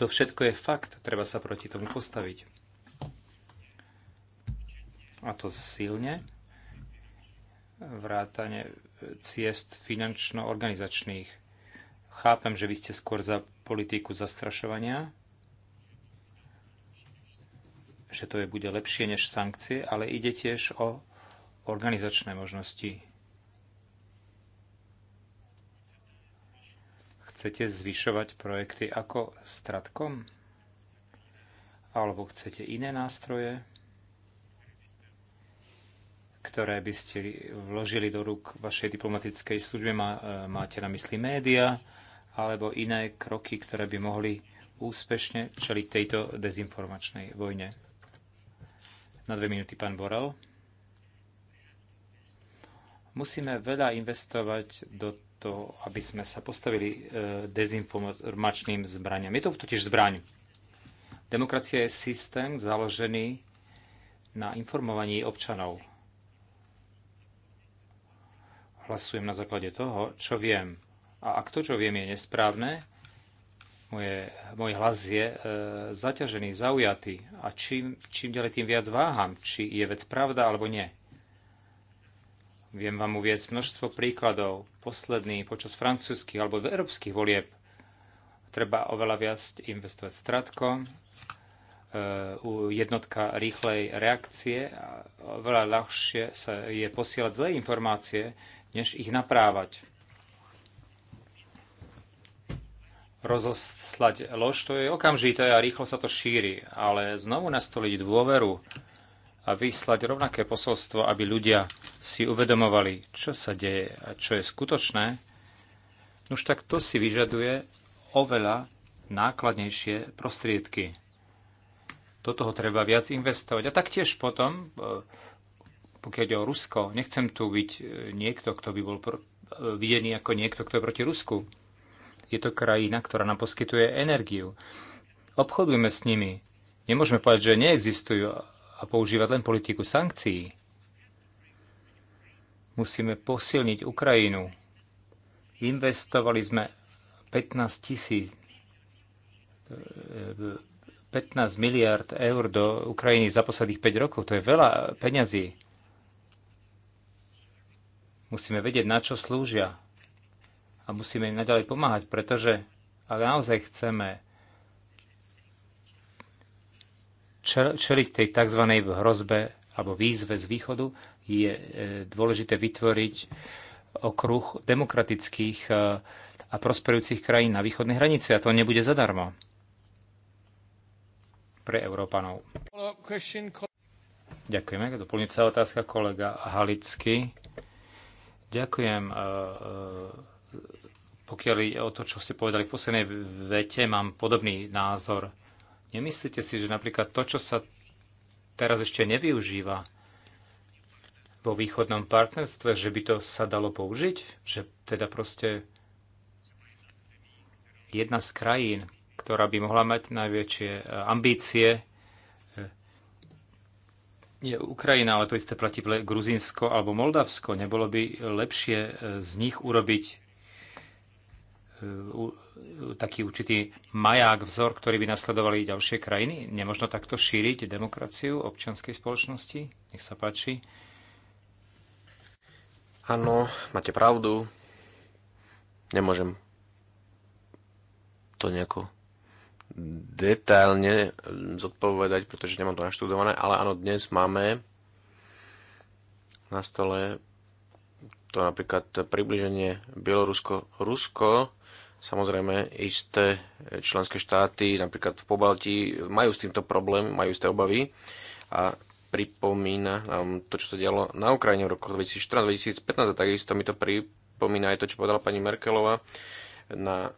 To všetko je fakt, treba sa proti tomu postaviť. A to silne vrátane e, ciest finančno-organizačných. Chápem, že vy ste skôr za politiku zastrašovania, že to je, bude lepšie než sankcie, ale ide tiež o organizačné možnosti. Chcete zvyšovať projekty ako stratkom? Alebo chcete iné nástroje? ktoré by ste vložili do rúk vašej diplomatickej službe, e, máte na mysli média alebo iné kroky, ktoré by mohli úspešne čeliť tejto dezinformačnej vojne. Na dve minúty pán Borel. Musíme veľa investovať do toho, aby sme sa postavili e, dezinformačným zbraniam. Je to totiž zbraň. Demokracia je systém založený na informovaní občanov Hlasujem na základe toho, čo viem. A ak to, čo viem, je nesprávne, moje, môj hlas je e, zaťažený, zaujatý a čím, čím ďalej tým viac váham, či je vec pravda alebo nie. Viem vám uviec množstvo príkladov. Posledný počas francúzskych alebo európskych volieb treba oveľa viac investovať stratko, e, u jednotka rýchlej reakcie a oveľa ľahšie sa je posielať zlé informácie, než ich naprávať. Rozoslať lož, to je okamžité a rýchlo sa to šíri, ale znovu nastoliť dôveru a vyslať rovnaké posolstvo, aby ľudia si uvedomovali, čo sa deje a čo je skutočné, už tak to si vyžaduje oveľa nákladnejšie prostriedky do toho treba viac investovať. A taktiež potom e, pokiaľ ide o Rusko, nechcem tu byť e, niekto, kto by bol e, videný ako niekto, kto je proti Rusku. Je to krajina, ktorá nám poskytuje energiu. Obchodujeme s nimi. Nemôžeme povedať, že neexistujú a používať len politiku sankcií. Musíme posilniť Ukrajinu. Investovali sme 15 tisíc 15 e, miliard eur do Ukrajiny za posledných 5 rokov. To je veľa peňazí. Musíme vedieť, na čo slúžia. A musíme im naďalej pomáhať, pretože ak naozaj chceme čeliť tej tzv. hrozbe alebo výzve z východu, je e, dôležité vytvoriť okruh demokratických e, a prosperujúcich krajín na východnej hranici. A to nebude zadarmo pre Európanov. Ďakujeme. Doplňujúca otázka kolega Halický. Ďakujem. E, e, pokiaľ je o to, čo ste povedali v poslednej vete, mám podobný názor. Nemyslíte si, že napríklad to, čo sa teraz ešte nevyužíva vo východnom partnerstve, že by to sa dalo použiť? Že teda proste jedna z krajín, ktorá by mohla mať najväčšie e, ambície je Ukrajina, ale to isté platí pre Gruzinsko alebo Moldavsko. Nebolo by lepšie e, z nich urobiť e, e, taký určitý maják, vzor, ktorý by nasledovali ďalšie krajiny? Nemožno takto šíriť demokraciu občianskej spoločnosti? Nech sa páči. Áno, máte pravdu. Nemôžem to nejako detailne zodpovedať, pretože nemám to naštudované, ale áno, dnes máme na stole to napríklad približenie Bielorusko-Rusko. Samozrejme, isté členské štáty, napríklad v Pobalti, majú s týmto problém, majú isté obavy a pripomína nám to, čo sa dialo na Ukrajine v roku 2014-2015 a takisto mi to pripomína aj to, čo povedala pani Merkelová na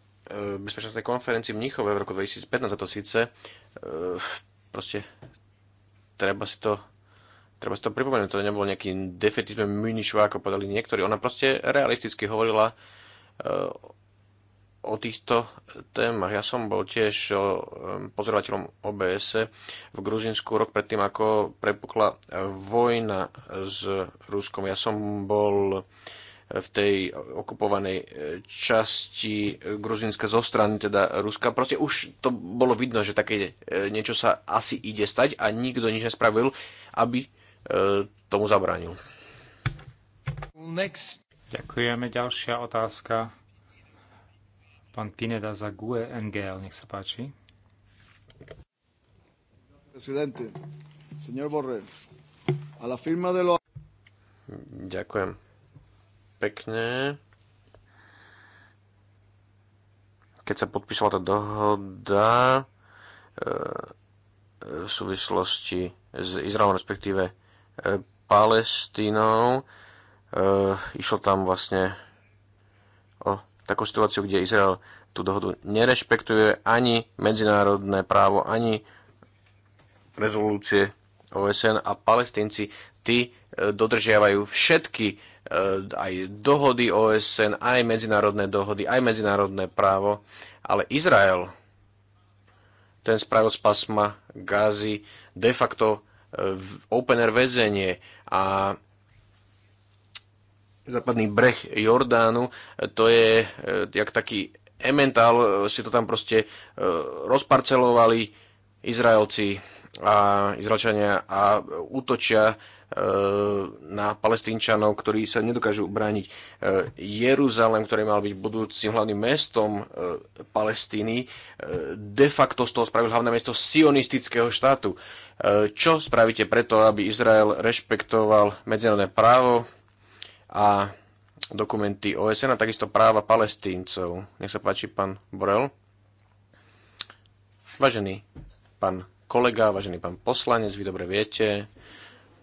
bezpečnostnej konferencii v Mníchove v roku 2015 za to síce e, proste treba si to treba si to pripomenúť, to nebol nejaký defetizme minišva, ako povedali niektorí. Ona proste realisticky hovorila e, o týchto témach. Ja som bol tiež e, pozorovateľom OBS v Gruzinsku rok predtým, ako prepukla vojna s Ruskom. Ja som bol v tej okupovanej e, časti e, Gruzinska zo strany teda Ruska. Proste už to bolo vidno, že také e, niečo sa asi ide stať a nikto nič nespravil, aby tomu zabránil. Next. Ďakujeme. Ďalšia otázka. Pán Pineda za GUE NGL, nech sa páči. señor Borrell, a la firma de lo... Ďakujem pekne. Keď sa podpísala tá dohoda e, e, v súvislosti s Izraelom, respektíve e, Palestínou, išlo tam vlastne o takú situáciu, kde Izrael tú dohodu nerešpektuje ani medzinárodné právo, ani rezolúcie OSN a palestinci, tí dodržiavajú všetky E, aj dohody OSN, aj medzinárodné dohody, aj medzinárodné právo, ale Izrael ten spravil z pasma Gazi de facto e, open air väzenie a západný breh Jordánu, e, to je jak taký Emmental, si to tam proste rozparcelovali Izraelci a Izraelčania a útočia na palestínčanov, ktorí sa nedokážu ubrániť. E, Jeruzalem, ktorý mal byť budúcim hlavným mestom e, Palestíny, e, de facto z toho spravil hlavné mesto sionistického štátu. Čo spravíte preto, aby Izrael rešpektoval medzinárodné právo a dokumenty OSN a takisto práva palestíncov? Nech sa páči, pán Borel. Vážený pán kolega, vážený pán poslanec, vy dobre viete,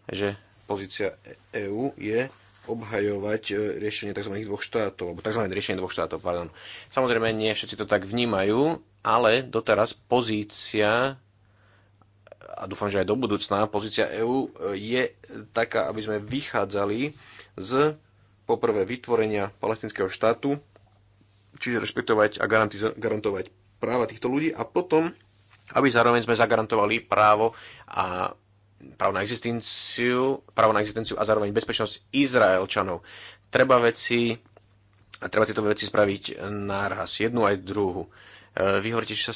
že pozícia EÚ je obhajovať e, riešenie tzv. dvoch štátov, alebo tzv. riešenie dvoch štátov, pardon. Samozrejme, nie všetci to tak vnímajú, ale doteraz pozícia a dúfam, že aj do budúcna pozícia EÚ e, je taká, aby sme vychádzali z poprvé vytvorenia palestinského štátu, čiže rešpektovať a garantovať práva týchto ľudí a potom, aby zároveň sme zagarantovali právo a právo na existenciu, právo na existenciu a zároveň bezpečnosť Izraelčanov. Treba veci a treba tieto veci spraviť náraz, jednu aj druhú. E, vy hovoríte, že sa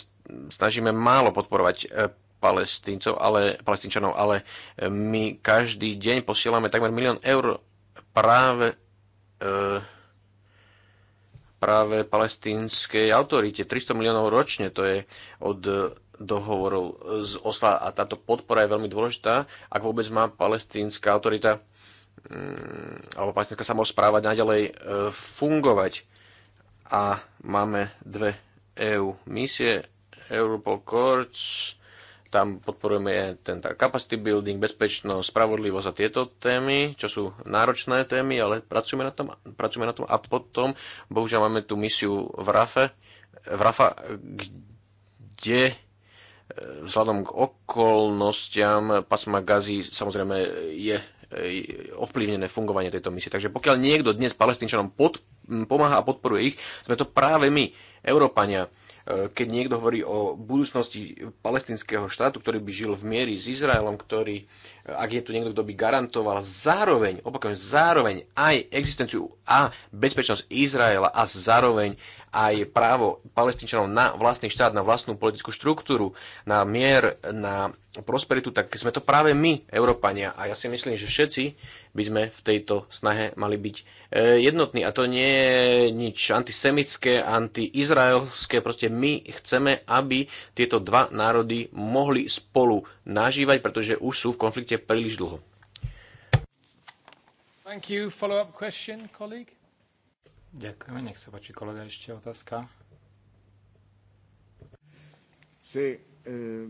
snažíme málo podporovať e, palestíncov, ale, palestínčanov, ale e, my každý deň posielame takmer milión eur práve práve palestínskej autorite. 300 miliónov ročne, to je od dohovorov e, z Osla a táto podpora je veľmi dôležitá, ak vôbec má palestínska autorita mm, alebo palestínska samozpráva naďalej e, fungovať. A máme dve EU misie, Europol Courts, tam podporujeme ten tá capacity building, bezpečnosť, spravodlivosť a tieto témy, čo sú náročné témy, ale pracujeme na tom, pracujeme na tom a potom, bohužiaľ máme tú misiu v Rafe, v Rafa, kde vzhľadom k okolnostiam pasma Gazi samozrejme je ovplyvnené fungovanie tejto misie. Takže pokiaľ niekto dnes palestínčanom pod, pomáha a podporuje ich, sme to práve my, Európania keď niekto hovorí o budúcnosti palestinského štátu, ktorý by žil v miery s Izraelom, ktorý, ak je tu niekto, kto by garantoval zároveň, opakujem, zároveň aj existenciu a bezpečnosť Izraela a zároveň aj právo palestinčanov na vlastný štát, na vlastnú politickú štruktúru, na mier, na prosperitu, tak sme to práve my, Európania. A ja si myslím, že všetci by sme v tejto snahe mali byť e, jednotní. A to nie je nič antisemické, antiizraelské. Proste my chceme, aby tieto dva národy mohli spolu nažívať, pretože už sú v konflikte príliš dlho. Thank you. Follow-up question, colleague? Ďakujeme. Nech sa páči, kolega, ešte otázka. Sí. Eh,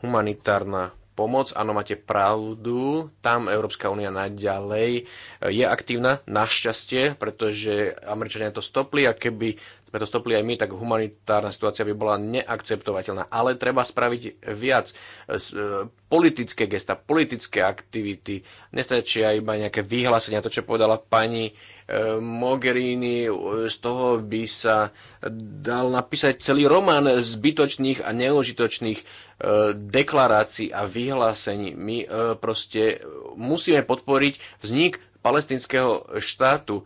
Humanitárna pomoc, áno, máte pravdu, tam Európska únia naďalej eh, je aktívna, našťastie, pretože Američania to stopli a keby sme to stopli aj my, tak humanitárna situácia by bola neakceptovateľná. Ale treba spraviť viac. E, politické gesta, politické aktivity. Nestačia iba nejaké vyhlásenia. To, čo povedala pani e, Mogherini, e, z toho by sa dal napísať celý román zbytočných a neužitočných deklarácií a vyhlásení. My proste musíme podporiť vznik palestinského štátu.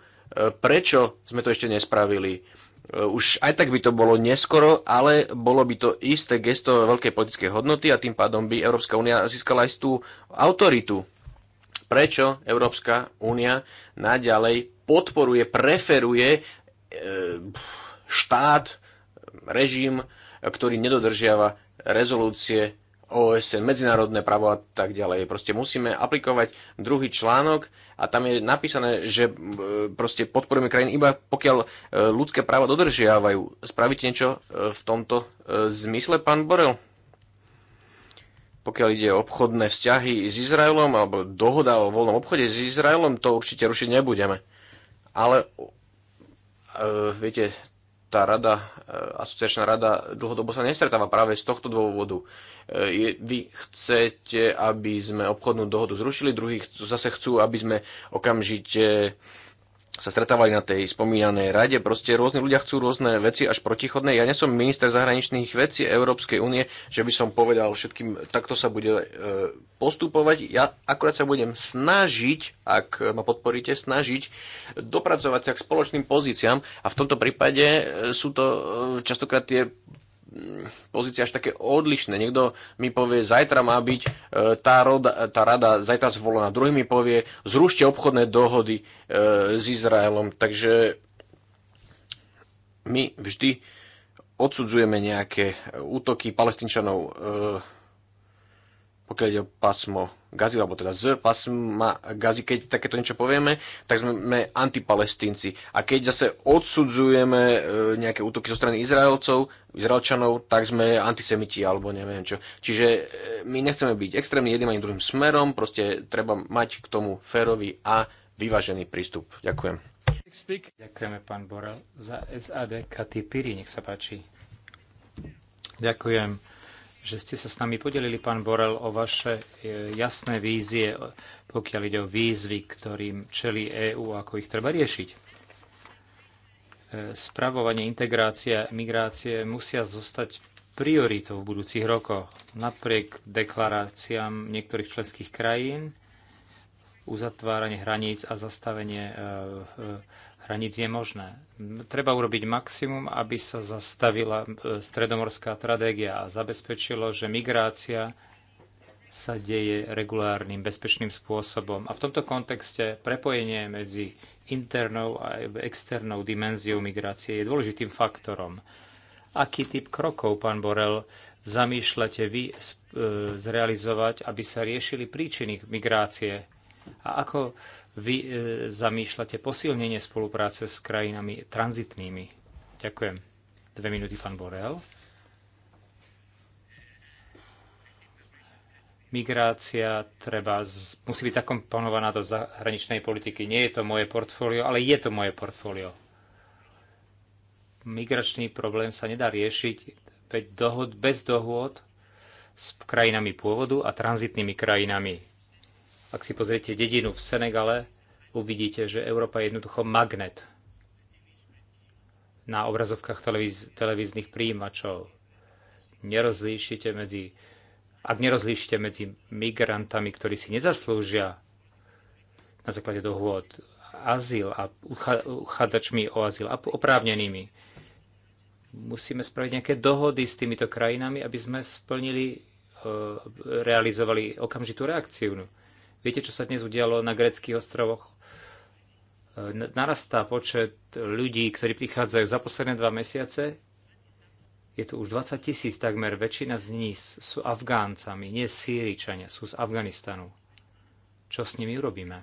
Prečo sme to ešte nespravili? Eh, už aj tak by to bolo neskoro, ale bolo by to isté gesto veľkej politickej hodnoty a tým pádom by Európska únia získala aj tú autoritu. Prečo Európska únia naďalej podporuje, preferuje eh, štát, režim, ktorý nedodržiava rezolúcie OSN, medzinárodné právo a tak ďalej. Proste musíme aplikovať druhý článok a tam je napísané, že e, proste podporujeme krajiny iba pokiaľ e, ľudské práva dodržiavajú. Spravíte niečo e, v tomto zmysle, pán Borel? Pokiaľ ide o obchodné vzťahy s Izraelom alebo dohoda o voľnom obchode s Izraelom, to určite rušiť nebudeme. Ale viete, tá rada, e, asociačná rada dlhodobo sa nestretáva práve z tohto dôvodu. E, je, vy chcete, aby sme obchodnú dohodu zrušili, druhí zase chcú, aby sme okamžite sa stretávali na tej spomínanej rade. Proste rôzni ľudia chcú rôzne veci až protichodné. Ja nesom minister zahraničných vecí Európskej únie, že by som povedal všetkým, takto sa bude e, postupovať. Ja akurát sa budem snažiť, ak ma podporíte, snažiť dopracovať sa k spoločným pozíciám a v tomto prípade e, sú to e, častokrát tie pozície až také odlišné. Niekto mi povie, zajtra má byť e, tá, roda, tá rada zajtra zvolená. Druhý mi povie, zrušte obchodné dohody e, s Izraelom. Takže my vždy odsudzujeme nejaké útoky palestinčanov e, pokiaľ ide o pásmo Gazi, alebo teda z pásma Gazi, keď takéto niečo povieme, tak sme antipalestínci. A keď zase odsudzujeme e, nejaké útoky zo strany Izraelcov, Izraelčanov, tak sme antisemiti alebo neviem čo. Čiže e, my nechceme byť extrémni jedným ani druhým smerom, proste treba mať k tomu férový a vyvážený prístup. Ďakujem. Ďakujeme, pán Borel. Za SAD Katy Piri, nech sa páči. Ďakujem že ste sa s nami podelili, pán Borel, o vaše e, jasné vízie, pokiaľ ide o výzvy, ktorým čelí EÚ, ako ich treba riešiť. E, spravovanie, integrácia, migrácie musia zostať prioritou v budúcich rokoch. Napriek deklaráciám niektorých členských krajín, uzatváranie hraníc a zastavenie e, hraníc je možné. Treba urobiť maximum, aby sa zastavila e, stredomorská tragédia a zabezpečilo, že migrácia sa deje regulárnym, bezpečným spôsobom. A v tomto kontexte prepojenie medzi internou a externou dimenziou migrácie je dôležitým faktorom. Aký typ krokov, pán Borel, zamýšľate vy e, zrealizovať, aby sa riešili príčiny migrácie? A ako vy e, zamýšľate posilnenie spolupráce s krajinami tranzitnými? Ďakujem. Dve minúty, pán Borel. Migrácia treba z, musí byť zakomponovaná do zahraničnej politiky. Nie je to moje portfólio, ale je to moje portfólio. Migračný problém sa nedá riešiť bez dohôd s krajinami pôvodu a tranzitnými krajinami ak si pozriete dedinu v Senegale, uvidíte, že Európa je jednoducho magnet na obrazovkách televíz- televíznych príjimačov. Nerozlíšite medzi, ak nerozlíšite medzi migrantami, ktorí si nezaslúžia na základe dohôd azyl a uchádzačmi o azyl a oprávnenými, musíme spraviť nejaké dohody s týmito krajinami, aby sme splnili, eh, realizovali okamžitú reakciu. Viete, čo sa dnes udialo na greckých ostrovoch? E, narastá počet ľudí, ktorí prichádzajú za posledné dva mesiace. Je tu už 20 tisíc takmer, väčšina z nich sú Afgáncami, nie Sýričania, sú z Afganistanu. Čo s nimi urobíme?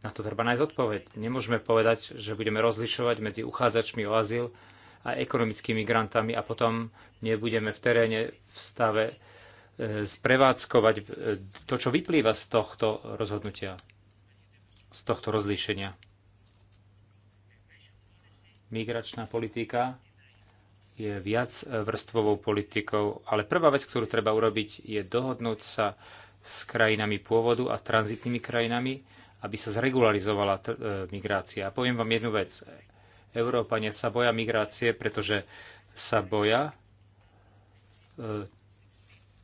Na to treba nájsť odpoveď. Nemôžeme povedať, že budeme rozlišovať medzi uchádzačmi o azyl a ekonomickými grantami a potom nebudeme v teréne v stave sprevádzkovať e, to, čo vyplýva z tohto rozhodnutia, z tohto rozlíšenia. Migračná politika je viac e, vrstvovou politikou, ale prvá vec, ktorú treba urobiť, je dohodnúť sa s krajinami pôvodu a tranzitnými krajinami, aby sa zregularizovala e, migrácia. A poviem vám jednu vec. Európania sa boja migrácie, pretože sa boja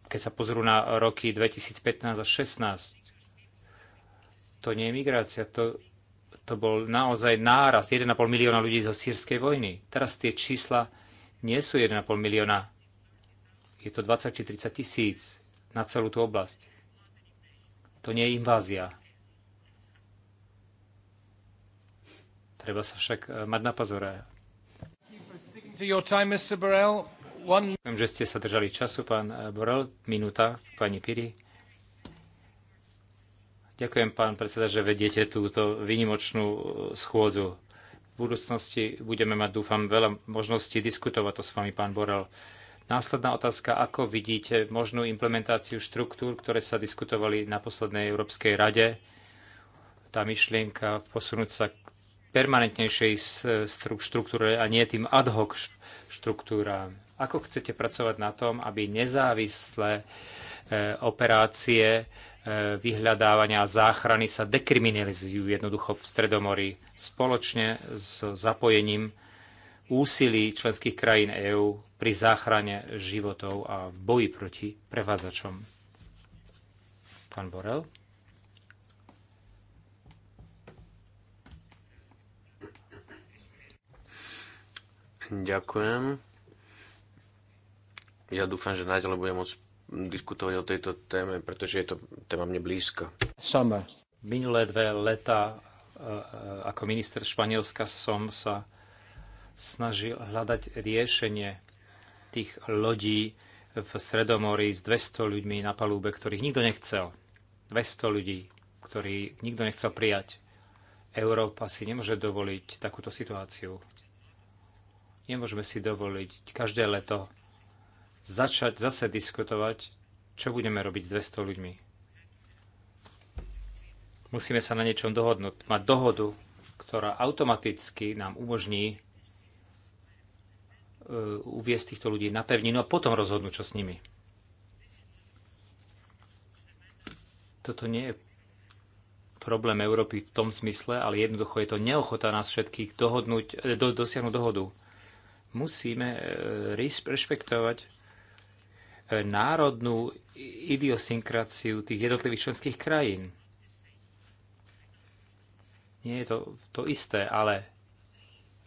keď sa pozrú na roky 2015 a 2016, to nie je migrácia, to, to bol naozaj náraz 1,5 milióna ľudí zo sírskej vojny. Teraz tie čísla nie sú 1,5 milióna, je to 20 či 30 tisíc na celú tú oblasť. To nie je invázia. Treba sa však eh, mať na pozore. To your time, Mr. Burrell. Viem, že ste sa držali času, pán Borel. Minúta, pani Piri. Ďakujem, pán predseda, že vediete túto vynimočnú e, schôdzu. V budúcnosti budeme mať, dúfam, veľa možností diskutovať to s vami, pán Borel. Následná otázka, ako vidíte možnú implementáciu štruktúr, ktoré sa diskutovali na poslednej Európskej rade? Tá myšlienka posunúť sa k permanentnejšej štruktúre a nie tým ad hoc štruktúram. Ako chcete pracovať na tom, aby nezávislé e, operácie e, vyhľadávania a záchrany sa dekriminalizujú jednoducho v Stredomorí spoločne s zapojením úsilí členských krajín EÚ pri záchrane životov a v boji proti prevádzačom. Pán Borel. Ďakujem. Ja dúfam, že naďalej budem môcť diskutovať o tejto téme, pretože je to téma mne blízka. Sama. Minulé dve leta e, e, ako minister Španielska som sa snažil hľadať riešenie tých lodí v Stredomorí s 200 ľuďmi na palúbe, ktorých nikto nechcel. 200 ľudí, ktorých nikto nechcel prijať. Európa si nemôže dovoliť takúto situáciu. Nemôžeme si dovoliť každé leto začať zase diskutovať, čo budeme robiť s 200 ľuďmi. Musíme sa na niečom dohodnúť, mať dohodu, ktorá automaticky nám umožní e, uviesť týchto ľudí na pevninu a potom rozhodnúť čo s nimi. Toto nie je problém Európy v tom smysle, ale jednoducho je to neochota nás všetkých dohodnúť, e, do, dosiahnuť dohodu. Musíme e, rešpektovať národnú idiosynkraciu tých jednotlivých členských krajín. Nie je to to isté, ale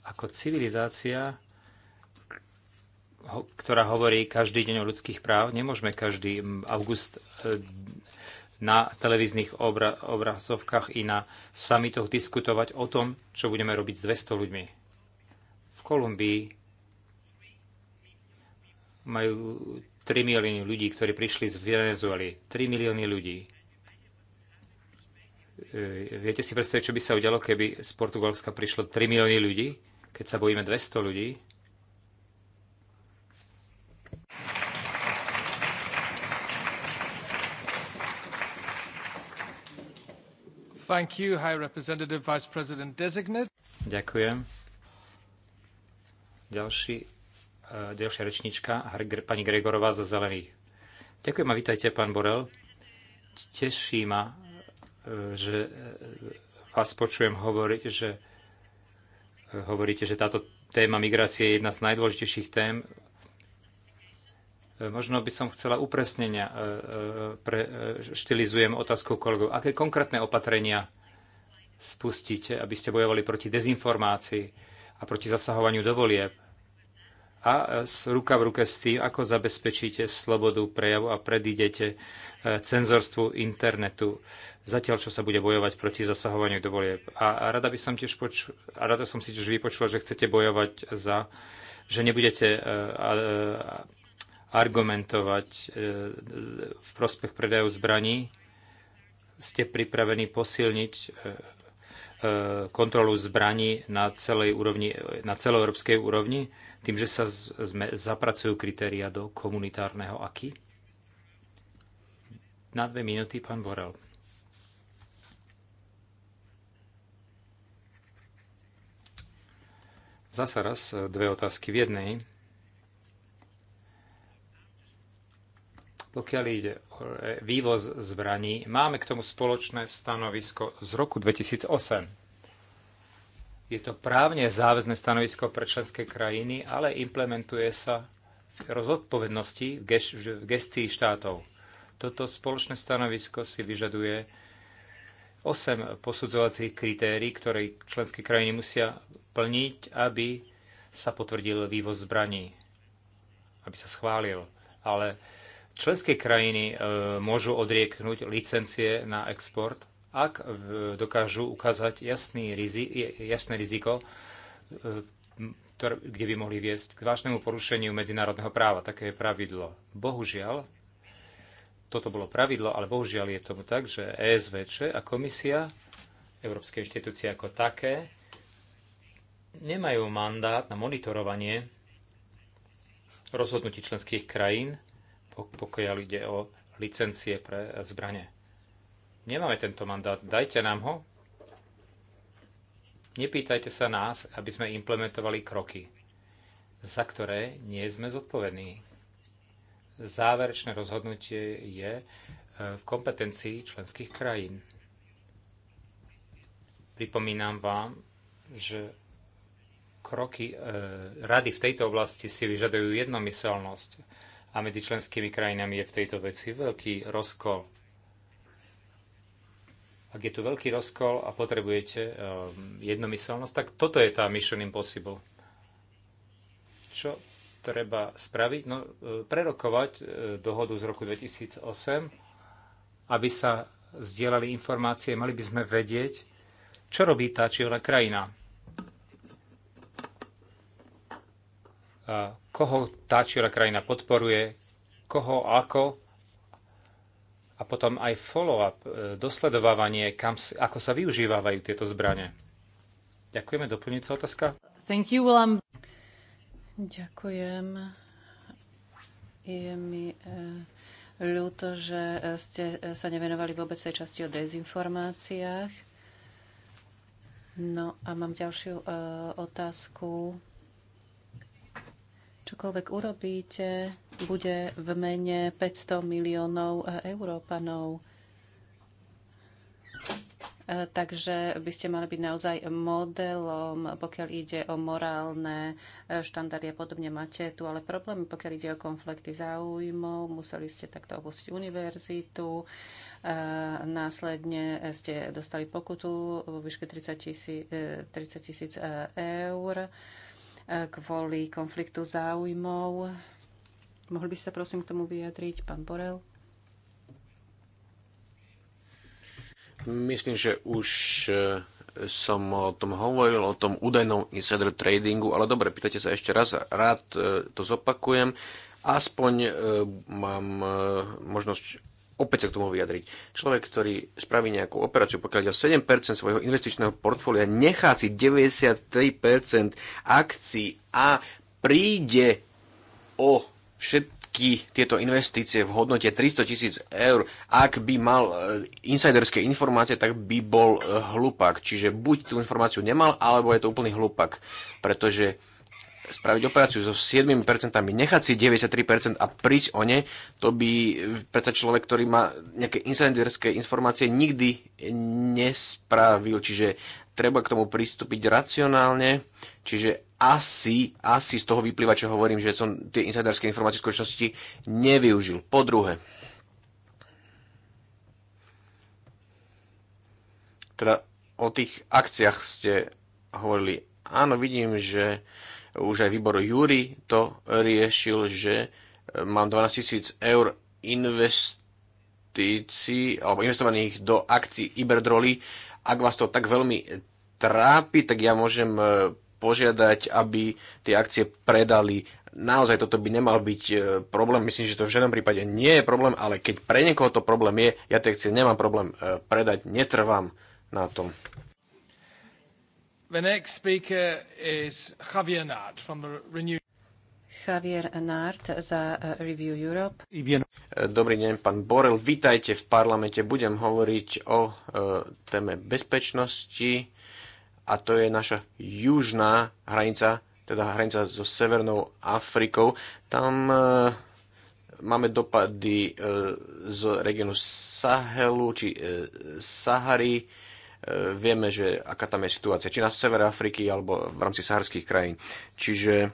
ako civilizácia, ktorá hovorí každý deň o ľudských práv, nemôžeme každý august e, na televíznych obra- obrazovkách i na samitoch diskutovať o tom, čo budeme robiť s 200 ľuďmi. V Kolumbii majú 3 milióny ľudí, ktorí prišli z Venezuely. 3 milióny ľudí. E, viete si predstaviť, čo by sa udialo, keby z Portugalska prišlo 3 milióny ľudí, keď sa bojíme 200 ľudí? Thank you, High Representative Vice President Designate. Ďakujem. Ďalší E, ďalšia rečnička, pani Gregorová za Zelených. Ďakujem a vítajte, pán Borel. Teší ma, e, že e, vás počujem hovoriť, že hovoríte, že táto téma migrácie je jedna z najdôležitejších tém. Možno by som chcela upresnenia, pre, štilizujem otázku kolegov. Aké konkrétne opatrenia spustíte, aby ste bojovali proti dezinformácii a proti zasahovaniu do volieb? a ruka v ruke s tým, ako zabezpečíte slobodu prejavu a predídete e, cenzorstvu internetu, zatiaľ čo sa bude bojovať proti zasahovaniu do volieb. A rada, by som tiež poču- a rada som si tiež vypočul, že chcete bojovať za, že nebudete e, e, argumentovať v prospech predajú zbraní. Ste pripravení posilniť kontrolu zbraní na celej úrovni, na celoeurópskej úrovni? tým, že sa zapracujú kritéria do komunitárneho aky? Na dve minúty, pán Borel. Zasa raz e, dve otázky v jednej. Pokiaľ ide o e, vývoz zbraní, máme k tomu spoločné stanovisko z roku 2008 je to právne záväzné stanovisko pre členské krajiny, ale implementuje sa rozodpovednosti v, geš- v gestii štátov. Toto spoločné stanovisko si vyžaduje 8 posudzovacích kritérií, ktoré členské krajiny musia plniť, aby sa potvrdil vývoz zbraní, aby sa schválil. Ale členské krajiny e, môžu odrieknúť licencie na export ak dokážu ukázať jasný rizik, jasné riziko, e, kde by mohli viesť k vážnemu porušeniu medzinárodného práva. Také je pravidlo. Bohužiaľ, toto bolo pravidlo, ale bohužiaľ je tomu tak, že ESVČ a komisia, Európske inštitúcie ako také, nemajú mandát na monitorovanie rozhodnutí členských krajín, pokiaľ ide o licencie pre zbranie. Nemáme tento mandát, dajte nám ho. Nepýtajte sa nás, aby sme implementovali kroky, za ktoré nie sme zodpovední. Záverečné rozhodnutie je e, v kompetencii členských krajín. Pripomínam vám, že kroky e, rady v tejto oblasti si vyžadujú jednomyselnosť a medzi členskými krajinami je v tejto veci veľký rozkol ak je tu veľký rozkol a potrebujete eh, jednomyselnosť, tak toto je tá Mission Impossible. Čo treba spraviť? No, eh, prerokovať eh, dohodu z roku 2008, aby sa zdieľali informácie, mali by sme vedieť, čo robí tá či ona krajina. A koho tá či ona krajina podporuje, koho ako a potom aj follow-up, e, dosledovávanie, kam, ako sa využívajú tieto zbranie. Ďakujeme. Doplňujúca otázka? Thank you, Willem. Ďakujem. Je mi uh, ľúto, že e, ste sa nevenovali vôbec tej časti o dezinformáciách. No a mám ďalšiu uh, otázku Čokoľvek urobíte, bude v mene 500 miliónov e, Európanov. E, takže by ste mali byť naozaj modelom, pokiaľ ide o morálne e, štandardy a podobne. Máte tu ale problémy, pokiaľ ide o konflikty záujmov. Museli ste takto opustiť univerzitu. Následne ste dostali pokutu vo výške 30 tisíc eur. Eh, kvôli konfliktu záujmov. Mohli by sa prosím k tomu vyjadriť, pán Borel? Myslím, že už eh, som o tom hovoril, o tom údajnom insider tradingu, ale dobre, pýtate sa ešte raz, rád eh, to zopakujem. Aspoň mám možnosť opäť sa k tomu vyjadriť. Človek, ktorý spraví nejakú operáciu, pokiaľ ide o 7% svojho investičného portfólia, nechá si 93% akcií a príde o všetky tieto investície v hodnote 300 tisíc eur, ak by mal eh, insiderské informácie, tak by bol eh, hlupák. Čiže buď tú informáciu nemal, alebo je to úplný hlupak. Pretože spraviť operáciu so 7%, nechať si 93% a prísť o ne, to by preto človek, ktorý má nejaké insiderské informácie, nikdy nespravil. Čiže treba k tomu pristúpiť racionálne, čiže asi, asi z toho vyplýva, čo hovorím, že som tie insiderské informácie v skutočnosti nevyužil. Po druhé, teda o tých akciách ste hovorili. Áno, vidím, že už aj výbor Júri to riešil, že e, mám 12 tisíc eur investícií alebo investovaných do akcií Iberdroly. Ak vás to tak veľmi trápi, tak ja môžem e, požiadať, aby tie akcie predali. Naozaj toto by nemal byť e, problém, myslím, že to v žiadnom prípade nie je problém, ale keď pre niekoho to problém je, ja tie akcie nemám problém predať, netrvám na tom. The next speaker is Javier Nart from the Renew. Javier Nart za eh, Review Europe. Dobrý deň, pán Borel, vítajte v parlamente. Budem hovoriť o e, téme bezpečnosti a to je naša južná hranica, teda hranica so Severnou Afrikou. Tam e, máme dopady e, z regionu Sahelu či e, Sahary E, vieme, že aká tam je situácia, či na sever Afriky alebo v rámci saharských krajín. Čiže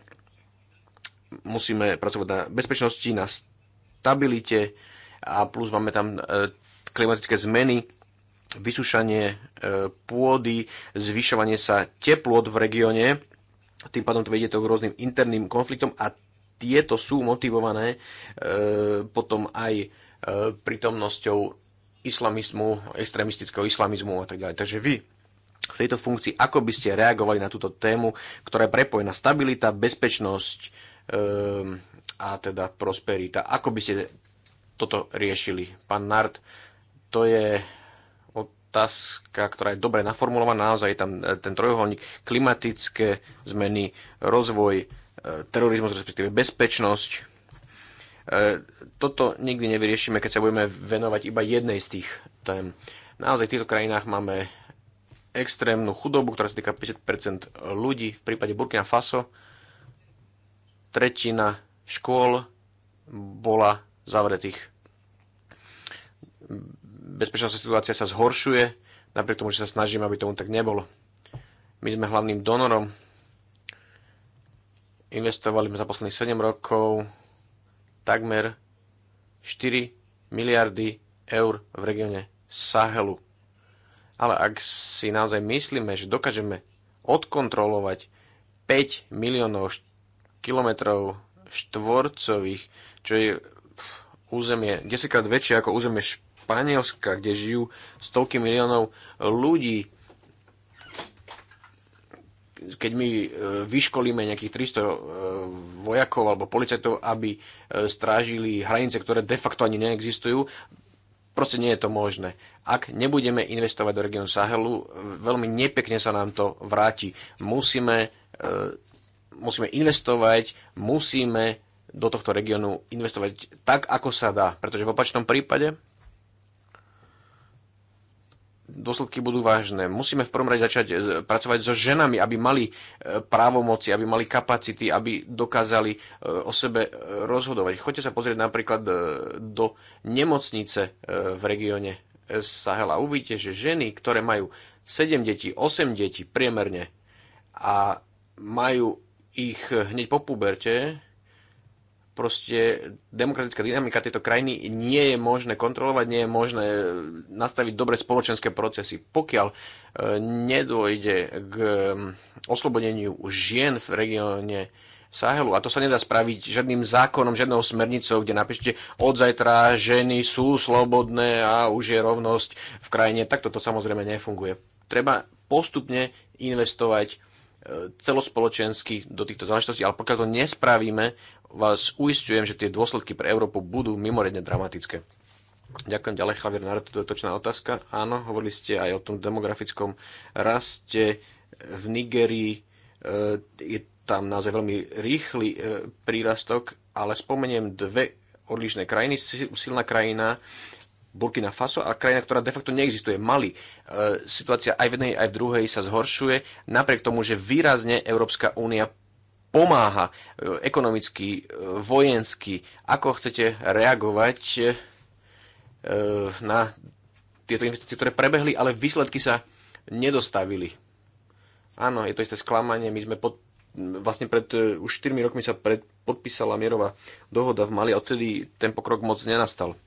musíme pracovať na bezpečnosti, na stabilite a plus máme tam e, klimatické zmeny, vysúšanie e, pôdy, zvyšovanie sa teplot v regióne, tým pádom to vedie to k rôznym interným konfliktom a tieto sú motivované potom aj prítomnosťou islamizmu, extrémistického islamizmu a tak ďalej. Takže vy v tejto funkcii, ako by ste reagovali na túto tému, ktorá je prepojená stabilita, bezpečnosť um, a teda prosperita. Ako by ste toto riešili? Pán Nard, to je otázka, ktorá je dobre naformulovaná, naozaj je tam e, ten trojuholník, klimatické zmeny, rozvoj, e, terorizmus, respektíve bezpečnosť, E, toto nikdy nevyriešime, keď sa budeme venovať iba jednej z tých tém. Naozaj v týchto krajinách máme extrémnu chudobu, ktorá sa týka 50% ľudí. V prípade Burkina Faso tretina škôl bola zavretých. Bezpečnostná situácia sa zhoršuje, napriek tomu, že sa snažíme, aby tomu tak nebolo. My sme hlavným donorom. Investovali sme za posledných 7 rokov takmer 4 miliardy eur v regióne Sahelu. Ale ak si naozaj myslíme, že dokážeme odkontrolovať 5 miliónov kilometrov štvorcových, čo je územie 10 krát väčšie ako územie Španielska, kde žijú stovky miliónov ľudí, keď my e, vyškolíme nejakých 300 e, vojakov alebo policajtov, aby e, strážili hranice, ktoré de facto ani neexistujú, proste nie je to možné. Ak nebudeme investovať do regionu Sahelu, veľmi nepekne sa nám to vráti. Musíme, musíme investovať, musíme do tohto regiónu investovať tak, ako sa dá, pretože v opačnom prípade dôsledky budú vážne. Musíme v prvom rade začať e, pracovať so ženami, aby mali e, právomoci, aby mali kapacity, aby dokázali e, o sebe rozhodovať. Choďte sa pozrieť napríklad do nemocnice v regióne Sahel a uvidíte, že ženy, ktoré majú 7 detí, 8 detí priemerne a majú ich hneď po puberte, proste demokratická dynamika tejto krajiny nie je možné kontrolovať, nie je možné e, nastaviť dobre spoločenské procesy. Pokiaľ e, nedôjde k oslobodeniu žien v regióne Sahelu, a to sa nedá spraviť žiadnym zákonom, žiadnou smernicou, kde napíšte od zajtra ženy sú slobodné a už je rovnosť v krajine, tak toto samozrejme nefunguje. Treba postupne investovať celospoločensky do týchto záležitostí, ale pokiaľ to nespravíme, vás uistujem, že tie dôsledky pre Európu budú mimoriadne dramatické. Ďakujem ďalej, Javier na to je točná otázka. Áno, hovorili ste aj o tom demografickom raste v Nigerii. E, je tam naozaj veľmi rýchly e, prírastok, ale spomeniem dve odlišné krajiny. Silná krajina Burkina Faso a krajina, ktorá de facto neexistuje, Mali. E, situácia aj v jednej, aj v druhej sa zhoršuje, napriek tomu, že výrazne Európska únia pomáha e, ekonomicky, e, vojensky. Ako chcete reagovať e, na tieto investície, ktoré prebehli, ale výsledky sa nedostavili. Áno, je to isté sklamanie. My sme pod, vlastne pred už 4 rokmi sa pred, podpísala mierová dohoda v Mali a odtedy ten pokrok moc nenastal.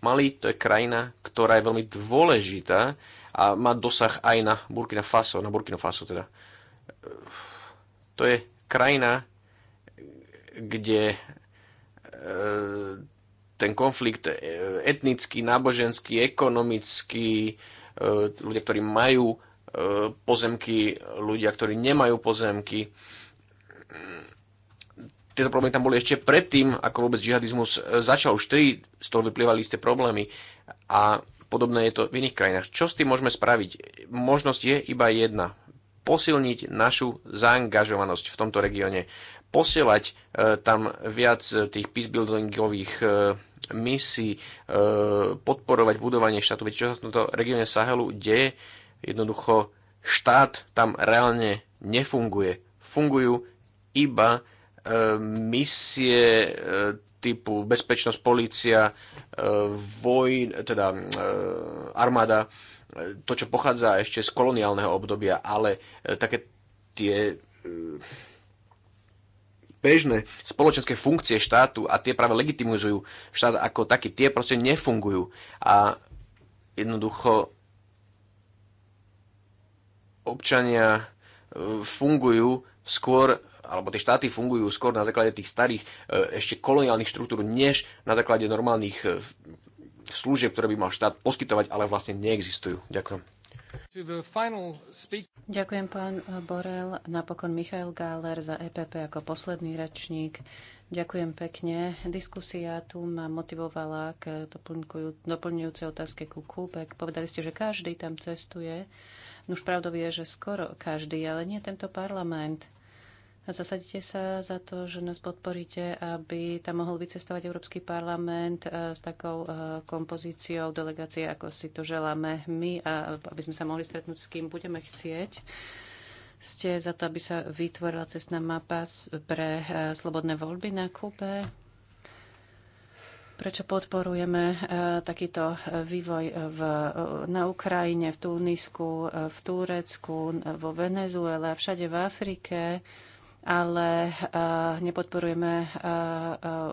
Mali to je krajina, ktorá je veľmi dôležitá a má dosah aj na Burkina Faso, na Burkina Faso teda. To je krajina, kde e, ten konflikt e, etnický, náboženský, ekonomický, e, ľudia, ktorí majú pozemky, ľudia, ktorí nemajú pozemky, tieto problémy tam boli ešte predtým, ako vôbec džihadizmus e, začal. Už vtedy z toho vyplývali isté problémy a podobné je to v iných krajinách. Čo s tým môžeme spraviť? Možnosť je iba jedna. Posilniť našu zaangažovanosť v tomto regióne. Posielať e, tam viac e, tých peacebuildingových misií, podporovať budovanie štátu. Viete, čo sa v tomto regióne Sahelu deje? Jednoducho štát tam reálne nefunguje. Fungujú iba misie e, typu bezpečnosť, policia, e, vojn, teda e, armáda, to, čo pochádza ešte z koloniálneho obdobia, ale také tie bežné spoločenské funkcie štátu a tie práve legitimizujú štát ako taký, tie proste nefungujú. A jednoducho občania fungujú skôr alebo tie štáty fungujú skôr na základe tých starých eh, ešte koloniálnych štruktúr, než na základe normálnych eh, služieb, ktoré by mal štát poskytovať, ale vlastne neexistujú. Ďakujem. Ďakujem, pán eh, Borel. Napokon Michail Gáler za EPP ako posledný rečník. Ďakujem pekne. Diskusia tu ma motivovala k doplňujúcej otázke ku kúpek. Povedali ste, že každý tam cestuje. Už pravdou je, že skoro každý, ale nie tento parlament. Zasadíte sa za to, že nás podporíte, aby tam mohol vycestovať Európsky parlament e, s takou e, kompozíciou delegácie, ako si to želáme my, a aby sme sa mohli stretnúť s kým budeme chcieť. Ste za to, aby sa vytvorila cestná mapa pre e, slobodné voľby na Kube? Prečo podporujeme takýto vývoj v, na Ukrajine, v Tunisku, v Túrecku, vo Venezuele a všade v Afrike? ale eh, nepodporujeme eh,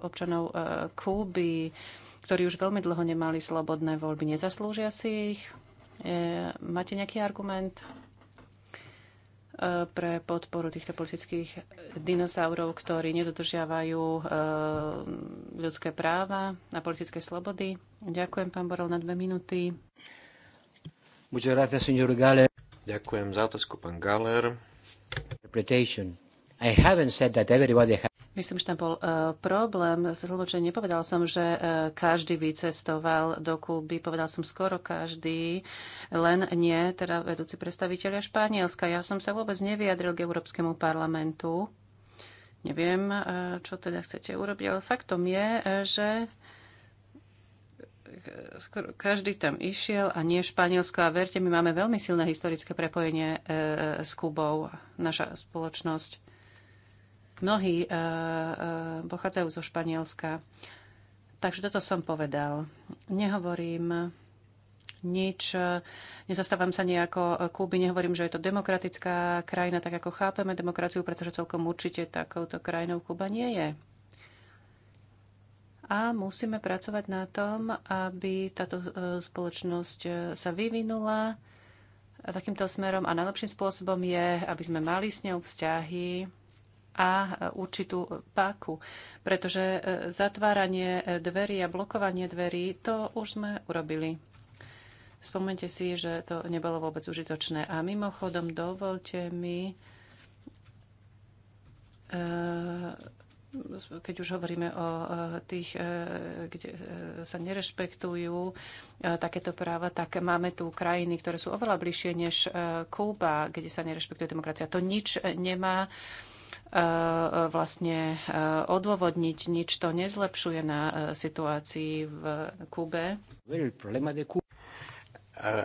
občanov eh, Kúby, ktorí už veľmi dlho nemali slobodné voľby. Nezaslúžia si ich? Máte nejaký argument pre podporu týchto politických dinosaurov, ktorí nedodržiavajú ľudské práva a politické slobody? Ďakujem, pán Borel, na dve minúty. Ďakujem za otázku, pán Galer. Interpretation. I haven't said that everybody has... Myslím, že tam bol uh, problém s Nepovedal som, že uh, každý vycestoval do Kuby. Povedal som skoro každý, len nie, teda vedúci predstaviteľia Španielska. Ja som sa vôbec nevyjadril k Európskemu parlamentu. Neviem, uh, čo teda chcete urobiť, ale faktom je, uh, že skoro každý tam išiel a nie Španielsko. A verte, my máme veľmi silné historické prepojenie e, s Kubou, naša spoločnosť. Mnohí uh, uh, pochádzajú zo Španielska. Takže toto som povedal. Nehovorím nič, nezastávam sa nejako Kúby, nehovorím, že je to demokratická krajina, tak ako chápeme demokraciu, pretože celkom určite takouto krajinou Kuba nie je. A musíme pracovať na tom, aby táto eh, spoločnosť sa vyvinula takýmto smerom a najlepším spôsobom je, aby sme mali s ňou vzťahy, a určitú páku. Pretože e, zatváranie e, dverí a blokovanie dverí, to už sme urobili. Spomnite si, že to nebolo vôbec užitočné. A mimochodom, dovolte mi, e, keď už hovoríme o tých, kde sa nerešpektujú takéto práva, tak máme tu krajiny, ktoré sú oveľa bližšie než Kúba, kde sa nerešpektuje demokracia. To nič nemá E, vlastne e, odôvodniť. Nič to nezlepšuje na e, situácii v Kube.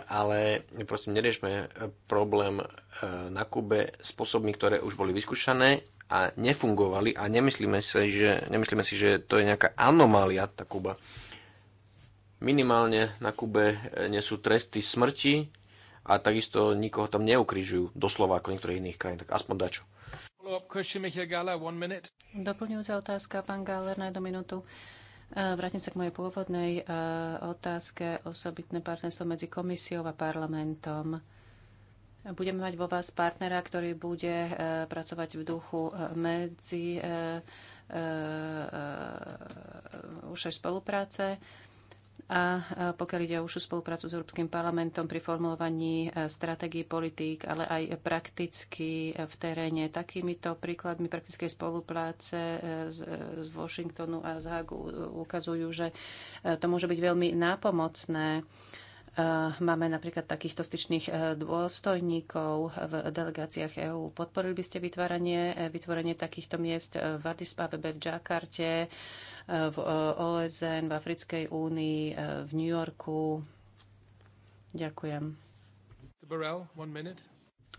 Ale prosím, neriešme problém na Kube spôsobmi, ktoré už boli vyskúšané a nefungovali a nemyslíme si, že, nemyslíme si, že to je nejaká anomália tá Kuba. Minimálne na Kube nie sú tresty smrti a takisto nikoho tam neukrižujú, doslova ako niektorých iných krajín, tak aspoň dačo. Doplňujúca otázka, pán Galer na jednu minútu. E, vrátim sa k mojej pôvodnej e, otázke, osobitné partnerstvo medzi komisiou a parlamentom. Budeme mať vo vás partnera, ktorý bude e, pracovať v duchu medzi aj spolupráce a pokiaľ ide o užšiu spoluprácu s Európskym parlamentom pri formulovaní e, stratégií politík, ale aj prakticky e, v teréne. Takýmito príkladmi praktickej spolupráce e, z, z Washingtonu a z Hagu ukazujú, že to môže byť veľmi nápomocné. Máme napríklad takýchto styčných dôstojníkov v delegáciách EÚ. Podporili by ste vytváranie, vytvorenie takýchto miest v Addis Abebe, v Džakarte, v eh, OSN, v Africkej únii, eh, v New Yorku. Ďakujem. Burrell,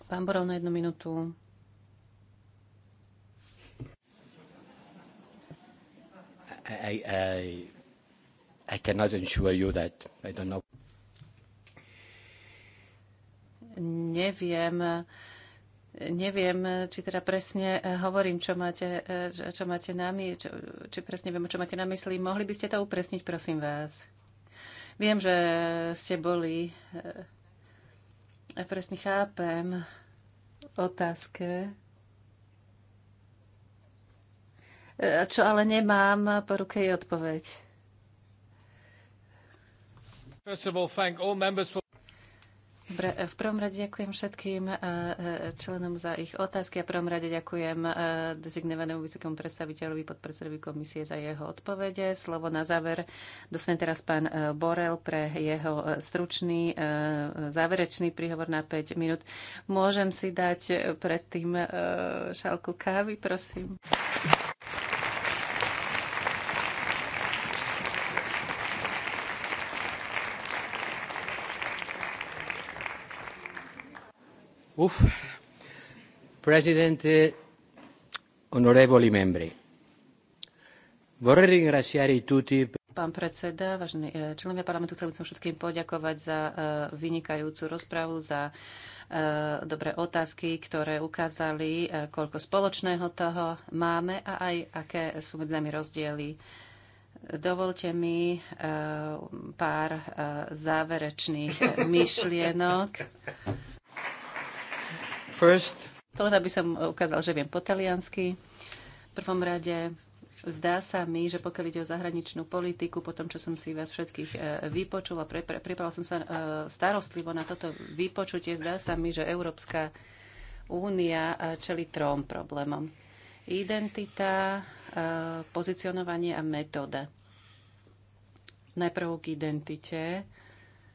Pán Borel, na jednu minútu. I, I, I cannot ensure you that. I don't know. Neviem, Neviem, či teda presne e, hovorím, čo máte, e, čo máte na mysli, či presne viem, čo máte na mysli. Mohli by ste to upresniť, prosím vás. Viem, že ste boli, e, presne chápem, otázke. Čo ale nemám, po ruke je odpoveď. First of all, thank all members for v prvom rade ďakujem všetkým eh, eh, členom za ich otázky a v prvom rade ďakujem eh, dezignovanému vysokému predstaviteľovi podpredsedovi komisie za jeho odpovede. Slovo na záver dostane teraz pán Borel pre jeho stručný záverečný príhovor na 5 minút. Môžem si dať predtým šálku kávy, prosím. Uf. Presidente, onorevoli membri, vorrei ringraziare tutti Pán predseda, vážení eh, členovia parlamentu, chcel by som všetkým poďakovať za eh, vynikajúcu rozpravu, za eh, dobré otázky, ktoré ukázali, koľko spoločného toho máme a aj aké sú medzi nami rozdiely. Dovolte mi pár záverečných myšlienok first. To by som e, ukázal, že viem po taliansky. V prvom rade zdá sa mi, že pokiaľ ide o zahraničnú politiku, po tom, čo som si vás všetkých e, vypočul a pre, pripravila som sa e, starostlivo na toto vypočutie, zdá sa mi, že Európska únia čeli trom problémom. Identita, pozicionovanie a metóda. Najprv k identite.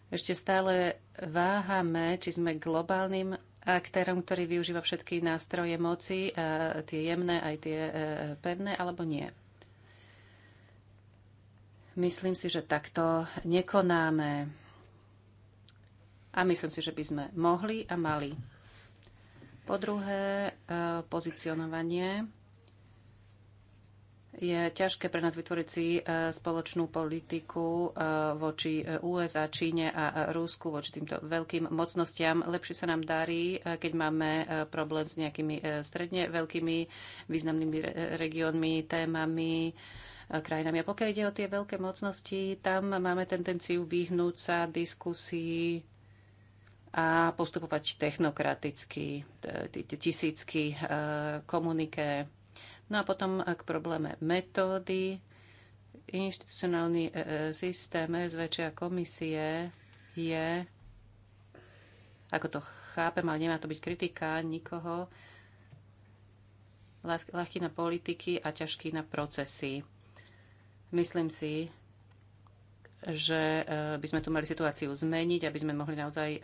Ešte stále váhame, či sme globálnym aktérom, ktorý využíva všetky nástroje moci, e, tie jemné aj tie e, pevné, alebo nie. Myslím si, že takto nekonáme. A myslím si, že by sme mohli a mali. Po druhé, e, pozicionovanie je ťažké pre nás vytvoriť si e, spoločnú politiku e, voči e, USA, Číne a Rusku, voči týmto veľkým mocnostiam. Lepšie sa nám darí, keď máme problém s nejakými stredne veľkými významnými regiónmi, témami, krajinami. A pokiaľ ide o tie veľké mocnosti, tam máme tendenciu vyhnúť sa diskusii a postupovať technokraticky, tisícky komuniké No a potom k probléme metódy. Inštitucionálny e, e, systém SVČ a komisie je, ako to chápem, ale nemá to byť kritika nikoho, ľahký na politiky a ťažký na procesy. Myslím si, že e, by sme tu mali situáciu zmeniť, aby sme mohli naozaj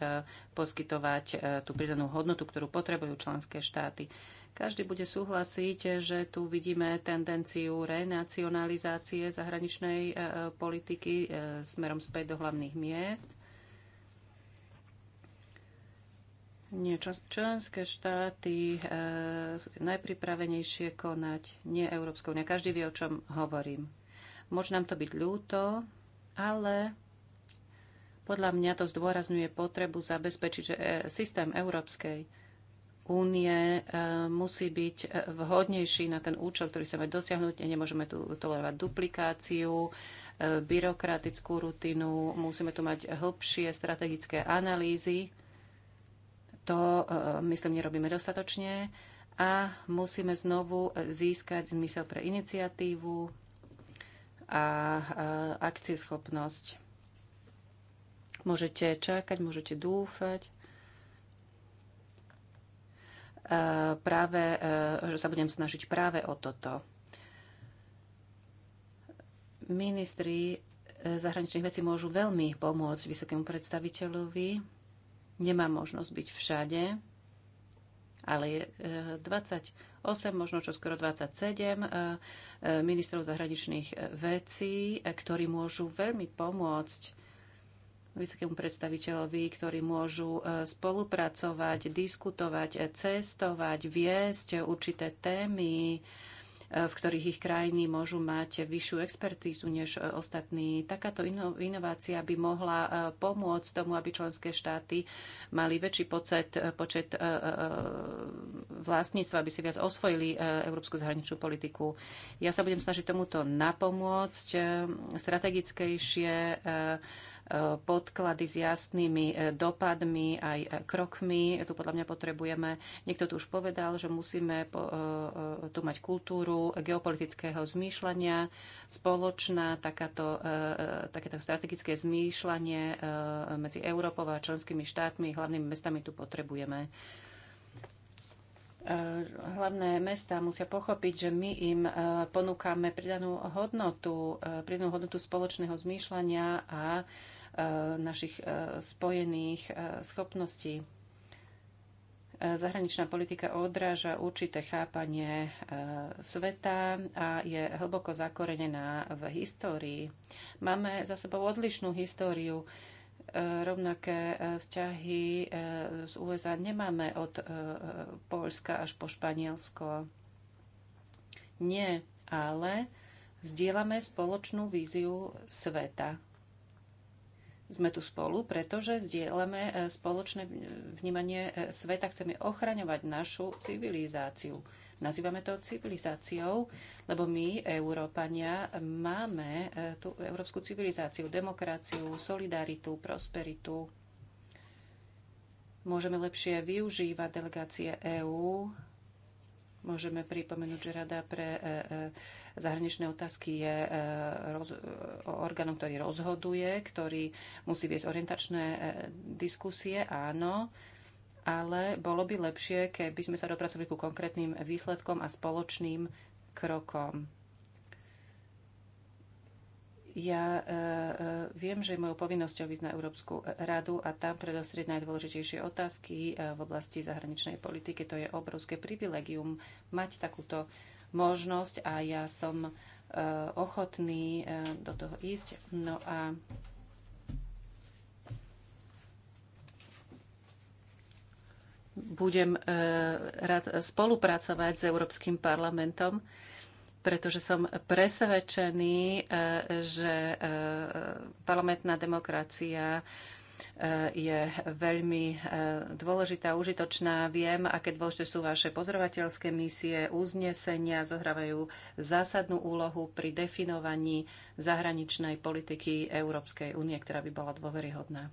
poskytovať tú pridanú hodnotu, ktorú potrebujú členské štáty. Každý bude súhlasiť, že tu vidíme tendenciu renacionalizácie zahraničnej e, e, politiky e, smerom späť do hlavných miest. Členské štáty e, sú najpripravenejšie konať, nie Európska únia. Každý vie, o čom hovorím. Môže nám to byť ľúto, ale podľa mňa to zdôrazňuje potrebu zabezpečiť že, e, systém európskej únie e, musí byť vhodnejší na ten účel, ktorý chceme dosiahnuť. Nemôžeme tu tolerovať duplikáciu, e, byrokratickú rutinu, musíme tu mať hĺbšie strategické analýzy. To, e, myslím, nerobíme dostatočne. A musíme znovu získať zmysel pre iniciatívu a akcieschopnosť. Môžete čakať, môžete dúfať, Eh, práve, eh, že sa budem snažiť práve o toto. Ministri eh, zahraničných vecí môžu veľmi pomôcť vysokému predstaviteľovi. Nemá možnosť byť všade, ale je 28, možno čo skoro 27 ministrov zahraničných vecí, ktorí môžu veľmi pomôcť vysokému predstaviteľovi, ktorí môžu e, spolupracovať, diskutovať, e, cestovať, viesť určité témy, e, v ktorých ich krajiny môžu mať vyššiu expertízu než ostatní. Takáto inovácia by mohla pomôcť tomu, aby členské štáty mali väčší počet, počet vlastníctva, aby si viac osvojili európsku zahraničnú politiku. Ja sa budem snažiť tomuto napomôcť strategickejšie podklady s jasnými e, dopadmi aj e, krokmi. Tu podľa mňa potrebujeme, niekto tu už povedal, že musíme e, tu mať kultúru geopolitického zmýšľania, spoločná takáto, takéto strategické zmýšľanie medzi Európou a členskými štátmi, hlavnými mestami tu potrebujeme. Eh, hlavné mesta musia pochopiť, že my im eh, ponúkame pridanú hodnotu, eh, pridanú hodnotu spoločného zmýšľania a našich spojených schopností. Zahraničná politika odráža určité chápanie sveta a je hlboko zakorenená v histórii. Máme za sebou odlišnú históriu E, rovnaké e, vzťahy e, z USA nemáme od Polska až po Španielsko. Nie, ale zdieľame spoločnú víziu sveta. Sme tu spolu, pretože zdieľame spoločné vnímanie sveta. Chceme ochraňovať našu civilizáciu. Nazývame to civilizáciou, lebo my, Európania, máme e, tú európsku civilizáciu, demokraciu, solidaritu, prosperitu. Môžeme lepšie využívať delegácie EÚ, Môžeme pripomenúť, že Rada pre e, e, zahraničné otázky je orgánom, ktorý rozhoduje, ktorý musí viesť orientačné diskusie, áno, ale bolo by lepšie, keby sme sa dopracovali ku konkrétnym výsledkom a spoločným krokom. Ja e, e, viem, že je mojou povinnosťou ísť na Európsku radu a tam predostrieť najdôležitejšie otázky e, v oblasti zahraničnej politiky. To je obrovské privilegium mať takúto možnosť a ja som e, ochotný e, do toho ísť. No a budem e, rád spolupracovať s Európskym parlamentom, pretože som presvedčený, e, že e, parlamentná demokracia je veľmi dôležitá, užitočná. Viem, aké dôležité sú vaše pozorovateľské misie, uznesenia, zohrávajú zásadnú úlohu pri definovaní zahraničnej politiky Európskej únie, ktorá by bola dôveryhodná.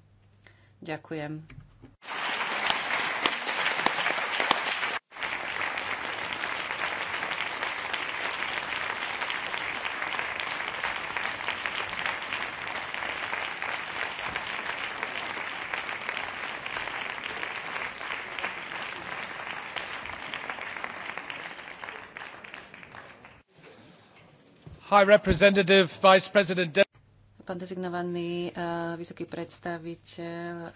Ďakujem. High Representative, Vice President De- Pán dezignovaný eh, vysoký predstaviteľ, eh,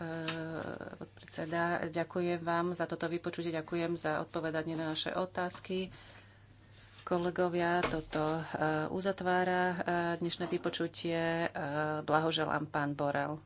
podpredseda, ďakujem vám za toto vypočutie, ďakujem za odpovedanie na naše otázky. Kolegovia, toto eh, uzatvára dnešné vypočutie. Blahoželám pán Borel.